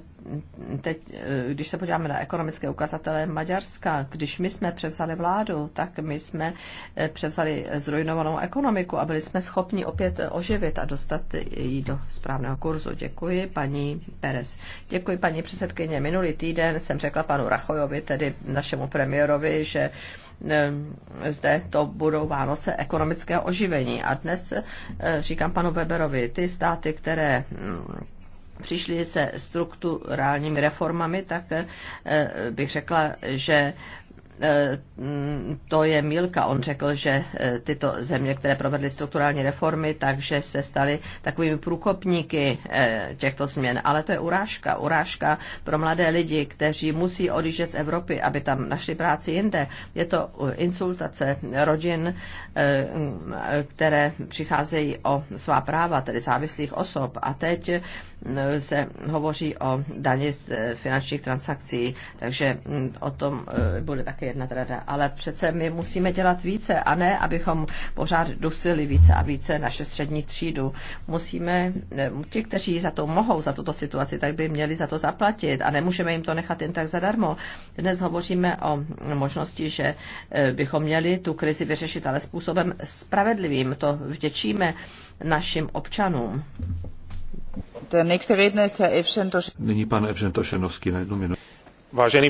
Speaker 2: teď, eh, když se podíváme na ekonomické ukazatele Maďarska, když my jsme převzali vládu, tak my jsme eh, převzali zrujnovanou ekonomiku a byli jsme schopni opět eh, oživit a dostat ji do správného kurzu. Děkuji, paní Perez. Děkuji, paní předsedkyně. Minulý týden jsem řekla panu Rachojovi, tedy našemu premiérovi, že zde to budou Vánoce ekonomického oživení. A dnes říkám panu Weberovi, ty státy, které mm, přišli se strukturálními reformami, tak eh, bych řekla, že Eh, mm, to je Milka. On řekl, že eh, tyto země, které provedly strukturální reformy, takže se staly takovými průkopníky eh, těchto změn. Ale to je urážka. Urážka pro mladé lidi, kteří musí odjíždět z Evropy, aby tam našli práci jinde. Je to insultace rodin, mm, které přicházejí o svá práva, tedy závislých osob. A teď se hovoří o daně z finančních transakcí, takže mm, o tom bude také Jedna jednat rada, ale přece my musíme dělat více a ne, abychom pořád dusili více a více naše střední třídu. Musíme, eh, ti, kteří za to mohou, za tuto situaci, tak by měli za to zaplatit a nemůžeme jim to nechat jen tak zadarmo. Dnes hovoříme o možnosti, že eh, bychom měli tu krizi vyřešit ale způsobem spravedlivým. To vděčíme našim občanům.
Speaker 3: Nyní pan Evžen
Speaker 1: Tošenovský na jednu minutu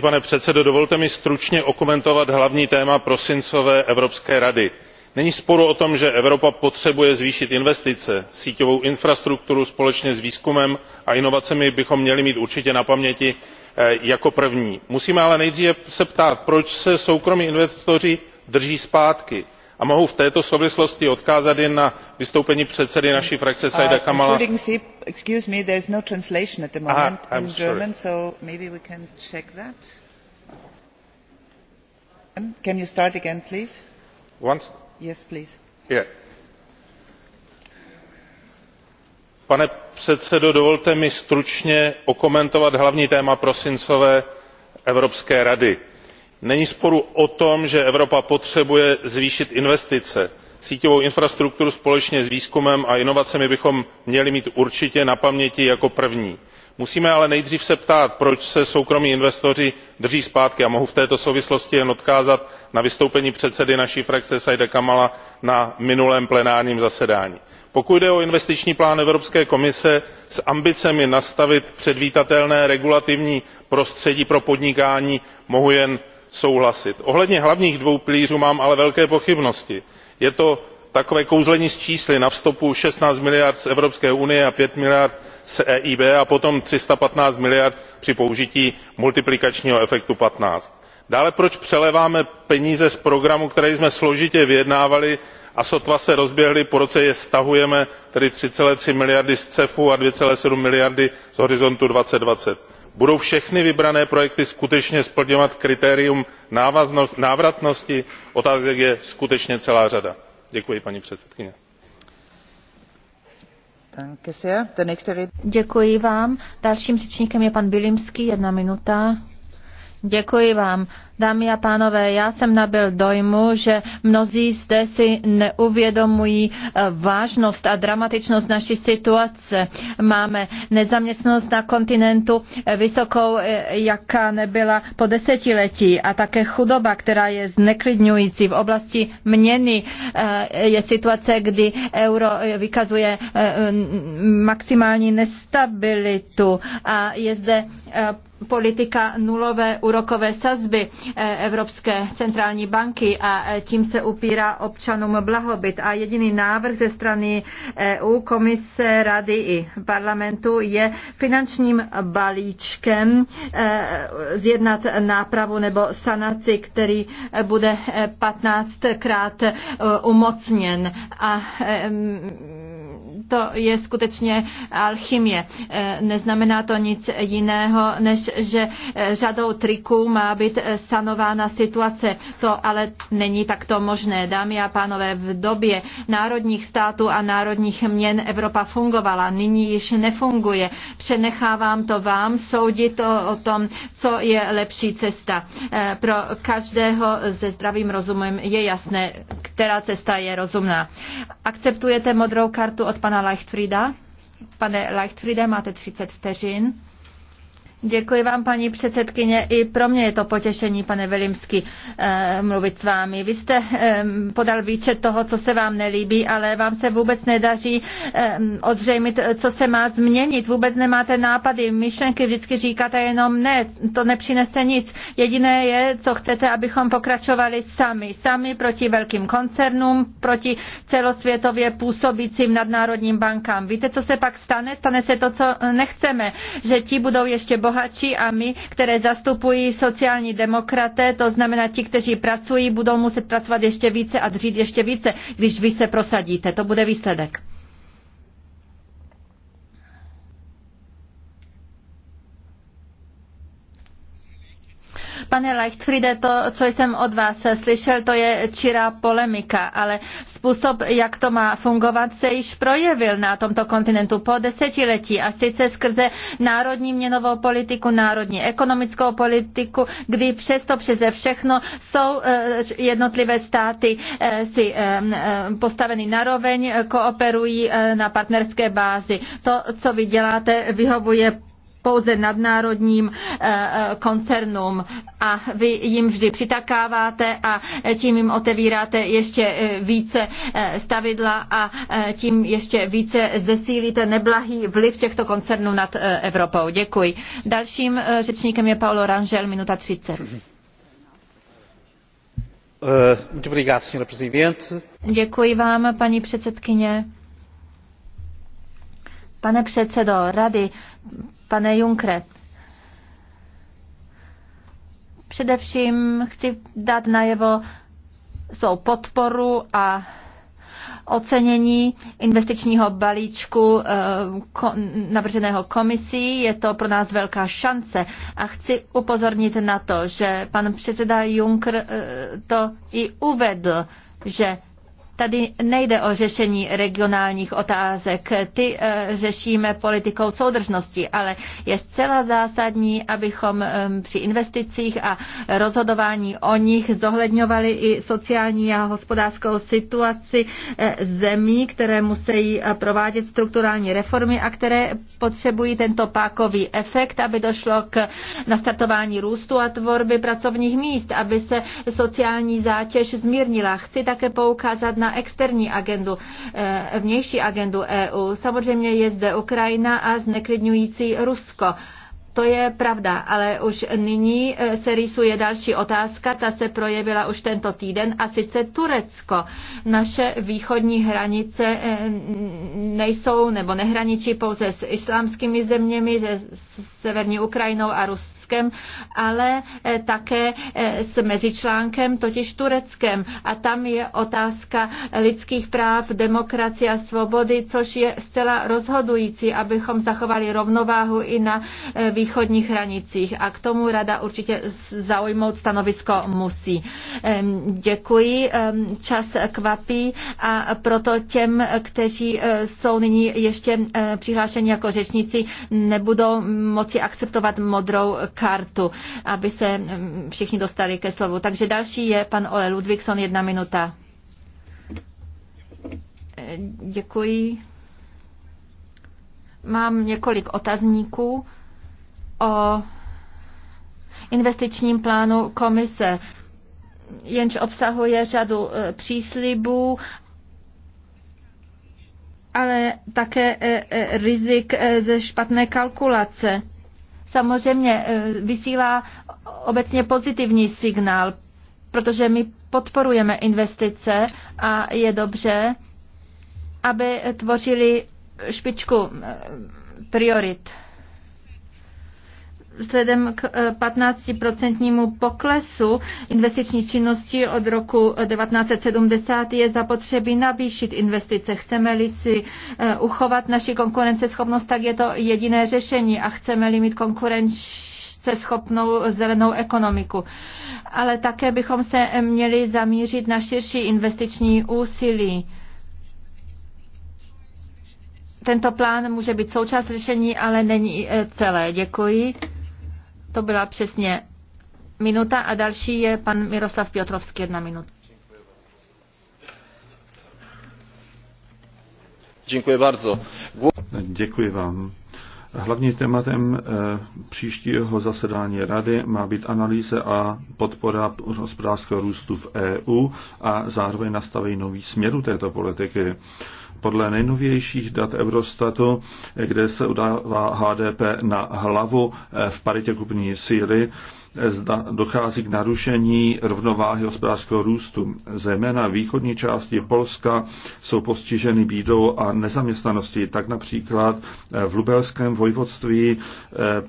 Speaker 3: pane předsedo dovolte mi stručně okomentovat hlavní téma prosincové evropské rady. není sporu o tom že evropa potřebuje zvýšit investice síťovou infrastrukturu společně s výzkumem a inovacemi bychom měli mít určitě na paměti eh, jako první. musíme se ale nejdříve ptát proč se soukromí investoři drží zpátky? a mohu v této souvislosti odkázat jen na vystoupení předsedy naší frakce uh, saida kamala no pane předsedo dovolte mi stručně okomentovat hlavní téma prosincové evropské rady není sporu o tom že evropa potřebuje zvýšit investice. síťovou infrastrukturu společně s výzkumem a inovacemi bychom měli mít určitě na paměti jako první. musíme se ale nejdřív ptát proč se soukromí investoři drží zpátky a mohu v této souvislosti jen odkázat na vystoupení předsedy naší frakce saida kamala na minulém plenárním zasedání. pokud jde o investiční plán evropské komise s ambicemi nastavit předvídatelné regulativní prostředí pro podnikání mohu jen souhlasit. ohledně hlavních dvou pilířů mám ale velké pochybnosti. je to takové kouzlení s čísly na vstupu sixteen miliard z evropské unie a five miliard z eib a potom three hundred and fifteen miliard při použití multiplikačního efektu. fifteen dále proč přeléváme peníze z programu, který jsme složitě vyjednávali a sotva se rozběhly po roce je stahujeme tedy three three miliardy z cef a two seven miliardy z horizontu two thousand and twenty budou všechny vybrané projekty skutečně splňovat kritérium návratnosti? otázek je skutečně celá řada. děkuji paní předsedkyně.
Speaker 4: Děkuji vám. Dalším řečníkem je pan Bilimský, jedna minuta. Děkuji vám. Dámy a pánové, já jsem nabil dojmu, že mnozí zde si neuvědomují eh, vážnost a dramatičnost naší situace. Máme nezaměstnost na kontinentu eh, vysokou, eh, jaká nebyla po desetiletí a také chudoba, která je zneklidňující. V oblasti měny je situace, kdy euro vykazuje maximální nestabilitu a je zde politika nulové úrokové sazby E, Evropské centrální banky a e, tím se upírá občanům blahobyt. A jediný návrh ze strany EU, komise, rady i parlamentu je finančním balíčkem e, zjednat nápravu nebo sanaci, který bude 15krát umocněn. A to je skutečně alchymie. E, neznamená to nic jiného, než že e, řadou triků má být e, sanována situace. To ale není takto možné. Dámy a pánové, v době národních států a národních měn Evropa fungovala. Nyní již nefunguje. Přenechávám to vám soudit o, o tom, co je lepší cesta. Pro každého se zdravým rozumem je jasné, která cesta je rozumná. Akceptujete modrou kartu od pana Leichtfrieda? Pane Leichtfriede, máte 30 vteřin. Děkuji vám, paní předsedkyně. I pro mě je to potěšení, pane Velimský, eh, mluvit s vámi. Vy jste eh, podal výčet toho, co se vám nelíbí, ale vám se vůbec nedaří eh, odřejmit, co se má změnit. Vůbec nemáte nápady, myšlenky, vždycky říkáte jenom ne, to nepřinese nic. Jediné je, co chcete, abychom pokračovali sami. Sami proti velkým koncernům, proti celosvětově působícím nadnárodním bankám. Víte, co se pak stane? Stane se to, co nechceme, že ti budou ještě bohatší bohatší a my, které zastupují sociální demokraté, to znamená ti, kteří pracují, budou muset pracovat ještě více a dřít ještě více, když vy se prosadíte. To bude výsledek. Pane Leichtfriede, to, co jsem od vás slyšel, to je čirá polemika, ale způsob, jak to má fungovat, se již projevil na tomto kontinentu po desetiletí a sice skrze národní měnovou politiku, národní ekonomickou politiku, kdy přesto přeze všechno jsou eh, jednotlivé státy eh, si eh, postaveny naroveň, kooperují na partnerské bázi. To, co vy děláte, vyhovuje pouze nadnárodním eh, eh, koncernům a vy jim vždy přitakáváte a tím jim otevíráte ještě eh, více stavidla a tím ještě více zesílíte neblahý vliv těchto koncernů nad Evropou. Děkuji. Dalším řečníkem je Paolo Rangel, minuta 30. Děkuji vám, paní předsedkyně. Pane předsedo rady, pane Junkre. Především chci dát najevo svou podporu a ocenění investičního balíčku eh, navrženého komisí. Je to pro nás velká šance a chci upozornit na to, že pan předseda Juncker eh, to i uvedl, že Tady nejde o řešení regionálních otázek, ty eh, řešíme politikou soudržnosti, ale je zcela zásadní, abychom ehm, při investicích a rozhodování o nich zohledňovali i sociální a hospodářskou situaci eh, zemí, které musí eh, provádět strukturální reformy a které potřebují tento pákový efekt, aby došlo k nastartování růstu a tvorby pracovních míst, aby se sociální zátěž zmírnila. Chci také poukázat na na externí agendu, eh, vnější agendu EU. Samozřejmě je zde Ukrajina a zneklidňující Rusko. To je pravda, ale už nyní eh, se rýsuje další otázka, ta se projevila už tento týden, a sice Turecko. Naše východní hranice eh, nejsou nebo nehraničí pouze s islámskými zeměmi, se severní Ukrajinou a Rus, Srbskem, ale eh, také eh, s mezičlánkem, totiž Tureckem. A tam je otázka lidských práv, demokracie a svobody, což je zcela rozhodující, abychom zachovali rovnováhu i na eh, východních hranicích. A k tomu rada určitě zaujmout stanovisko musí. Děkuji, čas kvapí a proto těm, kteří jsou nyní ještě přihlášeni jako řečníci, nebudou moci akceptovat modrou kartu, aby se mm, všichni dostali ke slovu. Takže další je pan Ole Ludvíkson, jedna minuta. Děkuji. Mám několik otazníků o investičním plánu komise, jenž obsahuje řadu e, příslibů ale také e, e, rizik ze špatné kalkulace samozřejmě eh, vysílá obecně pozitivní signál, protože my podporujeme investice a je dobře, aby tvořili špičku eh, priorit vzhledem k 15% eh, poklesu investiční činnosti od roku 1970 eh, je zapotřebí navýšit investice. Chceme-li si eh, uchovat naši konkurenceschopnost, tak je to jediné řešení a chceme-li mít konkurenční schopnou zelenou ekonomiku. Ale také bychom se měli zamířit na širší investiční úsilí tento plán může být součást řešení, ale není celé. Děkuji. To byla přesně minuta a další je pan Miroslav Piotrovský, jedna minuta.
Speaker 6: Děkuji bardzo.
Speaker 1: Děkuji vám. Hlavním tématem eh, příštího zasedání Rady má být analýza a podpora hospodářského růstu v EU a zároveň nastavení nových směrů této politiky. Podle nejnovějších dat Eurostatu, kde se udává HDP na hlavu eh, v paritě kupní síly, eh, dochází k narušení rovnováhy hospodářského růstu. Zejména východní části Polska jsou postiženy bídou a nezaměstnaností. Tak například eh, v Lubelském vojvodství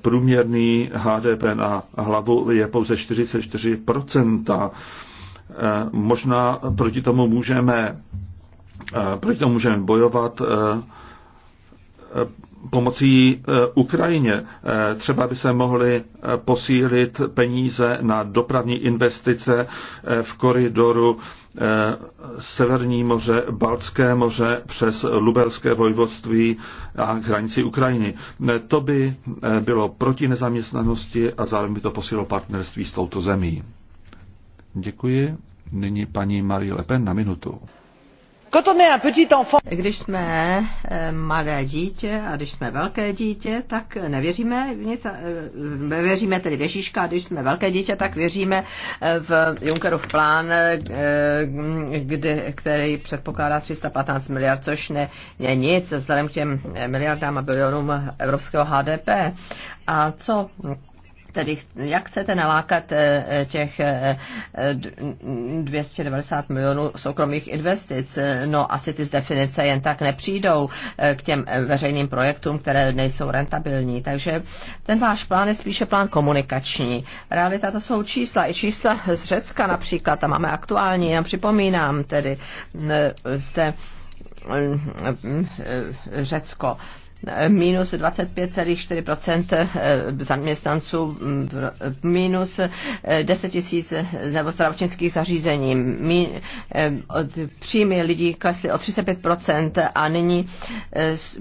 Speaker 1: průměrný HDP na hlavu je pouze 44%. Možná proti tomu můžeme proti tomu můžeme bojovat eh, eh, pomocí eh, Ukrajině. Třeba by se mohly posílit peníze na dopravní investice v koridoru Severní moře, Baltské moře přes Luberské vojvodství a hranici Ukrajiny. To by bylo proti nezaměstnanosti a zároveň by to posílilo partnerství s touto zemí. Děkuji. Nyní paní Marie Lepen na minutu.
Speaker 2: Když jsme eh, malé dítě a když jsme velké dítě, tak eh, nevěříme v nic, eh, věříme tedy v Ježíška, a když jsme velké dítě, tak věříme v Junckerův plán, kdy, který předpokládá 315 miliard, což ne, je nic vzhledem k těm miliardám a bilionům evropského HDP. A co tedy jak chcete nalákat eh, eh, těch 290 eh, milionů soukromých investic? No asi ty z definice jen tak nepřijdou k těm veřejným projektům, které nejsou rentabilní. Takže ten váš plán je spíše plán komunikační. Realita to jsou čísla. I čísla z Řecka například, tam máme aktuální, já připomínám tedy, jste Řecko minus 25,4 eh, zaměstnanců, mm, minus 10 eh, tisíc eh, nebo zdravotnických zařízení, od, příjmy lidí klesly o 35 a nyní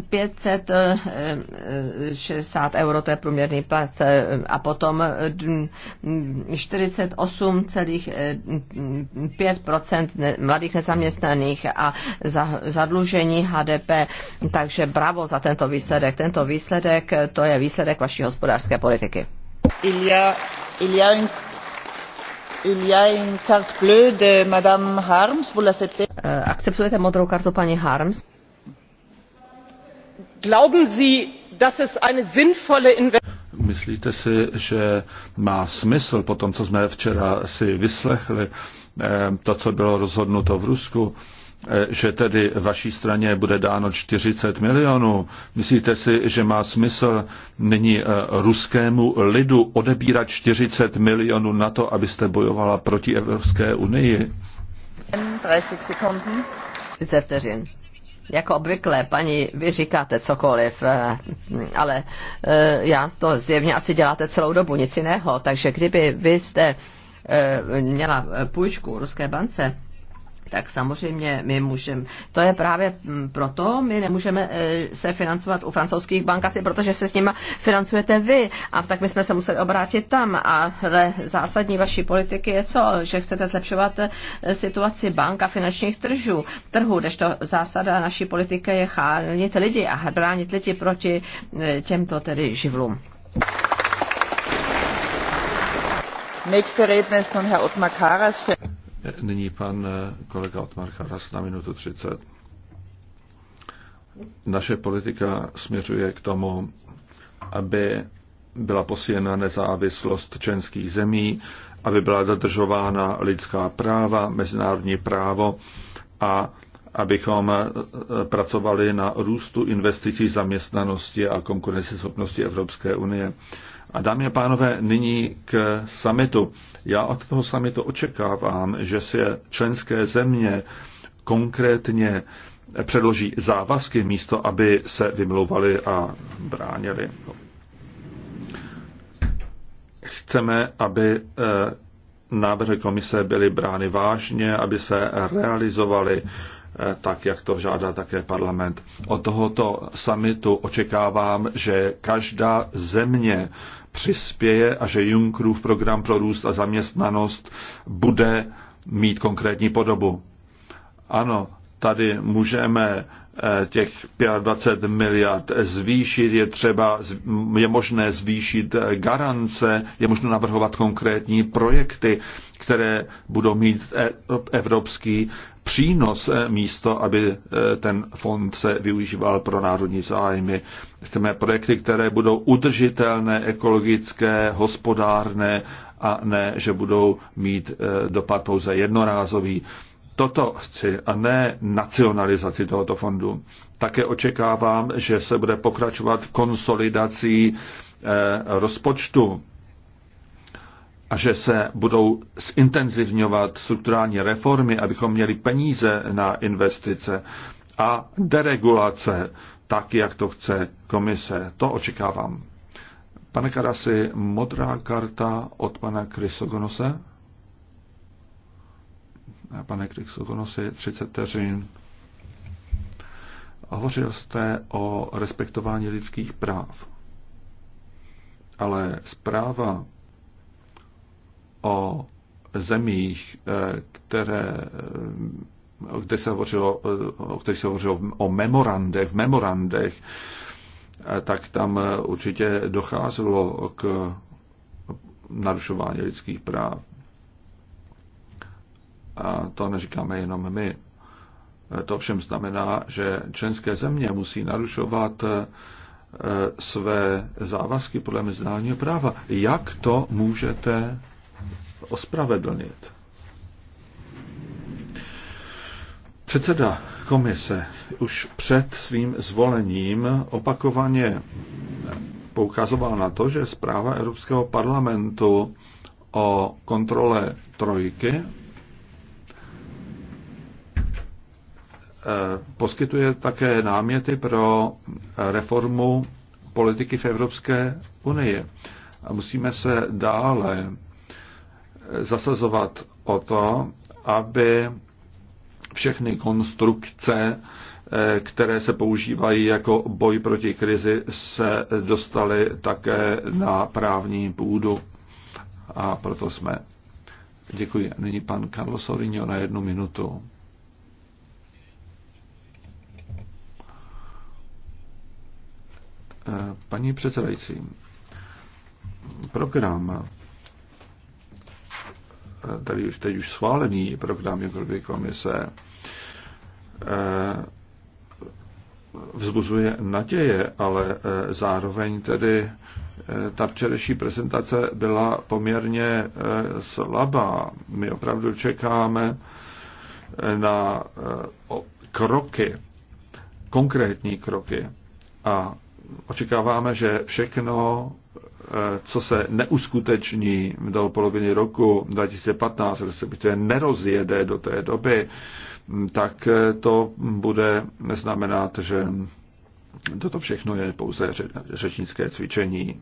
Speaker 2: 560 euro, to je průměrný plat, a potom 48,5 mladých nezaměstnaných a zadlužení HDP, takže bravo za tento výsledek. Tento výsledek, to je výsledek vaší hospodářské politiky. Il y il y a une... carte bleue de Madame Harms, vous l'acceptez? Eh, akceptujete modrou kartu paní Harms? Glauben Sie, dass es eine sinnvolle Investition
Speaker 1: Myslíte si, že má smysl po tom, co jsme včera si vyslechli, eh, to, co bylo rozhodnuto v Rusku, Eh, že tedy vaší straně bude dáno 40 milionů. Myslíte si, že má smysl nyní eh, ruskému lidu odebírat 40 milionů na to, abyste bojovala proti Evropské unii?
Speaker 2: 30 sekund. vteřin jako obvykle, paní, vy říkáte cokoliv, eh, ale já to zjevně asi děláte celou dobu, nic jiného. Takže kdyby vy jste měla půjčku ruské bance, tak samozřejmě my můžeme. To je právě mm, proto, my nemůžeme e, se financovat u francouzských bank asi, protože se s nima financujete vy. A tak my jsme se museli obrátit tam. Ale zásadní vaší politiky je co? Že chcete zlepšovat e, situaci bank a finančních tržů, trhu, kdežto zásada naší politiky je chránit lidi a bránit lidi proti e, těmto tedy živlům. Nächster Redner ist nun Herr Ottmar Karas. Für
Speaker 1: Nyní pan eh, kolega Otmar Karas na minutu 30. Naše politika směřuje k tomu, aby byla posílena nezávislost členských zemí, aby byla dodržována lidská práva, mezinárodní právo a abychom eh, pracovali na růstu investicí, zaměstnanosti a konkurenceschopnosti Evropské unie. A dámy a pánové, nyní k samitu. Já od toho samitu očekávám, že se členské země konkrétně předloží závazky místo, aby se vymlouvali a bránili. Chceme, aby eh, návrhy komise byly brány vážně, aby se realizovaly eh, tak, jak to žádá také parlament. Od tohoto samitu očekávám, že každá země přispěje a že Junckerův program pro růst a zaměstnanost bude mít konkrétní podobu. Ano, tady můžeme Eh, těch 25 miliard zvýšit, je třeba, je možné zvýšit eh, garance, je možné navrhovat konkrétní projekty, které budou mít e, evropský přínos eh, místo, aby ten fond se využíval pro národní zájmy. Chceme projekty, které budou udržitelné, ekologické, hospodárné a ne, že budou mít dopad pouze jednorázový. Toto chci a ne nacionalizaci tohoto fondu. Také očekávám, že se bude pokračovat v konsolidací eh, rozpočtu a že se budou zintenzivňovat strukturální reformy, abychom měli peníze na investice a deregulace, tak jak to chce komise. To očekávám. Pane Karasi, modrá karta od pana Krysogonose pane Krixokonosi, 30 teřin. Hovořil jste o respektování lidských práv, ale zpráva o zemích, eh, které, eh, kde se hovořilo, eh, o kterých se hovořilo o memorandech, v memorandech, tak tam určitě docházelo k narušování lidských práv. A to neříkáme jenom my. To všem znamená, že členské země musí narušovat eh, své závazky podle mezinárodního práva. Jak to můžete ospravedlnit? Předseda komise už před svým zvolením opakovaně poukazoval na to, že zpráva Evropského parlamentu o kontrole trojky Eh, poskytuje také náměty pro reformu politiky v Evropské unii. A musíme se dále eh, zasazovat o to, aby všechny konstrukce, eh, které se používají jako boj proti krizi, se dostaly také na právní půdu. A proto jsme. Děkuji. Nyní pan Carlos Orinio na jednu minutu. Eh, paní předsedající, program, eh, tady už teď už schválený program Junckerovy komise, eh, vzbuzuje naděje, ale zároveň tedy ta včerejší prezentace byla poměrně slabá. My opravdu čekáme na kroky, konkrétní kroky. A očekáváme, že všechno, eh, co se neuskuteční do poloviny roku 2015, je nerozjede do té doby, tak eh, to bude znamenat, že toto všechno je pouze řečnické cvičení.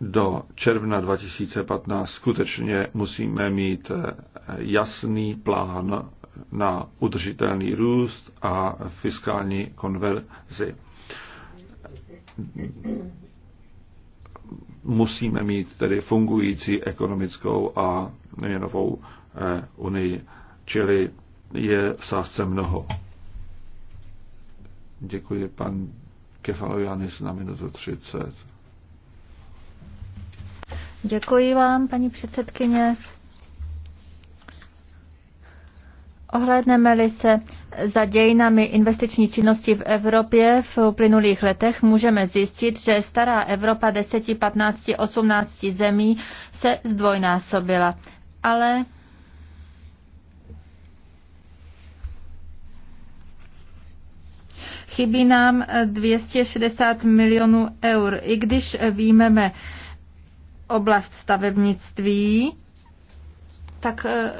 Speaker 1: Do června 2015 skutečně musíme mít eh, jasný plán na udržitelný růst a fiskální konverzi musíme mít tedy fungující ekonomickou a měnovou eh, unii, čili je v sázce mnoho. Děkuji pan Kefalojanis na minutu 30.
Speaker 4: Děkuji vám, paní předsedkyně. ohledneme li se za dějinami investiční činnosti v Evropě v uplynulých letech můžeme zjistit, že stará Evropa 10, 15, 18 zemí se zdvojnásobila. Ale chybí nám 260 milionů eur. I když víme oblast stavebnictví, tak eh,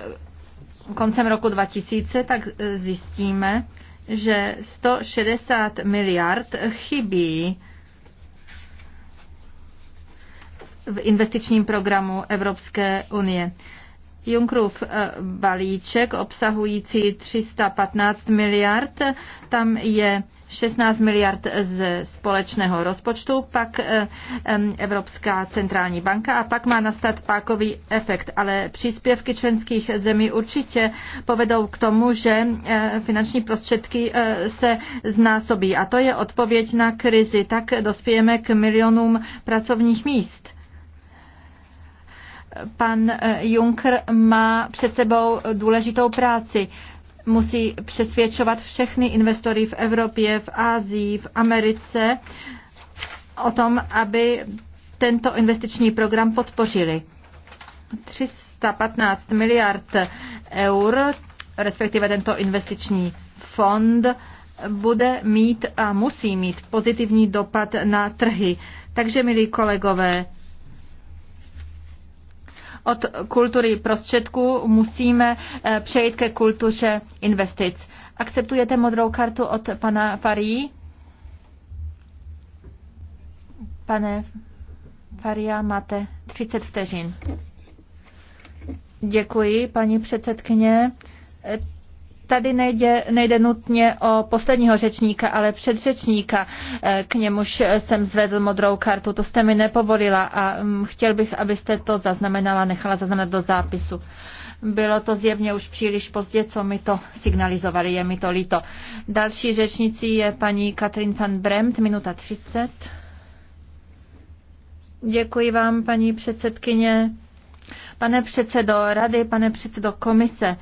Speaker 4: koncem roku 2000, tak e, zjistíme, že 160 miliard chybí v investičním programu Evropské unie. Junkrův e, balíček obsahující 315 miliard, tam je 16 miliard z společného rozpočtu, pak eh, Evropská centrální banka a pak má nastat pákový efekt. Ale příspěvky členských zemí určitě povedou k tomu, že eh, finanční prostředky eh, se znásobí. A to je odpověď na krizi. Tak dospějeme k milionům pracovních míst pan Juncker má před sebou důležitou práci musí přesvědčovat všechny investory v Evropě, v Ázii, v Americe o tom, aby tento investiční program podpořili. 315 miliard eur, respektive tento investiční fond, bude mít a musí mít pozitivní dopad na trhy. Takže, milí kolegové, od kultury prostředků musíme eh, přejít ke kultuře investic. Akceptujete modrou kartu od pana Farí? Pane Faria, máte 30 vteřin. Děkuji, paní předsedkyně tady nejde, nejde nutně o posledního řečníka, ale předřečníka. E, k němuž jsem zvedl modrou kartu, to jste mi nepovolila a mm, chtěl bych, abyste to zaznamenala, nechala zaznamenat do zápisu. Bylo to zjevně už příliš pozdě, co mi to signalizovali, je mi to líto. Další řečnicí je paní Katrin van Bremt, minuta 30. Děkuji vám, paní předsedkyně. Pane předsedo rady, pane předsedo komise,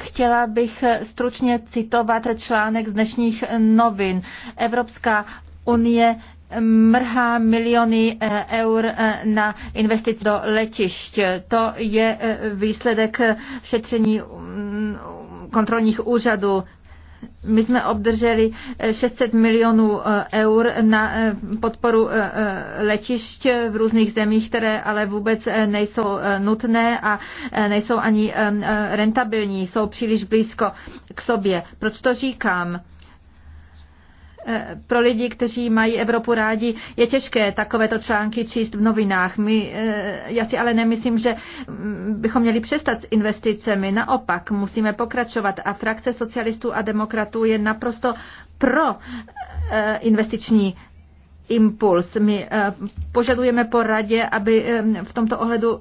Speaker 4: Chtěla bych stručně citovat článek z dnešních novin. Evropská unie mrhá miliony eh, eur eh, na investice do letišť. To je eh, výsledek šetření mm, kontrolních úřadů my jsme obdrželi 600 eh, milionů eh, eur na eh, podporu letišť v různých zemích, které ale vůbec nejsou nutné a nejsou ani rentabilní, jsou příliš blízko k sobě. Proč to říkám? Eh, pro lidi, kteří mají Evropu rádi, je těžké takovéto články číst v novinách. My, eh, já si ale nemyslím, že mm, bychom měli přestat s investicemi. Naopak, musíme pokračovat. A frakce socialistů a demokratů je naprosto pro eh, investiční impuls. My požadujeme po radě, aby v tomto ohledu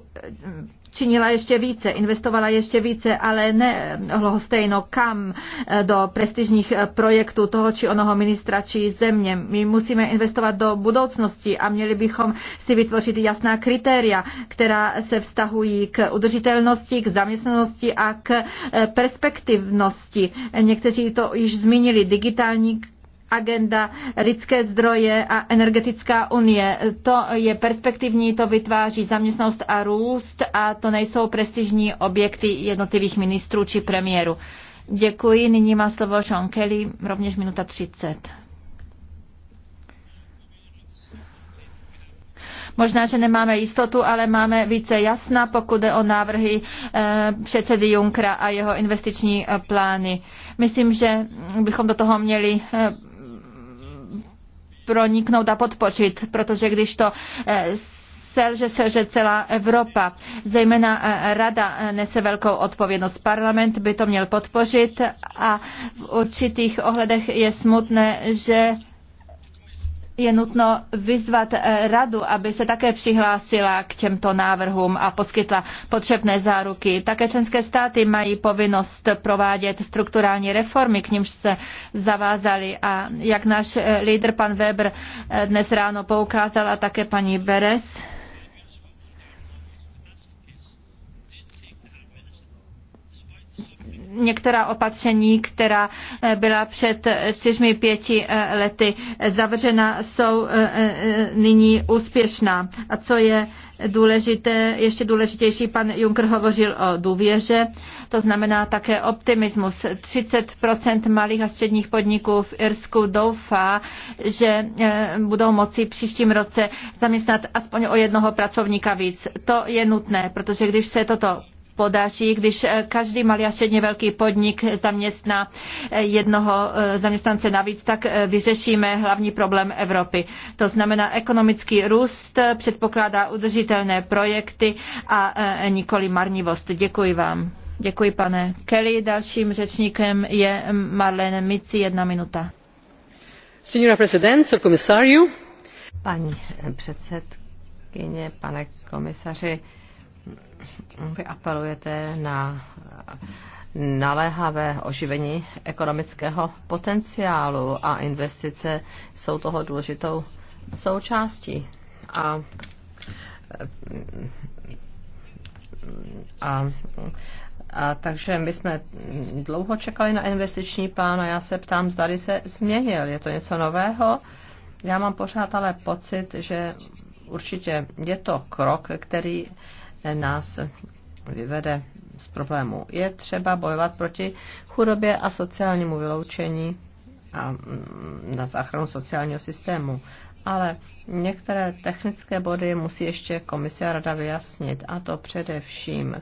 Speaker 4: činila ještě více, investovala ještě více, ale ne eh, lhostejno kam eh, do prestižních eh, projektů toho či onoho ministra či země. My musíme investovat do budoucnosti a měli bychom si vytvořit jasná kritéria, která se vztahují k udržitelnosti, k zaměstnanosti a k perspektivnosti. Někteří to již zmínili, digitální agenda lidské zdroje a energetická unie. To je perspektivní, to vytváří zaměstnanost a růst a to nejsou prestižní objekty jednotlivých ministrů či premiéru. Děkuji. Nyní má slovo Jean Kelly, rovněž minuta 30. Možná, že nemáme jistotu, ale máme více jasna, pokud jde o návrhy eh, předsedy Junkra a jeho investiční eh, plány. Myslím, že bychom do toho měli eh, proniknout a podpořit, protože když to eh, selže, selže celá Evropa. Zejména eh, rada eh, nese velkou odpovědnost. Parlament by to měl podpořit a v určitých ohledech je smutné, že je nutno vyzvat eh, radu, aby se také přihlásila k těmto návrhům a poskytla potřebné záruky. Také členské státy mají povinnost provádět strukturální reformy, k nímž se zavázali a jak náš eh, lídr pan Weber eh, dnes ráno poukázal a také paní Beres, některá opatření, která eh, byla před eh, čtyřmi pěti eh, lety zavřena, jsou nyní úspěšná. A co je důležité, ještě důležitější, pan Juncker hovořil o důvěře, to znamená také optimismus. 30% malých a středních podniků v Irsku doufá, že budou moci příštím roce zaměstnat aspoň o jednoho pracovníka víc. To je nutné, protože když se toto hospodaří, když eh, každý malý a středně velký podnik zaměstná eh, jednoho eh, zaměstnance navíc, tak vyřešíme hlavní problém Evropy. To znamená ekonomický růst, předpokládá udržitelné projekty a nikoli marnivost. Děkuji vám. Děkuji, pane Kelly. Dalším řečníkem je Marlene Mici, jedna minuta.
Speaker 2: Signora President, so Paní předsedkyně, pane komisaři, vy apelujete na naléhavé oživení ekonomického potenciálu a investice jsou toho důležitou součástí. A, a, a takže my jsme dlouho čekali na investiční plán a já se ptám, zda se změnil. Je to něco nového? Já mám pořád ale pocit, že určitě je to krok, který nás vyvede z problému. Je třeba bojovat proti chudobě a sociálnímu vyloučení a mm, na záchranu sociálního systému. Ale některé technické body musí ještě komise a rada vyjasnit, a to především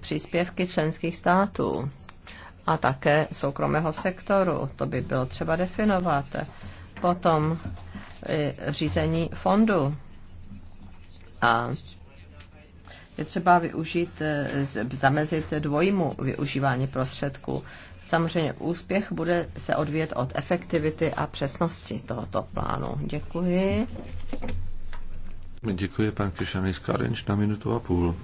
Speaker 2: příspěvky členských států a také soukromého sektoru. To by bylo třeba definovat. Potom eh, řízení fondu a je třeba využít, e, zamezit dvojímu využívání prostředků. Samozřejmě úspěch bude se odvíjet od efektivity a přesnosti tohoto plánu. Děkuji.
Speaker 1: Děkuji, pan Krišany Skarinč, na minutu a půl.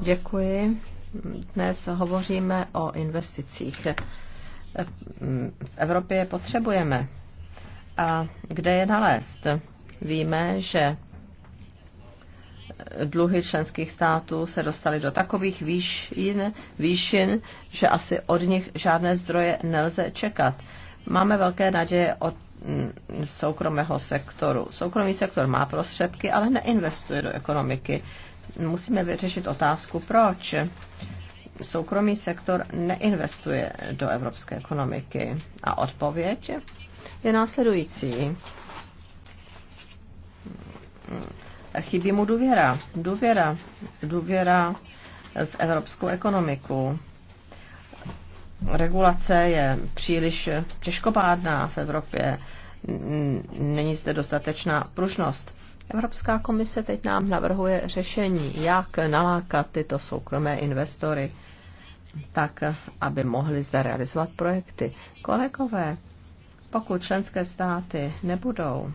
Speaker 2: Děkuji. Dnes hovoříme o investicích. E, v Evropě potřebujeme a kde je nalézt. Víme, že dluhy členských států se dostaly do takových výšin, výšin, že asi od nich žádné zdroje nelze čekat. Máme velké naděje od mm, soukromého sektoru. Soukromý sektor má prostředky, ale neinvestuje do ekonomiky. Musíme vyřešit otázku, proč soukromý sektor neinvestuje do evropské ekonomiky. A odpověď? je následující. Chybí mu důvěra. Důvěra. Důvěra v evropskou ekonomiku. Regulace je příliš těžkopádná v Evropě. Není zde dostatečná pružnost. Evropská komise teď nám navrhuje řešení, jak nalákat tyto soukromé investory tak, aby mohli zde realizovat projekty. Kolegové, pokud členské státy nebudou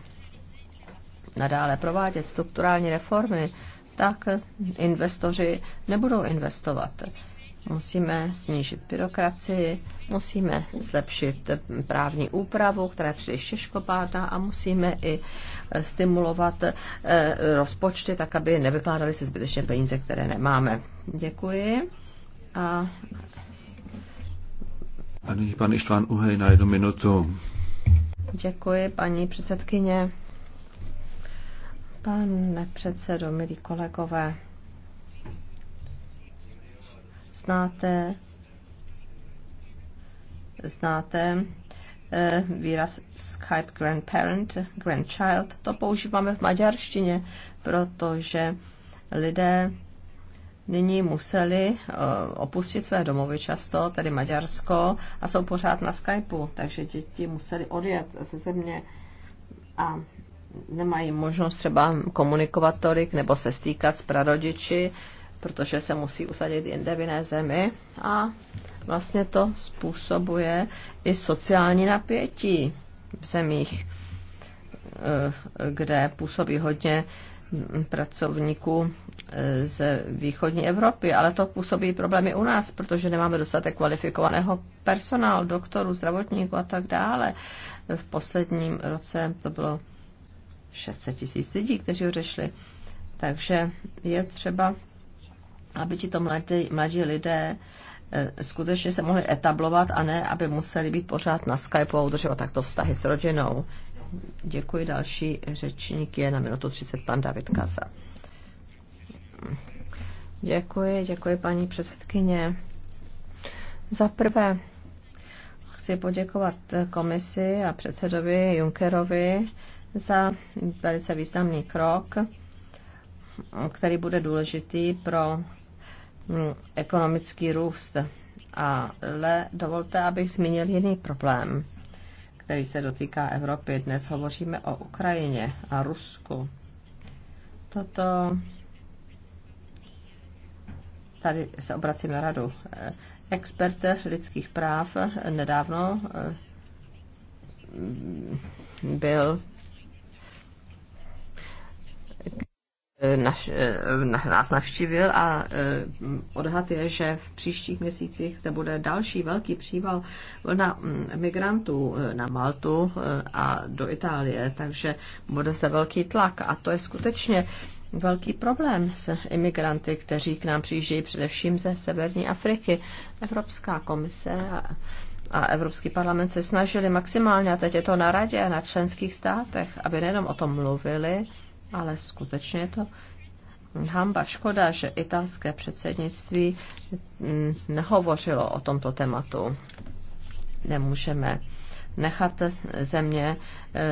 Speaker 2: nadále provádět strukturální reformy, tak investoři nebudou investovat. Musíme snížit byrokracii, musíme zlepšit právní úpravu, která je příliš těžkopádná a musíme i stimulovat eh, rozpočty, tak aby nevykládali se zbytečně peníze, které nemáme. Děkuji. A,
Speaker 1: a nyní pan Ištván Uhej na jednu minutu.
Speaker 2: Děkuji, paní předsedkyně. Pane předsedo, milí kolegové, znáte, znáte eh, výraz Skype grandparent, grandchild. To používáme v maďarštině, protože lidé nyní museli eh, opustit své domovy často, tedy Maďarsko, a jsou pořád na Skypeu, takže děti museli odjet ze země a nemají možnost třeba komunikovat tolik nebo se stýkat s prarodiči, protože se musí usadit jinde v jiné zemi a vlastně to způsobuje i sociální napětí v zemích, eh, kde působí hodně pracovníků eh, z východní Evropy, ale to působí problémy u nás, protože nemáme dostatek kvalifikovaného personálu, doktorů, zdravotníků a tak dále. V posledním roce to bylo 600 tisíc lidí, kteří odešli. Takže je třeba, aby ti to mladí, mladí lidé eh, skutečně se mohli etablovat a ne, aby museli být pořád na skype, a udržovat takto vztahy s rodinou. Děkuji. Další řečník je na minutu 30 pan David Kasa. Děkuji, děkuji paní předsedkyně. Za prvé chci poděkovat komisi a předsedovi Junckerovi za velice významný krok, který bude důležitý pro mm, ekonomický růst. Ale dovolte, abych zmínil jiný problém který se dotýká Evropy. Dnes hovoříme o Ukrajině a Rusku. Toto tady se obracím na radu. Expert lidských práv nedávno eh, byl naš, eh, nás navštívil a eh, odhad je, že v příštích měsících se bude další velký příval na mm, migrantů eh, na Maltu a do Itálie, takže bude se velký tlak a to je skutečně velký problém s imigranty, kteří k nám přijíždějí především ze severní Afriky. Evropská komise a Evropský parlament se snažili maximálně, a teď je to na radě a na členských státech, aby nejenom o tom mluvili, ale skutečně je to hamba, škoda, že italské předsednictví mm, nehovořilo o tomto tématu. Nemůžeme nechat země e,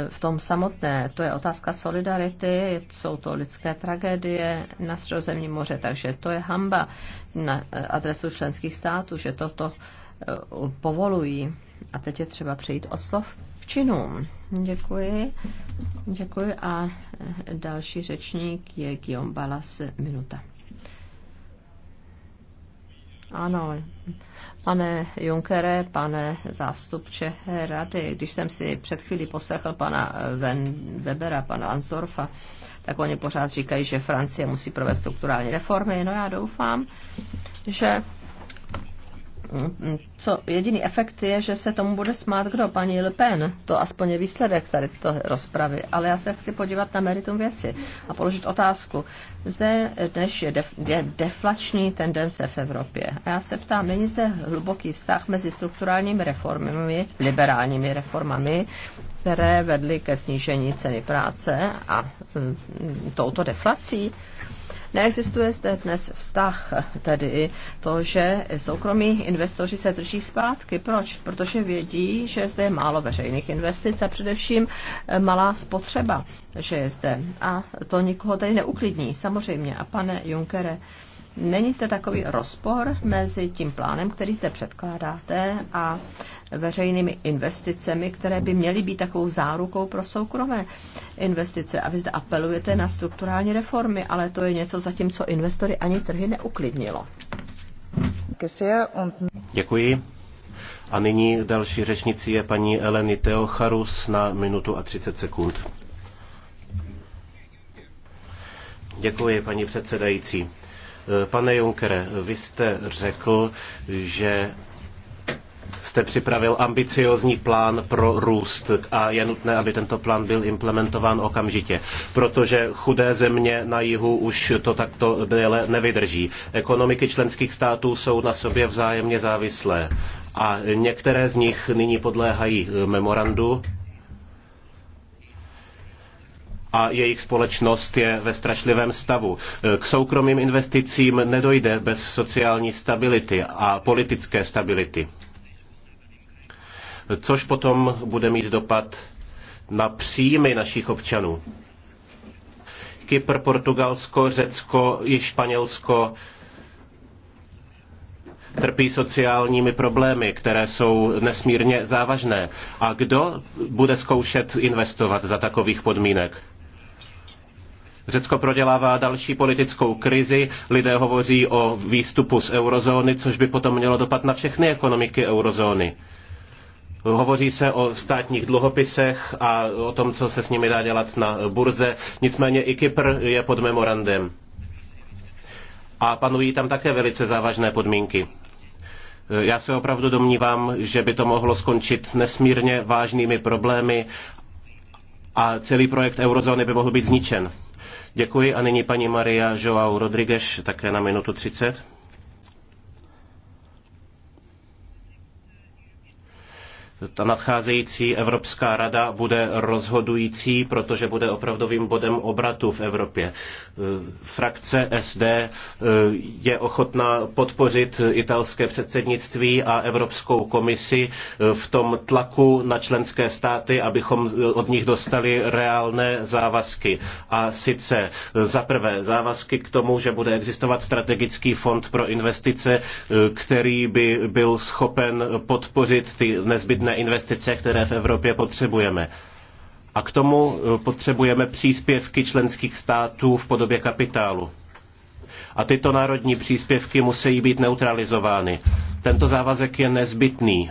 Speaker 2: v tom samotné. To je otázka solidarity, jsou to lidské tragédie na středozemní moře, takže to je hamba na adresu členských států, že toto e, povolují. A teď je třeba přejít od slov činům. Děkuji. Děkuji a další řečník je Guillaume Balas, minuta. Ano, pane Junkere, pane zástupče rady, když jsem si před chvílí poslechl pana Ven Webera, pana Ansdorfa, tak oni pořád říkají, že Francie musí provést strukturální reformy. No já doufám, že co jediný efekt je, že se tomu bude smát kdo, paní Le Pen. To aspoň je výsledek tady této rozpravy. Ale já se chci podívat na meritum věci a položit otázku. Zde dnes je, def, je deflační tendence v Evropě. A já se ptám, není zde hluboký vztah mezi strukturálními reformami, liberálními reformami, které vedly ke snížení ceny práce a mm, touto deflací? Neexistuje zde dnes vztah, tedy to, že soukromí investoři se drží zpátky. Proč? Protože vědí, že zde je málo veřejných investic a především eh, malá spotřeba, že je zde. A to nikoho tady neuklidní, samozřejmě. A pane Junkere, Není zde takový rozpor mezi tím plánem, který zde předkládáte, a veřejnými investicemi, které by měly být takovou zárukou pro soukromé investice. A vy zde apelujete na strukturální reformy, ale to je něco, za tím, co investory ani trhy neuklidnilo.
Speaker 6: Děkuji. A nyní další řečnici je paní Eleny Teocharus na minutu a 30 sekund. Děkuji, paní předsedající. Eh, pane Junkere, vy jste řekl, že jste připravil ambiciozní plán pro růst a je nutné, aby tento plán byl implementován okamžitě, protože chudé země na jihu už to takto déle nevydrží. Ekonomiky členských států jsou na sobě vzájemně závislé a některé z nich nyní podléhají eh, memorandu a jejich společnost je ve strašlivém stavu. K soukromým investicím nedojde bez sociální stability a politické stability. Což potom bude mít dopad na příjmy našich občanů. Kypr, Portugalsko, Řecko i Španělsko trpí sociálními problémy, které jsou nesmírně závažné. A kdo bude zkoušet investovat za takových podmínek? Řecko prodělává další politickou krizi, lidé hovoří o výstupu z eurozóny, což by potom mělo dopad na všechny ekonomiky eurozóny. Hovoří se o státních dluhopisech a o tom, co se s nimi dá dělat na burze. Nicméně i Kypr je pod memorandem. A panují tam také velice závažné podmínky. Já se opravdu domnívám, že by to mohlo skončit nesmírně vážnými problémy a celý projekt eurozóny by mohl být zničen. Děkuji a nyní paní Maria Joao Rodriguez také na minutu 30. ta nadcházející Evropská rada bude rozhodující, protože bude opravdovým bodem obratu v Evropě. E, frakce SD e, je ochotná podpořit italské předsednictví a Evropskou komisi e, v tom tlaku na členské státy, abychom od nich dostali reálné závazky. A sice za prvé závazky k tomu, že bude existovat strategický fond pro investice, který by byl schopen podpořit ty nezbytné na investice, které v Evropě potřebujeme. A k tomu eh, potřebujeme příspěvky členských států v podobě kapitálu. A tyto národní příspěvky musí být neutralizovány. Tento závazek je nezbytný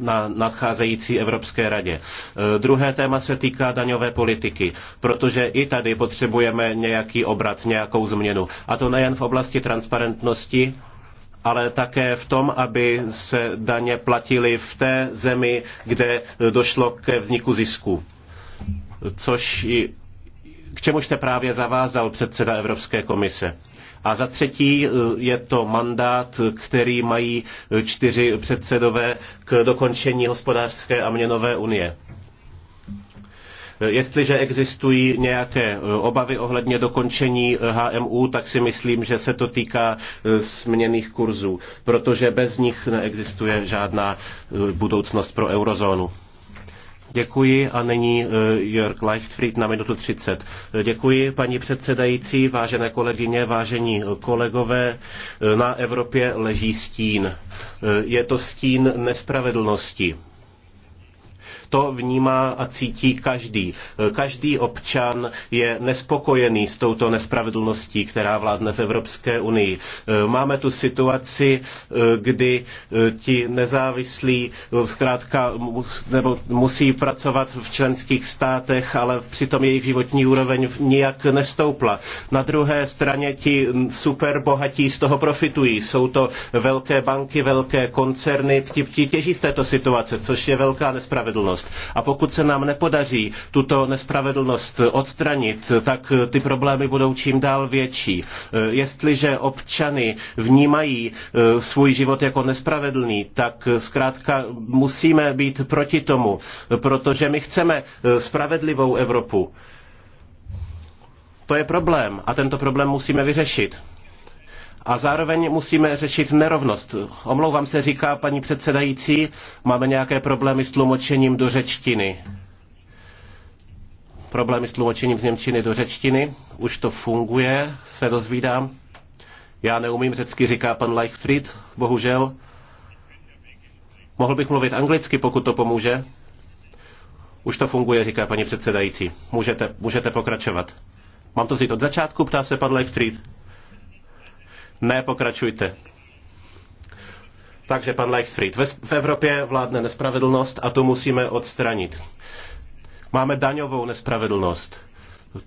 Speaker 6: na nadcházející Evropské radě. Eh, druhé téma se týká daňové politiky, protože i tady potřebujeme nějaký obrat, nějakou změnu. A to nejen v oblasti transparentnosti, ale také v tom, aby se daně platily v té zemi, kde došlo ke vzniku zisku. Což k čemu se právě zavázal předseda Evropské komise. A za třetí eh, je to mandát, který mají eh, čtyři předsedové k dokončení hospodářské a měnové unie. Jestliže existují nějaké e, obavy ohledně dokončení e, HMU, tak si myslím, že se to týká změněných e, kurzů, protože bez nich neexistuje žádná budoucnost pro eurozónu. Děkuji a nyní Jörg Leichtfried na minutu 30. Děkuji paní předsedající, vážené kolegyně, vážení kolegové. Na Evropě leží stín. Je to stín nespravedlnosti to vnímá a cítí každý. Každý občan je nespokojený s touto nespravedlností, která vládne v Evropské unii. Máme tu situaci, kdy ti nezávislí zkrátka nebo musí pracovat v členských státech, ale přitom jejich životní úroveň nijak nestoupla. Na druhé straně ti superbohatí z toho profitují. Jsou to velké banky, velké koncerny, ti, ti těží z této situace, což je velká nespravedlnost nespravedlnost. A pokud se nám nepodaří tuto nespravedlnost odstranit, tak eh, ty problémy budou čím dál větší. Eh, jestliže občany vnímají eh, svůj život jako nespravedlný, tak zkrátka musíme být proti tomu, protože my chceme spravedlivou Evropu. To je problém a tento problém musíme vyřešit. A zároveň musíme řešit nerovnost. Omlouvám se, říká paní předsedající, máme nějaké problémy s tlumočením do řečtiny. Problémy s tlumočením z Němčiny do řečtiny. Už to funguje, se dozvídám. Já neumím řecky, říká pan Leichfried, bohužel. Mohl bych mluvit anglicky, pokud to pomůže. Už to funguje, říká paní předsedající. Můžete, můžete pokračovat. Mám to vzít od začátku, ptá se pan Leichfried. Ne, pokračujte. Takže pan Leichfried, v Evropě vládne nespravedlnost a tu musíme odstranit. Máme daňovou nespravedlnost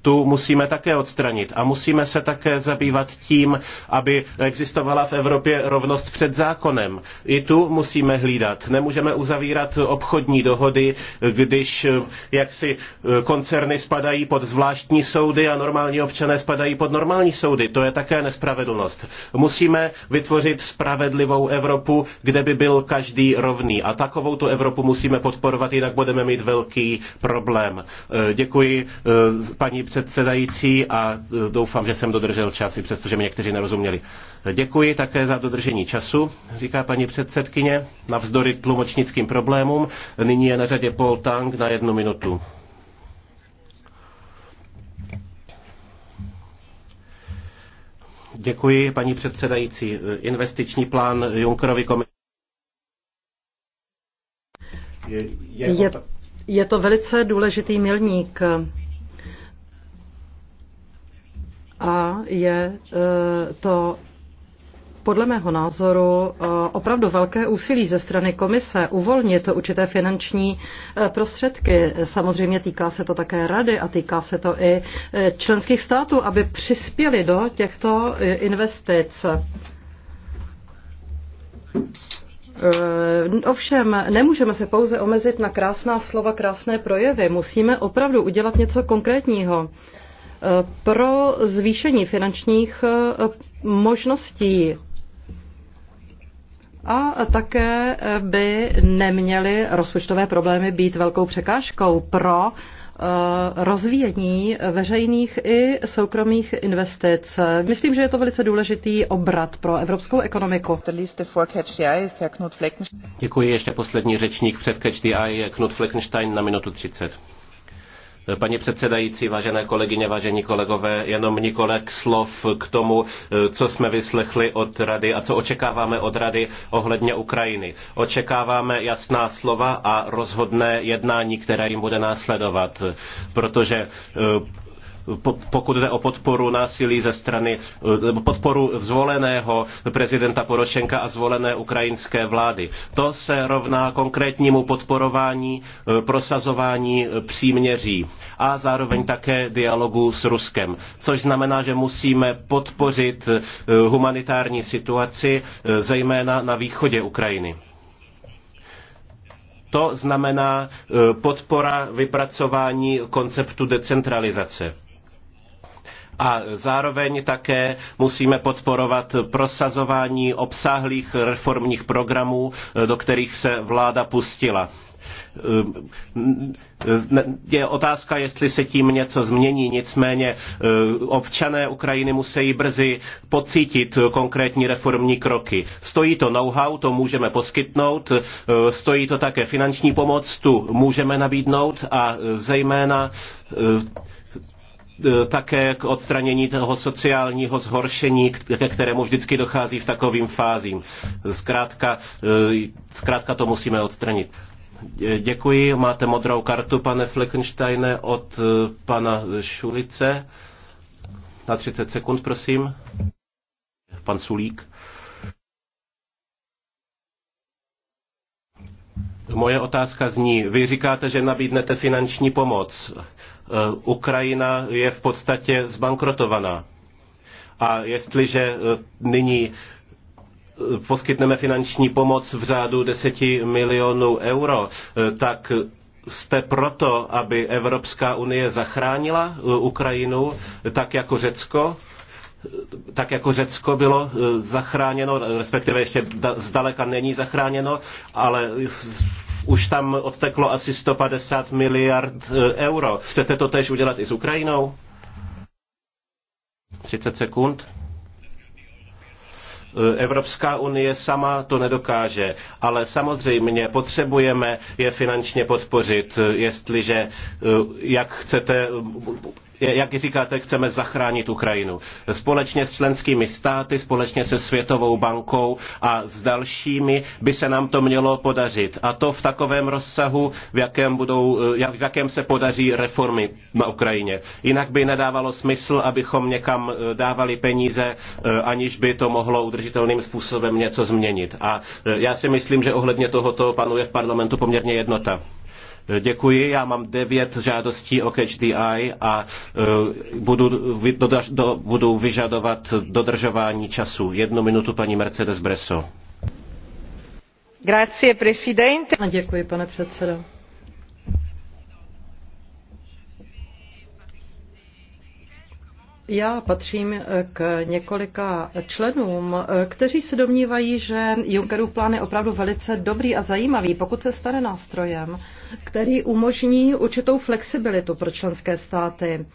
Speaker 6: tu musíme také odstranit. A musíme se také zabývat tím, aby existovala v Evropě rovnost před zákonem. I tu musíme hlídat. Nemůžeme uzavírat obchodní dohody, když jaksi eh, koncerny spadají pod zvláštní soudy a normální občané spadají pod normální soudy. To je také nespravedlnost. Musíme vytvořit spravedlivou Evropu, kde by byl každý rovný. A takovou tu Evropu musíme podporovat, jinak budeme mít velký problém. Eh, děkuji eh, paní paní předsedající, a e, doufám, že jsem dodržel čas, i přestože mě někteří nerozuměli. Děkuji také za dodržení času, říká paní předsedkyně, navzdory tlumočnickým problémům. Nyní je na řadě Paul Tang na jednu minutu. Děkuji, paní předsedající. Investiční plán Junckerovy komise. Je, je,
Speaker 5: je to velice důležitý milník a je eh, to podle mého názoru eh, opravdu velké úsilí ze strany komise uvolnit určité finanční eh, prostředky. Samozřejmě týká se to také rady a týká se to i členských států, aby přispěli do těchto investic. Ovšem, nemůžeme se pouze omezit na krásná slova, krásné projevy. Musíme opravdu udělat něco konkrétního pro zvýšení finančních eh, možností a také by neměly rozpočtové problémy být velkou překážkou pro eh, rozvíjení veřejných i soukromých investic. Myslím, že je to velice důležitý obrat pro evropskou ekonomiku.
Speaker 6: Děkuji. Ještě poslední řečník před Catch the Eye Knut Fleckenstein na minutu 30. Paní předsedající, vážené kolegyně, vážení kolegové, jenom několik slov k tomu, co jsme vyslechli od Rady a co očekáváme od Rady ohledně Ukrajiny. Očekáváme jasná slova a rozhodné jednání, které jim bude následovat, protože eh, pokud jde o podporu násilí ze strany, eh, podporu zvoleného prezidenta Porošenka a zvolené ukrajinské vlády. To se rovná konkrétnímu podporování, eh, prosazování eh, příměří a zároveň také dialogu s Ruskem, což znamená, že musíme podpořit humanitární situaci, zejména na východě Ukrajiny. To znamená podpora vypracování konceptu decentralizace. A zároveň také musíme podporovat prosazování obsáhlých reformních programů, eh, do kterých se vláda pustila. Eh, je otázka, jestli se tím něco změní, nicméně eh, občané Ukrajiny musí brzy pocítit konkrétní reformní kroky. Stojí to know-how, to můžeme poskytnout, stojí to také finanční pomoc, tu můžeme nabídnout a zejména E, také k odstranění toho sociálního zhoršení, ke kterému vždycky dochází v takovým fázím. Zkrátka, e, zkrátka to musíme odstranit. E, děkuji, máte modrou kartu, pane Fleckensteine, od pana Šulice. Na 30 sekund, prosím. Pan Sulík. Moje otázka zní, vy říkáte, že nabídnete finanční pomoc. Eh, Ukrajina je v podstatě zbankrotovaná. A jestliže eh, nyní eh, poskytneme finanční pomoc v řádu 10 milionů euro, tak jste proto, aby Evropská unie zachránila Ukrajinu, tak jako Řecko? tak jako Řecko bylo zachráněno, respektive ještě zdaleka není zachráněno, ale už tam odteklo asi 150 miliard eh, euro. Chcete to tež udělat i s Ukrajinou? 30 sekund. Eh, Evropská unie sama to nedokáže, ale samozřejmě potřebujeme je finančně podpořit, eh, jestliže, jak chcete jak říkáte, chceme zachránit Ukrajinu. Společně s členskými státy, společně se Světovou bankou a s dalšími by se nám to mělo podařit. A to v takovém rozsahu, v jakém, budou, eh, v jakém se podaří reformy na Ukrajině. Jinak by nedávalo smysl, abychom někam eh, dávali peníze, eh, aniž by to mohlo udržitelným způsobem něco změnit. A já si myslím, že ohledně tohoto panuje v parlamentu poměrně jednota. Děkuji, já mám devět žádostí o HDI a eh, budu, budu vyžadovat dodržování času. Jednu minutu paní Mercedes Bresso.
Speaker 5: Grazie, presidente. Děkuji, pane předsedo. Já patřím k několika členům, kteří se domnívají, že Junckerův plán je opravdu velice dobrý a zajímavý, pokud se stane nástrojem, který umožní určitou flexibilitu pro členské státy.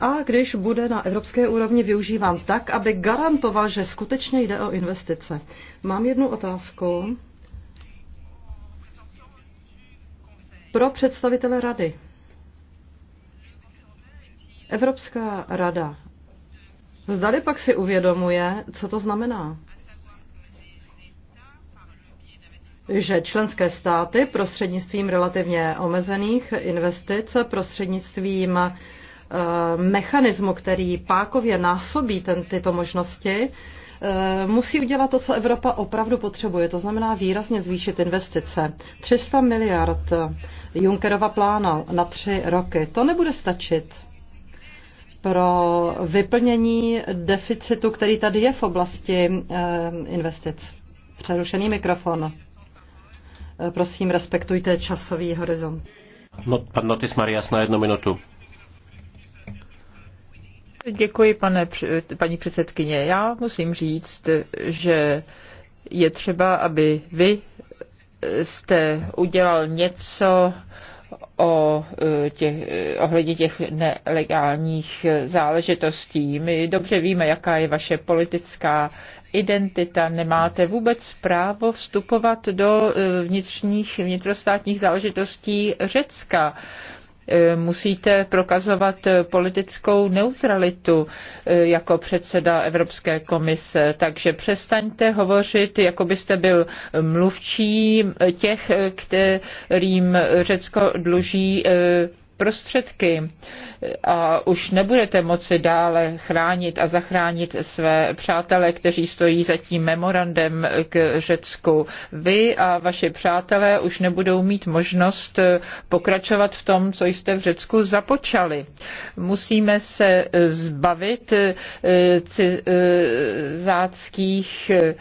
Speaker 5: A když bude na evropské úrovni využíván tak, aby garantoval, že skutečně jde o investice. Mám jednu otázku pro představitele rady. Evropská rada. Zdali pak si uvědomuje, co to znamená? že členské státy prostřednictvím relativně omezených investic, prostřednictvím eh, mechanismu, který pákově násobí ten, tyto možnosti, eh, musí udělat to, co Evropa opravdu potřebuje, to znamená výrazně zvýšit investice. 300 miliard Junckerova plána na tři roky, to nebude stačit pro vyplnění deficitu, který tady je v oblasti eh, investic. Přerušený mikrofon. Eh, prosím, respektujte časový horizont.
Speaker 6: No, pan Notis Marias na jednu minutu.
Speaker 5: Děkuji,
Speaker 7: pane, paní předsedkyně. Já musím říct, že je třeba, aby vy jste udělal něco, o e, těch, e, ohledně těch nelegálních e, záležitostí. My dobře víme, jaká je vaše politická identita. Nemáte vůbec právo vstupovat do vnitřních, vnitrostátních záležitostí Řecka. Eh, musíte prokazovat eh, politickou neutralitu eh, jako předseda Evropské komise, takže přestaňte hovořit, jako byste byl mluvčí těch, kterým Řecko dluží prostředky a už nebudete moci dále chránit a zachránit své přátele, kteří stojí za tím memorandem k Řecku. Vy a vaši přátelé už nebudou mít možnost pokračovat v tom, co jste v Řecku započali. Musíme se zbavit eh, eh, záckých eh,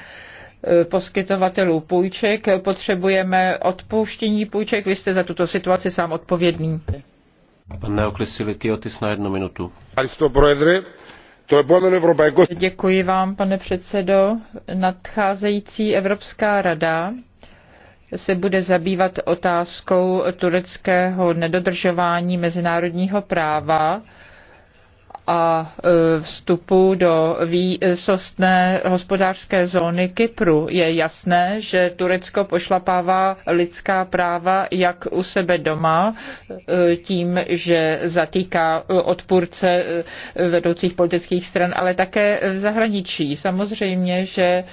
Speaker 7: poskytovatelů půjček. Potřebujeme odpouštění půjček. Vy jste za tuto situaci sám odpovědný.
Speaker 6: Pan Neoklis Silikiotis na jednu minutu.
Speaker 7: Děkuji vám, pane předsedo. Nadcházející Evropská rada se bude zabývat otázkou tureckého nedodržování mezinárodního práva a e, vstupu do výsostné hospodářské zóny Kypru. Je jasné, že Turecko pošlapává lidská práva jak u sebe doma, e, tím, že zatýká odpůrce e, vedoucích politických stran, ale také v zahraničí. Samozřejmě, že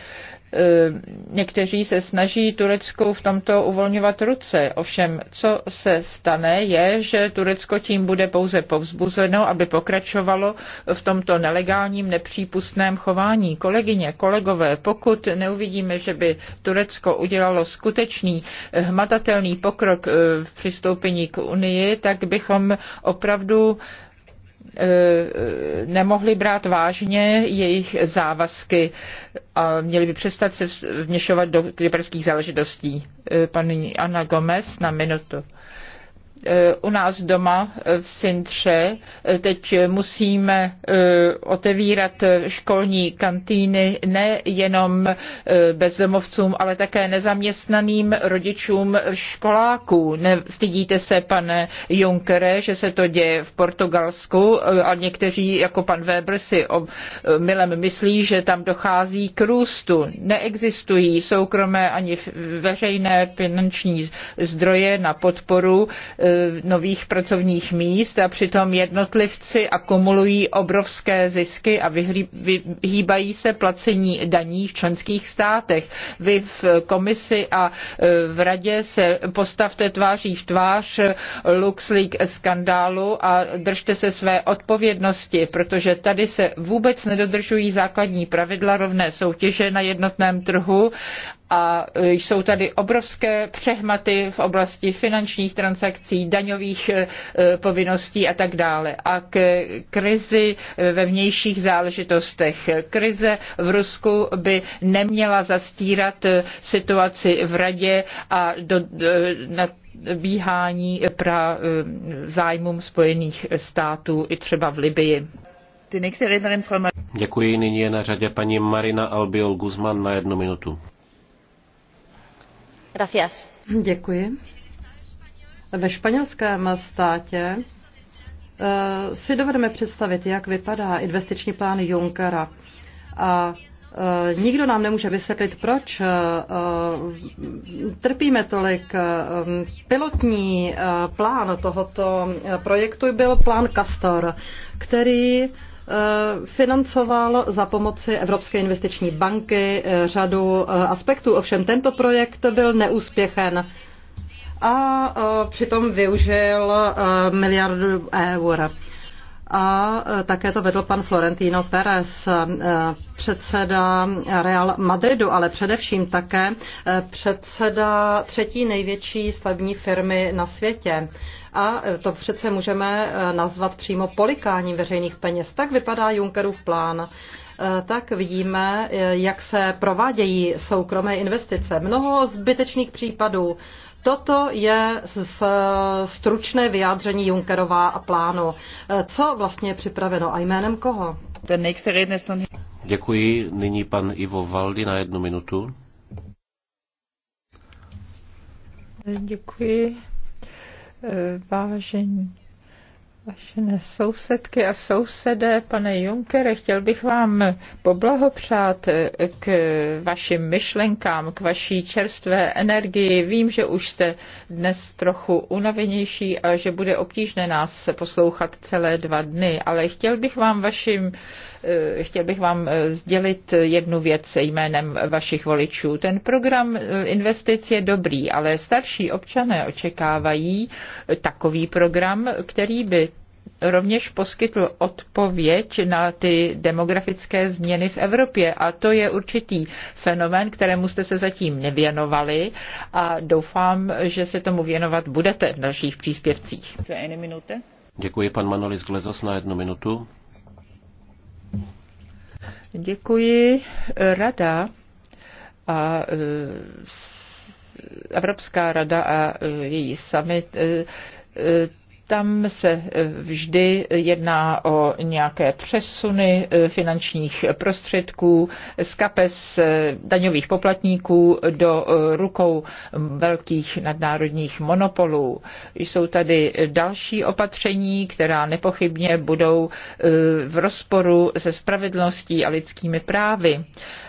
Speaker 7: Eh, někteří se snaží Turecku v tomto uvolňovat ruce. Ovšem, co se stane, je, že Turecko tím bude pouze povzbuzeno, aby pokračovalo v tomto nelegálním, nepřípustném chování. Kolegyně, kolegové, pokud neuvidíme, že by Turecko udělalo skutečný eh, hmatatelný pokrok eh, v přistoupení k Unii, tak bychom opravdu Eh, nemohli brát vážně jejich závazky a měli by přestat se vměšovat do kyperských záležitostí. Eh, Paní Anna Gomez na minutu u nás doma v Sintře. Teď musíme eh, otevírat školní kantýny nejenom eh, bezdomovcům, ale také nezaměstnaným rodičům školáků. Nestydíte se, pane Junkere, že se to děje v Portugalsku eh, a někteří, jako pan Weber, si o milem myslí, že tam dochází k růstu. Neexistují soukromé ani veřejné finanční zdroje na podporu E, nových pracovních míst a přitom jednotlivci akumulují obrovské zisky a vyhýbají se placení daní v členských státech. Vy v komisi a e, v radě se postavte tváří v tvář LuxLeak skandálu a držte se své odpovědnosti, protože tady se vůbec nedodržují základní pravidla rovné soutěže na jednotném trhu a e, jsou tady obrovské přehmaty v oblasti finančních transakcí, daňových e, e, povinností a tak dále. A k krizi ve vnějších záležitostech. Krize v Rusku by neměla zastírat situaci v radě a do, na bíhání pra zájmům Spojených států i třeba v Libii.
Speaker 6: Děkuji, nyní je na řadě paní Marina Albiol Guzman na jednu minutu.
Speaker 5: Gracias. Děkuji. Ve španělském státě eh, si dovedeme představit, jak vypadá investiční plán Junckera. A eh, nikdo nám nemůže vysvětlit, proč eh, trpíme tolik. Pilotní plán tohoto projektu byl plán Castor, který Eh, financoval za pomoci Evropské investiční banky eh, řadu eh, aspektů. Ovšem tento projekt byl neúspěchen a přitom využil miliardu eur. A také to vedl pan Florentino Pérez, předseda Real Madridu, ale především také předseda třetí největší stavební firmy na světě. A to přece můžeme eh, nazvat přímo polikáním veřejných peněz. Tak vypadá Junckerův plán eh, tak vidíme, eh, jak se provádějí soukromé investice. Mnoho zbytečných případů. Toto je z stručné vyjádření Junckerova a plánu. Co vlastně je připraveno a jménem koho?
Speaker 6: Děkuji. Nyní pan Ivo Valdy na jednu minutu.
Speaker 7: Děkuji. Vážení Vážené sousedky a sousedé, pane Junkere, chtěl bych vám poblahopřát k vašim myšlenkám, k vaší čerstvé energii. Vím, že už jste dnes trochu unavenější a že bude obtížné nás poslouchat celé dva dny, ale chtěl bych vám vašim Eh, chtěl bych vám eh, sdělit jednu věc jménem vašich voličů. Ten program eh, investic je dobrý, ale starší občané očekávají takový program, který by rovněž poskytl odpověď na ty demografické změny v Evropě. A to je určitý fenomén, kterému jste se zatím nevěnovali a doufám, že se tomu věnovat budete v dalších příspěvcích.
Speaker 6: Děkuji, pan Manolis Glezos, na jednu minutu.
Speaker 7: Děkuji. Rada a e, Evropská rada a e, její summit e, tam se eh, vždy jedná o nějaké přesuny eh, finančních prostředků z kapes eh, daňových poplatníků do rukou velkých nadnárodních monopolů. Jsou tady další opatření, která nepochybně budou v rozporu se spravedlností a lidskými právy.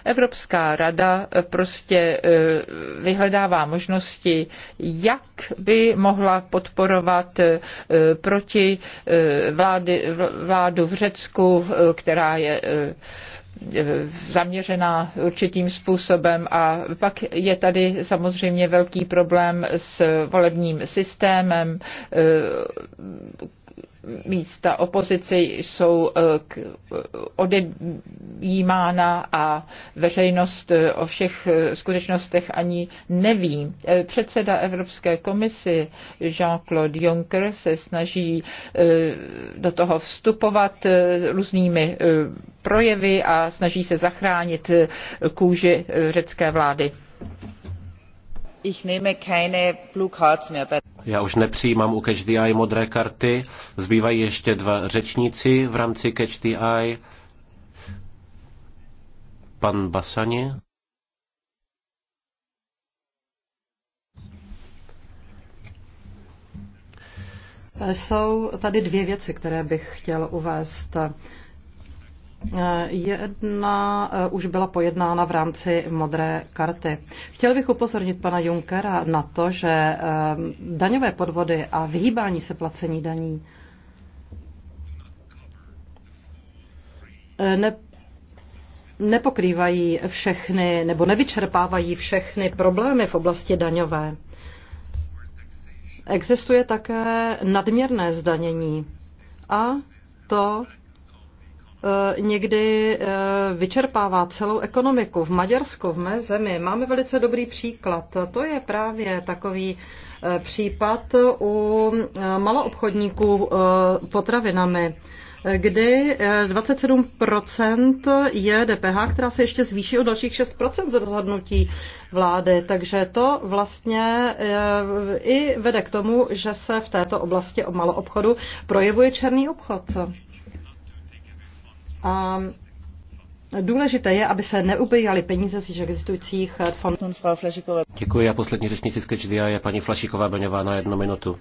Speaker 7: Evropská rada prostě vyhledává možnosti, jak by mohla podporovat Eh, proti eh, vlády, vládu v Řecku, eh, která je zaměřená určitým způsobem a pak je tady samozřejmě velký problém s volebním systémem, místa opozice jsou eh, eh, odejímána a veřejnost eh, o všech skutečnostech ani neví. Předseda Evropské komisy Jean-Claude Juncker se snaží do toho vstupovat různými projevy a snaží se zachránit kůži řecké vlády. Ich nehme keine Blue Cards mehr bei
Speaker 6: já už nepřijímám u Catch the Eye modré karty. Zbývají ještě dva řečníci v rámci Catch the Eye. Pan Basani.
Speaker 5: Jsou tady dvě věci, které bych chtěl uvést. Eh, jedna eh, už byla pojednána v rámci modré karty. Chtěl bych upozornit pana Junkera na to, že eh, daňové podvody a vyhýbání se placení daní ne, nepokrývají všechny nebo nevyčerpávají všechny problémy v oblasti daňové. Existuje také nadměrné zdanění a to Eh, někdy eh, vyčerpává celou ekonomiku. V Maďarsku, v mé zemi, máme velice dobrý příklad. To je právě takový eh, případ u maloobchodníků potravinami kdy 27% je DPH, která se ještě zvýší o dalších 6% z rozhodnutí vlády. Takže to vlastně i vede k tomu, že se v této oblasti o maloobchodu projevuje černý obchod. A Důležité je, aby se neubíjaly peníze z již existujících fondů.
Speaker 6: Děkuji a poslední řečnici z je paní Flašiková Beňová na jednu minutu.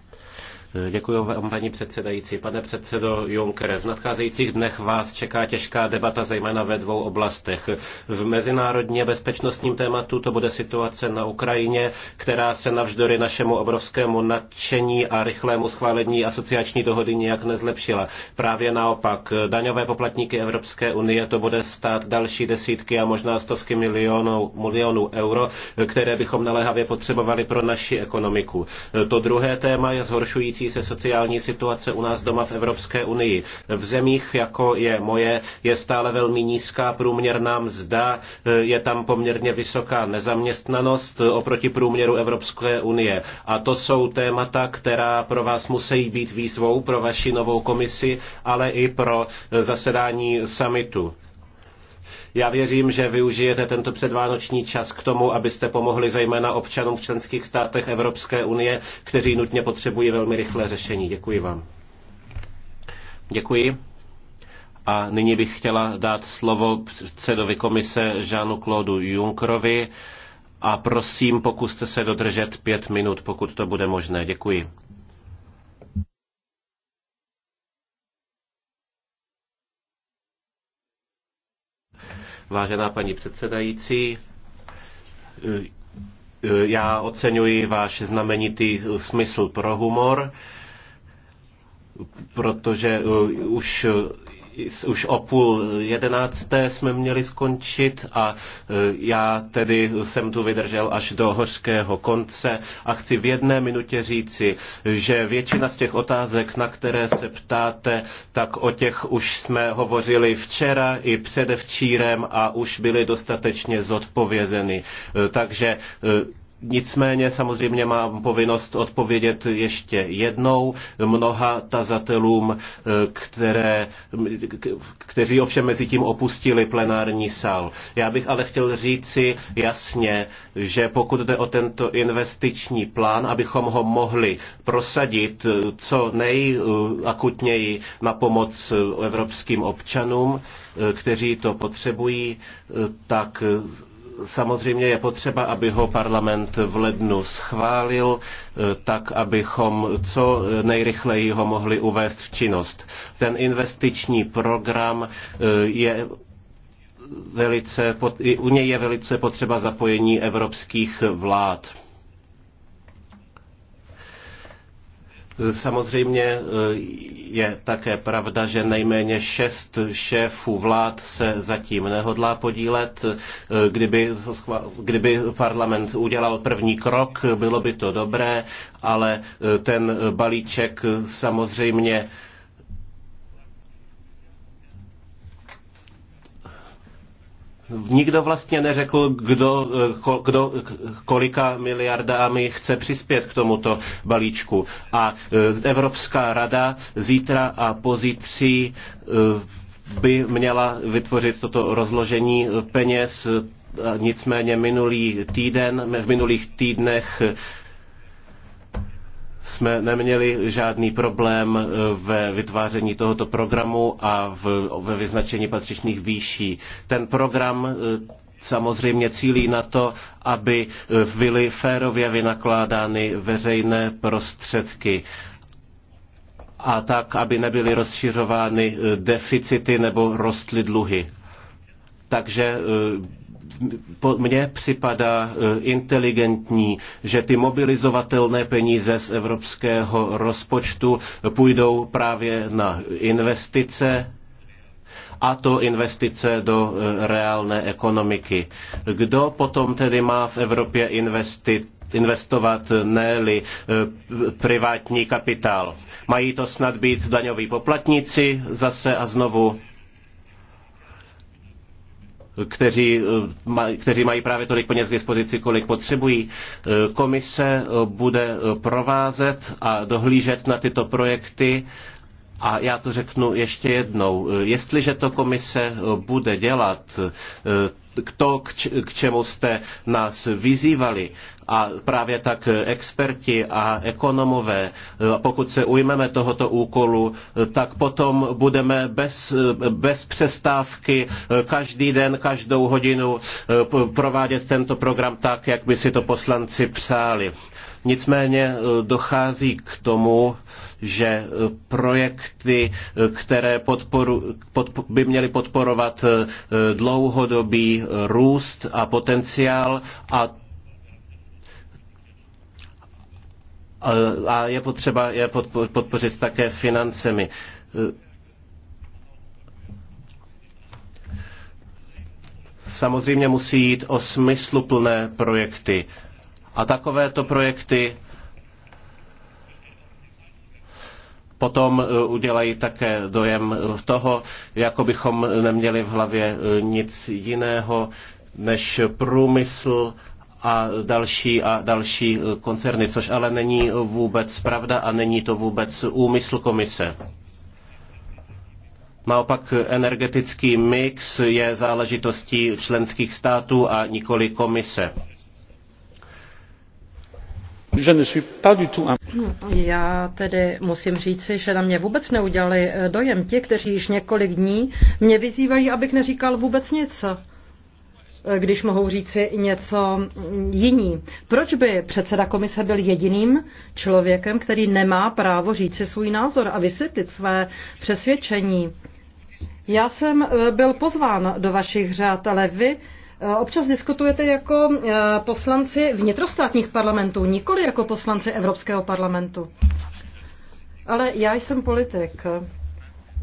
Speaker 6: Děkuji vám, paní předsedající. Pane předsedo Juncker, v nadcházejících dnech vás čeká těžká debata, zejména ve dvou oblastech. V mezinárodně bezpečnostním tématu to bude situace na Ukrajině, která se navždory našemu obrovskému nadšení a rychlému schválení asociační dohody nijak nezlepšila. Právě naopak, daňové poplatníky Evropské unie to bude stát další desítky a možná stovky milionů, milionů euro, které bychom naléhavě potřebovali pro naši ekonomiku. To druhé téma je zhoršující se sociální situace u nás doma v Evropské unii. V zemích, jako je moje, je stále velmi nízká průměrná mzda, eh, je tam poměrně vysoká nezaměstnanost oproti průměru Evropské unie. A to jsou témata, která pro vás musí být výzvou pro vaši novou komisi, ale i pro eh, zasedání summitu. Já věřím, že využijete tento předvánoční čas k tomu, abyste pomohli zejména občanům v členských státech Evropské unie, kteří nutně potřebují velmi rychlé řešení. Děkuji vám. Děkuji. A nyní bych chtěla dát slovo předsedovi komise Žánu Claudu Junckerovi a prosím, pokuste se dodržet pět minut, pokud to bude možné. Děkuji. Vážená paní předsedající, já oceňuji váš znamenitý smysl pro humor, protože už už o půl jedenácté jsme měli skončit a e, já tedy jsem tu vydržel až do hořkého konce a chci v jedné minutě říci, že většina z těch otázek, na které se ptáte, tak o těch už jsme hovořili včera i předevčírem a už byly dostatečně zodpovězeny. E, takže e, Nicméně samozřejmě mám povinnost odpovědět ještě jednou mnoha tazatelům, eh, které, kteří ovšem mezi tím opustili plenární sál. Já bych ale chtěl říci jasně, že pokud jde o tento investiční plán, abychom ho mohli prosadit eh, co nejakutněji na pomoc eh, evropským občanům, kteří to potřebují, tak Samozřejmě je potřeba, aby ho parlament v lednu schválil, eh, tak abychom co nejrychleji ho mohli uvést v činnost. Ten investiční program eh, je velice, u něj je velice potřeba zapojení evropských vlád. Samozřejmě eh, je také pravda, že nejméně šest šéfů vlád se zatím nehodlá podílet. Eh, kdyby, kdyby parlament udělal první krok, bylo by to dobré, ale eh, ten balíček samozřejmě Nikdo vlastně neřekl, kdo, kdo, kolika miliardami chce přispět k tomuto balíčku. A e, Evropská rada zítra a pozítří e, by měla vytvořit toto rozložení e, peněz. Nicméně minulý týden, v minulých týdnech jsme neměli žádný problém eh, ve vytváření tohoto programu a ve vyznačení patřičných výší. Ten program eh, samozřejmě cílí na to, aby eh, byly férově vynakládány veřejné prostředky a tak, aby nebyly rozšiřovány deficity nebo rostly dluhy. Takže mně připadá eh, inteligentní, že ty mobilizovatelné peníze z evropského rozpočtu půjdou právě na investice a to investice do eh, reálné ekonomiky. Kdo potom tedy má v Evropě investit, investovat, eh, ne-li privátní kapitál? Mají to snad být daňoví poplatníci zase a znovu? kteří, eh, kteří mají právě tolik peněz k dispozici, kolik potřebují. Eh, komise eh, bude provázet a dohlížet na tyto projekty a já to řeknu ještě jednou. Jestliže to komise bude dělat, to, k čemu jste nás vyzývali. A právě tak experti a ekonomové, e, pokud se ujmeme tohoto úkolu, e, tak potom budeme bez, e, bez přestávky každý den, každou hodinu provádět tento program tak, jak by si to poslanci přáli. Nicméně e, dochází k tomu, že e, projekty, e, které podporu, pod, by měly podporovat dlouhodobý růst a potenciál a a je potřeba je podpořit také financemi. Samozřejmě musí jít o smysluplné projekty a takovéto projekty potom e, udělají také dojem toho, jako bychom neměli v hlavě e, nic jiného než průmysl a další a další e, koncerny, což ale není vůbec pravda a není to vůbec úmysl komise. Naopak energetický mix je záležitostí členských států a nikoli komise.
Speaker 5: Já tedy musím říci, že na mě vůbec neudělali eh, dojem ti, kteří již několik dní mě vyzývají, abych neříkal vůbec nic eh, když mohou říci něco mm, jiní. Proč by předseda komise byl jediným člověkem, který nemá právo říci svůj názor a vysvětlit své přesvědčení? Já jsem eh, byl pozván do vašich řád, ale vy Eh, občas diskutujete jako eh, poslanci vnitrostátních parlamentů, nikoli jako poslanci Evropského parlamentu. Ale já jsem politik.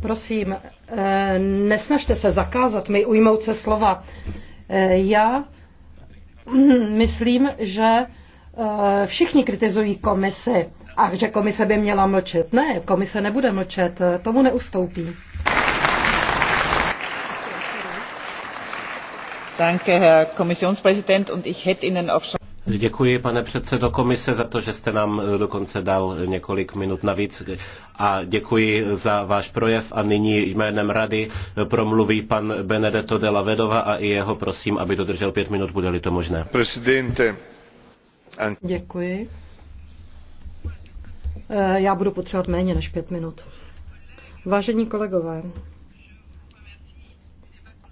Speaker 5: Prosím, eh, nesnažte se zakázat mi ujmout se slova. Já hm, myslím, že všichni kritizují komisi. Ach, že komise by měla mlčet. Ne, komise nebude mlčet, tomu neustoupí.
Speaker 6: Děkuji, pane předsedo komise, za to, že jste nám eh, dokonce dal eh, několik minut navíc a děkuji za váš projev a nyní jménem rady eh, promluví pan Benedetto de la Vedova a i jeho prosím, aby dodržel pět minut, bude-li to možné. Presidente. Děkuji.
Speaker 5: Já budu potřebovat méně než pět minut. Vážení kolegové,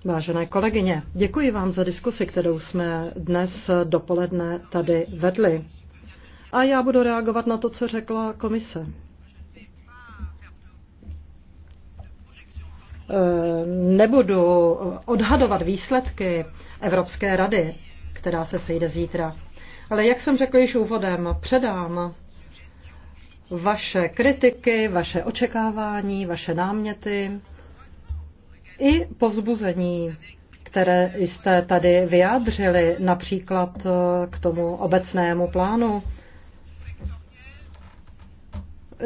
Speaker 5: Vážené kolegyně, děkuji vám za diskusi, kterou jsme dnes dopoledne tady vedli. A já budu reagovat na to, co řekla komise. Eh, nebudu odhadovat výsledky Evropské rady, která se sejde zítra. Ale jak jsem řekl již úvodem, předám vaše kritiky, vaše očekávání, vaše náměty i povzbuzení, které jste tady vyjádřili, například eh, k tomu obecnému plánu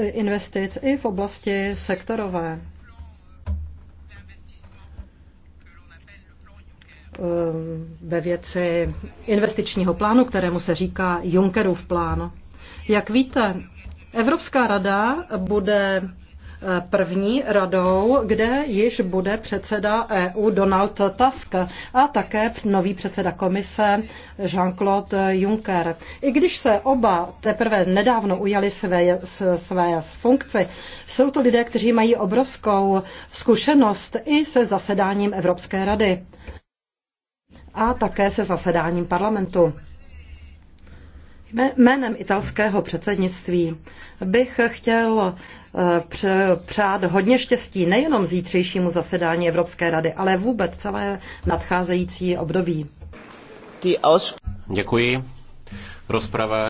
Speaker 5: investic i v oblasti sektorové. Eh, ve věci investičního plánu, kterému se říká Junckerův plán. Jak víte, Evropská rada bude první radou, kde již bude předseda EU Donald Tusk a také nový předseda komise Jean-Claude Juncker. I když se oba teprve nedávno ujali své, své funkci, jsou to lidé, kteří mají obrovskou zkušenost i se zasedáním Evropské rady a také se zasedáním parlamentu. Jménem italského předsednictví bych chtěl přát hodně štěstí nejenom zítřejšímu zasedání Evropské rady, ale vůbec
Speaker 4: celé nadcházející období.
Speaker 6: Děkuji.
Speaker 1: Rozprava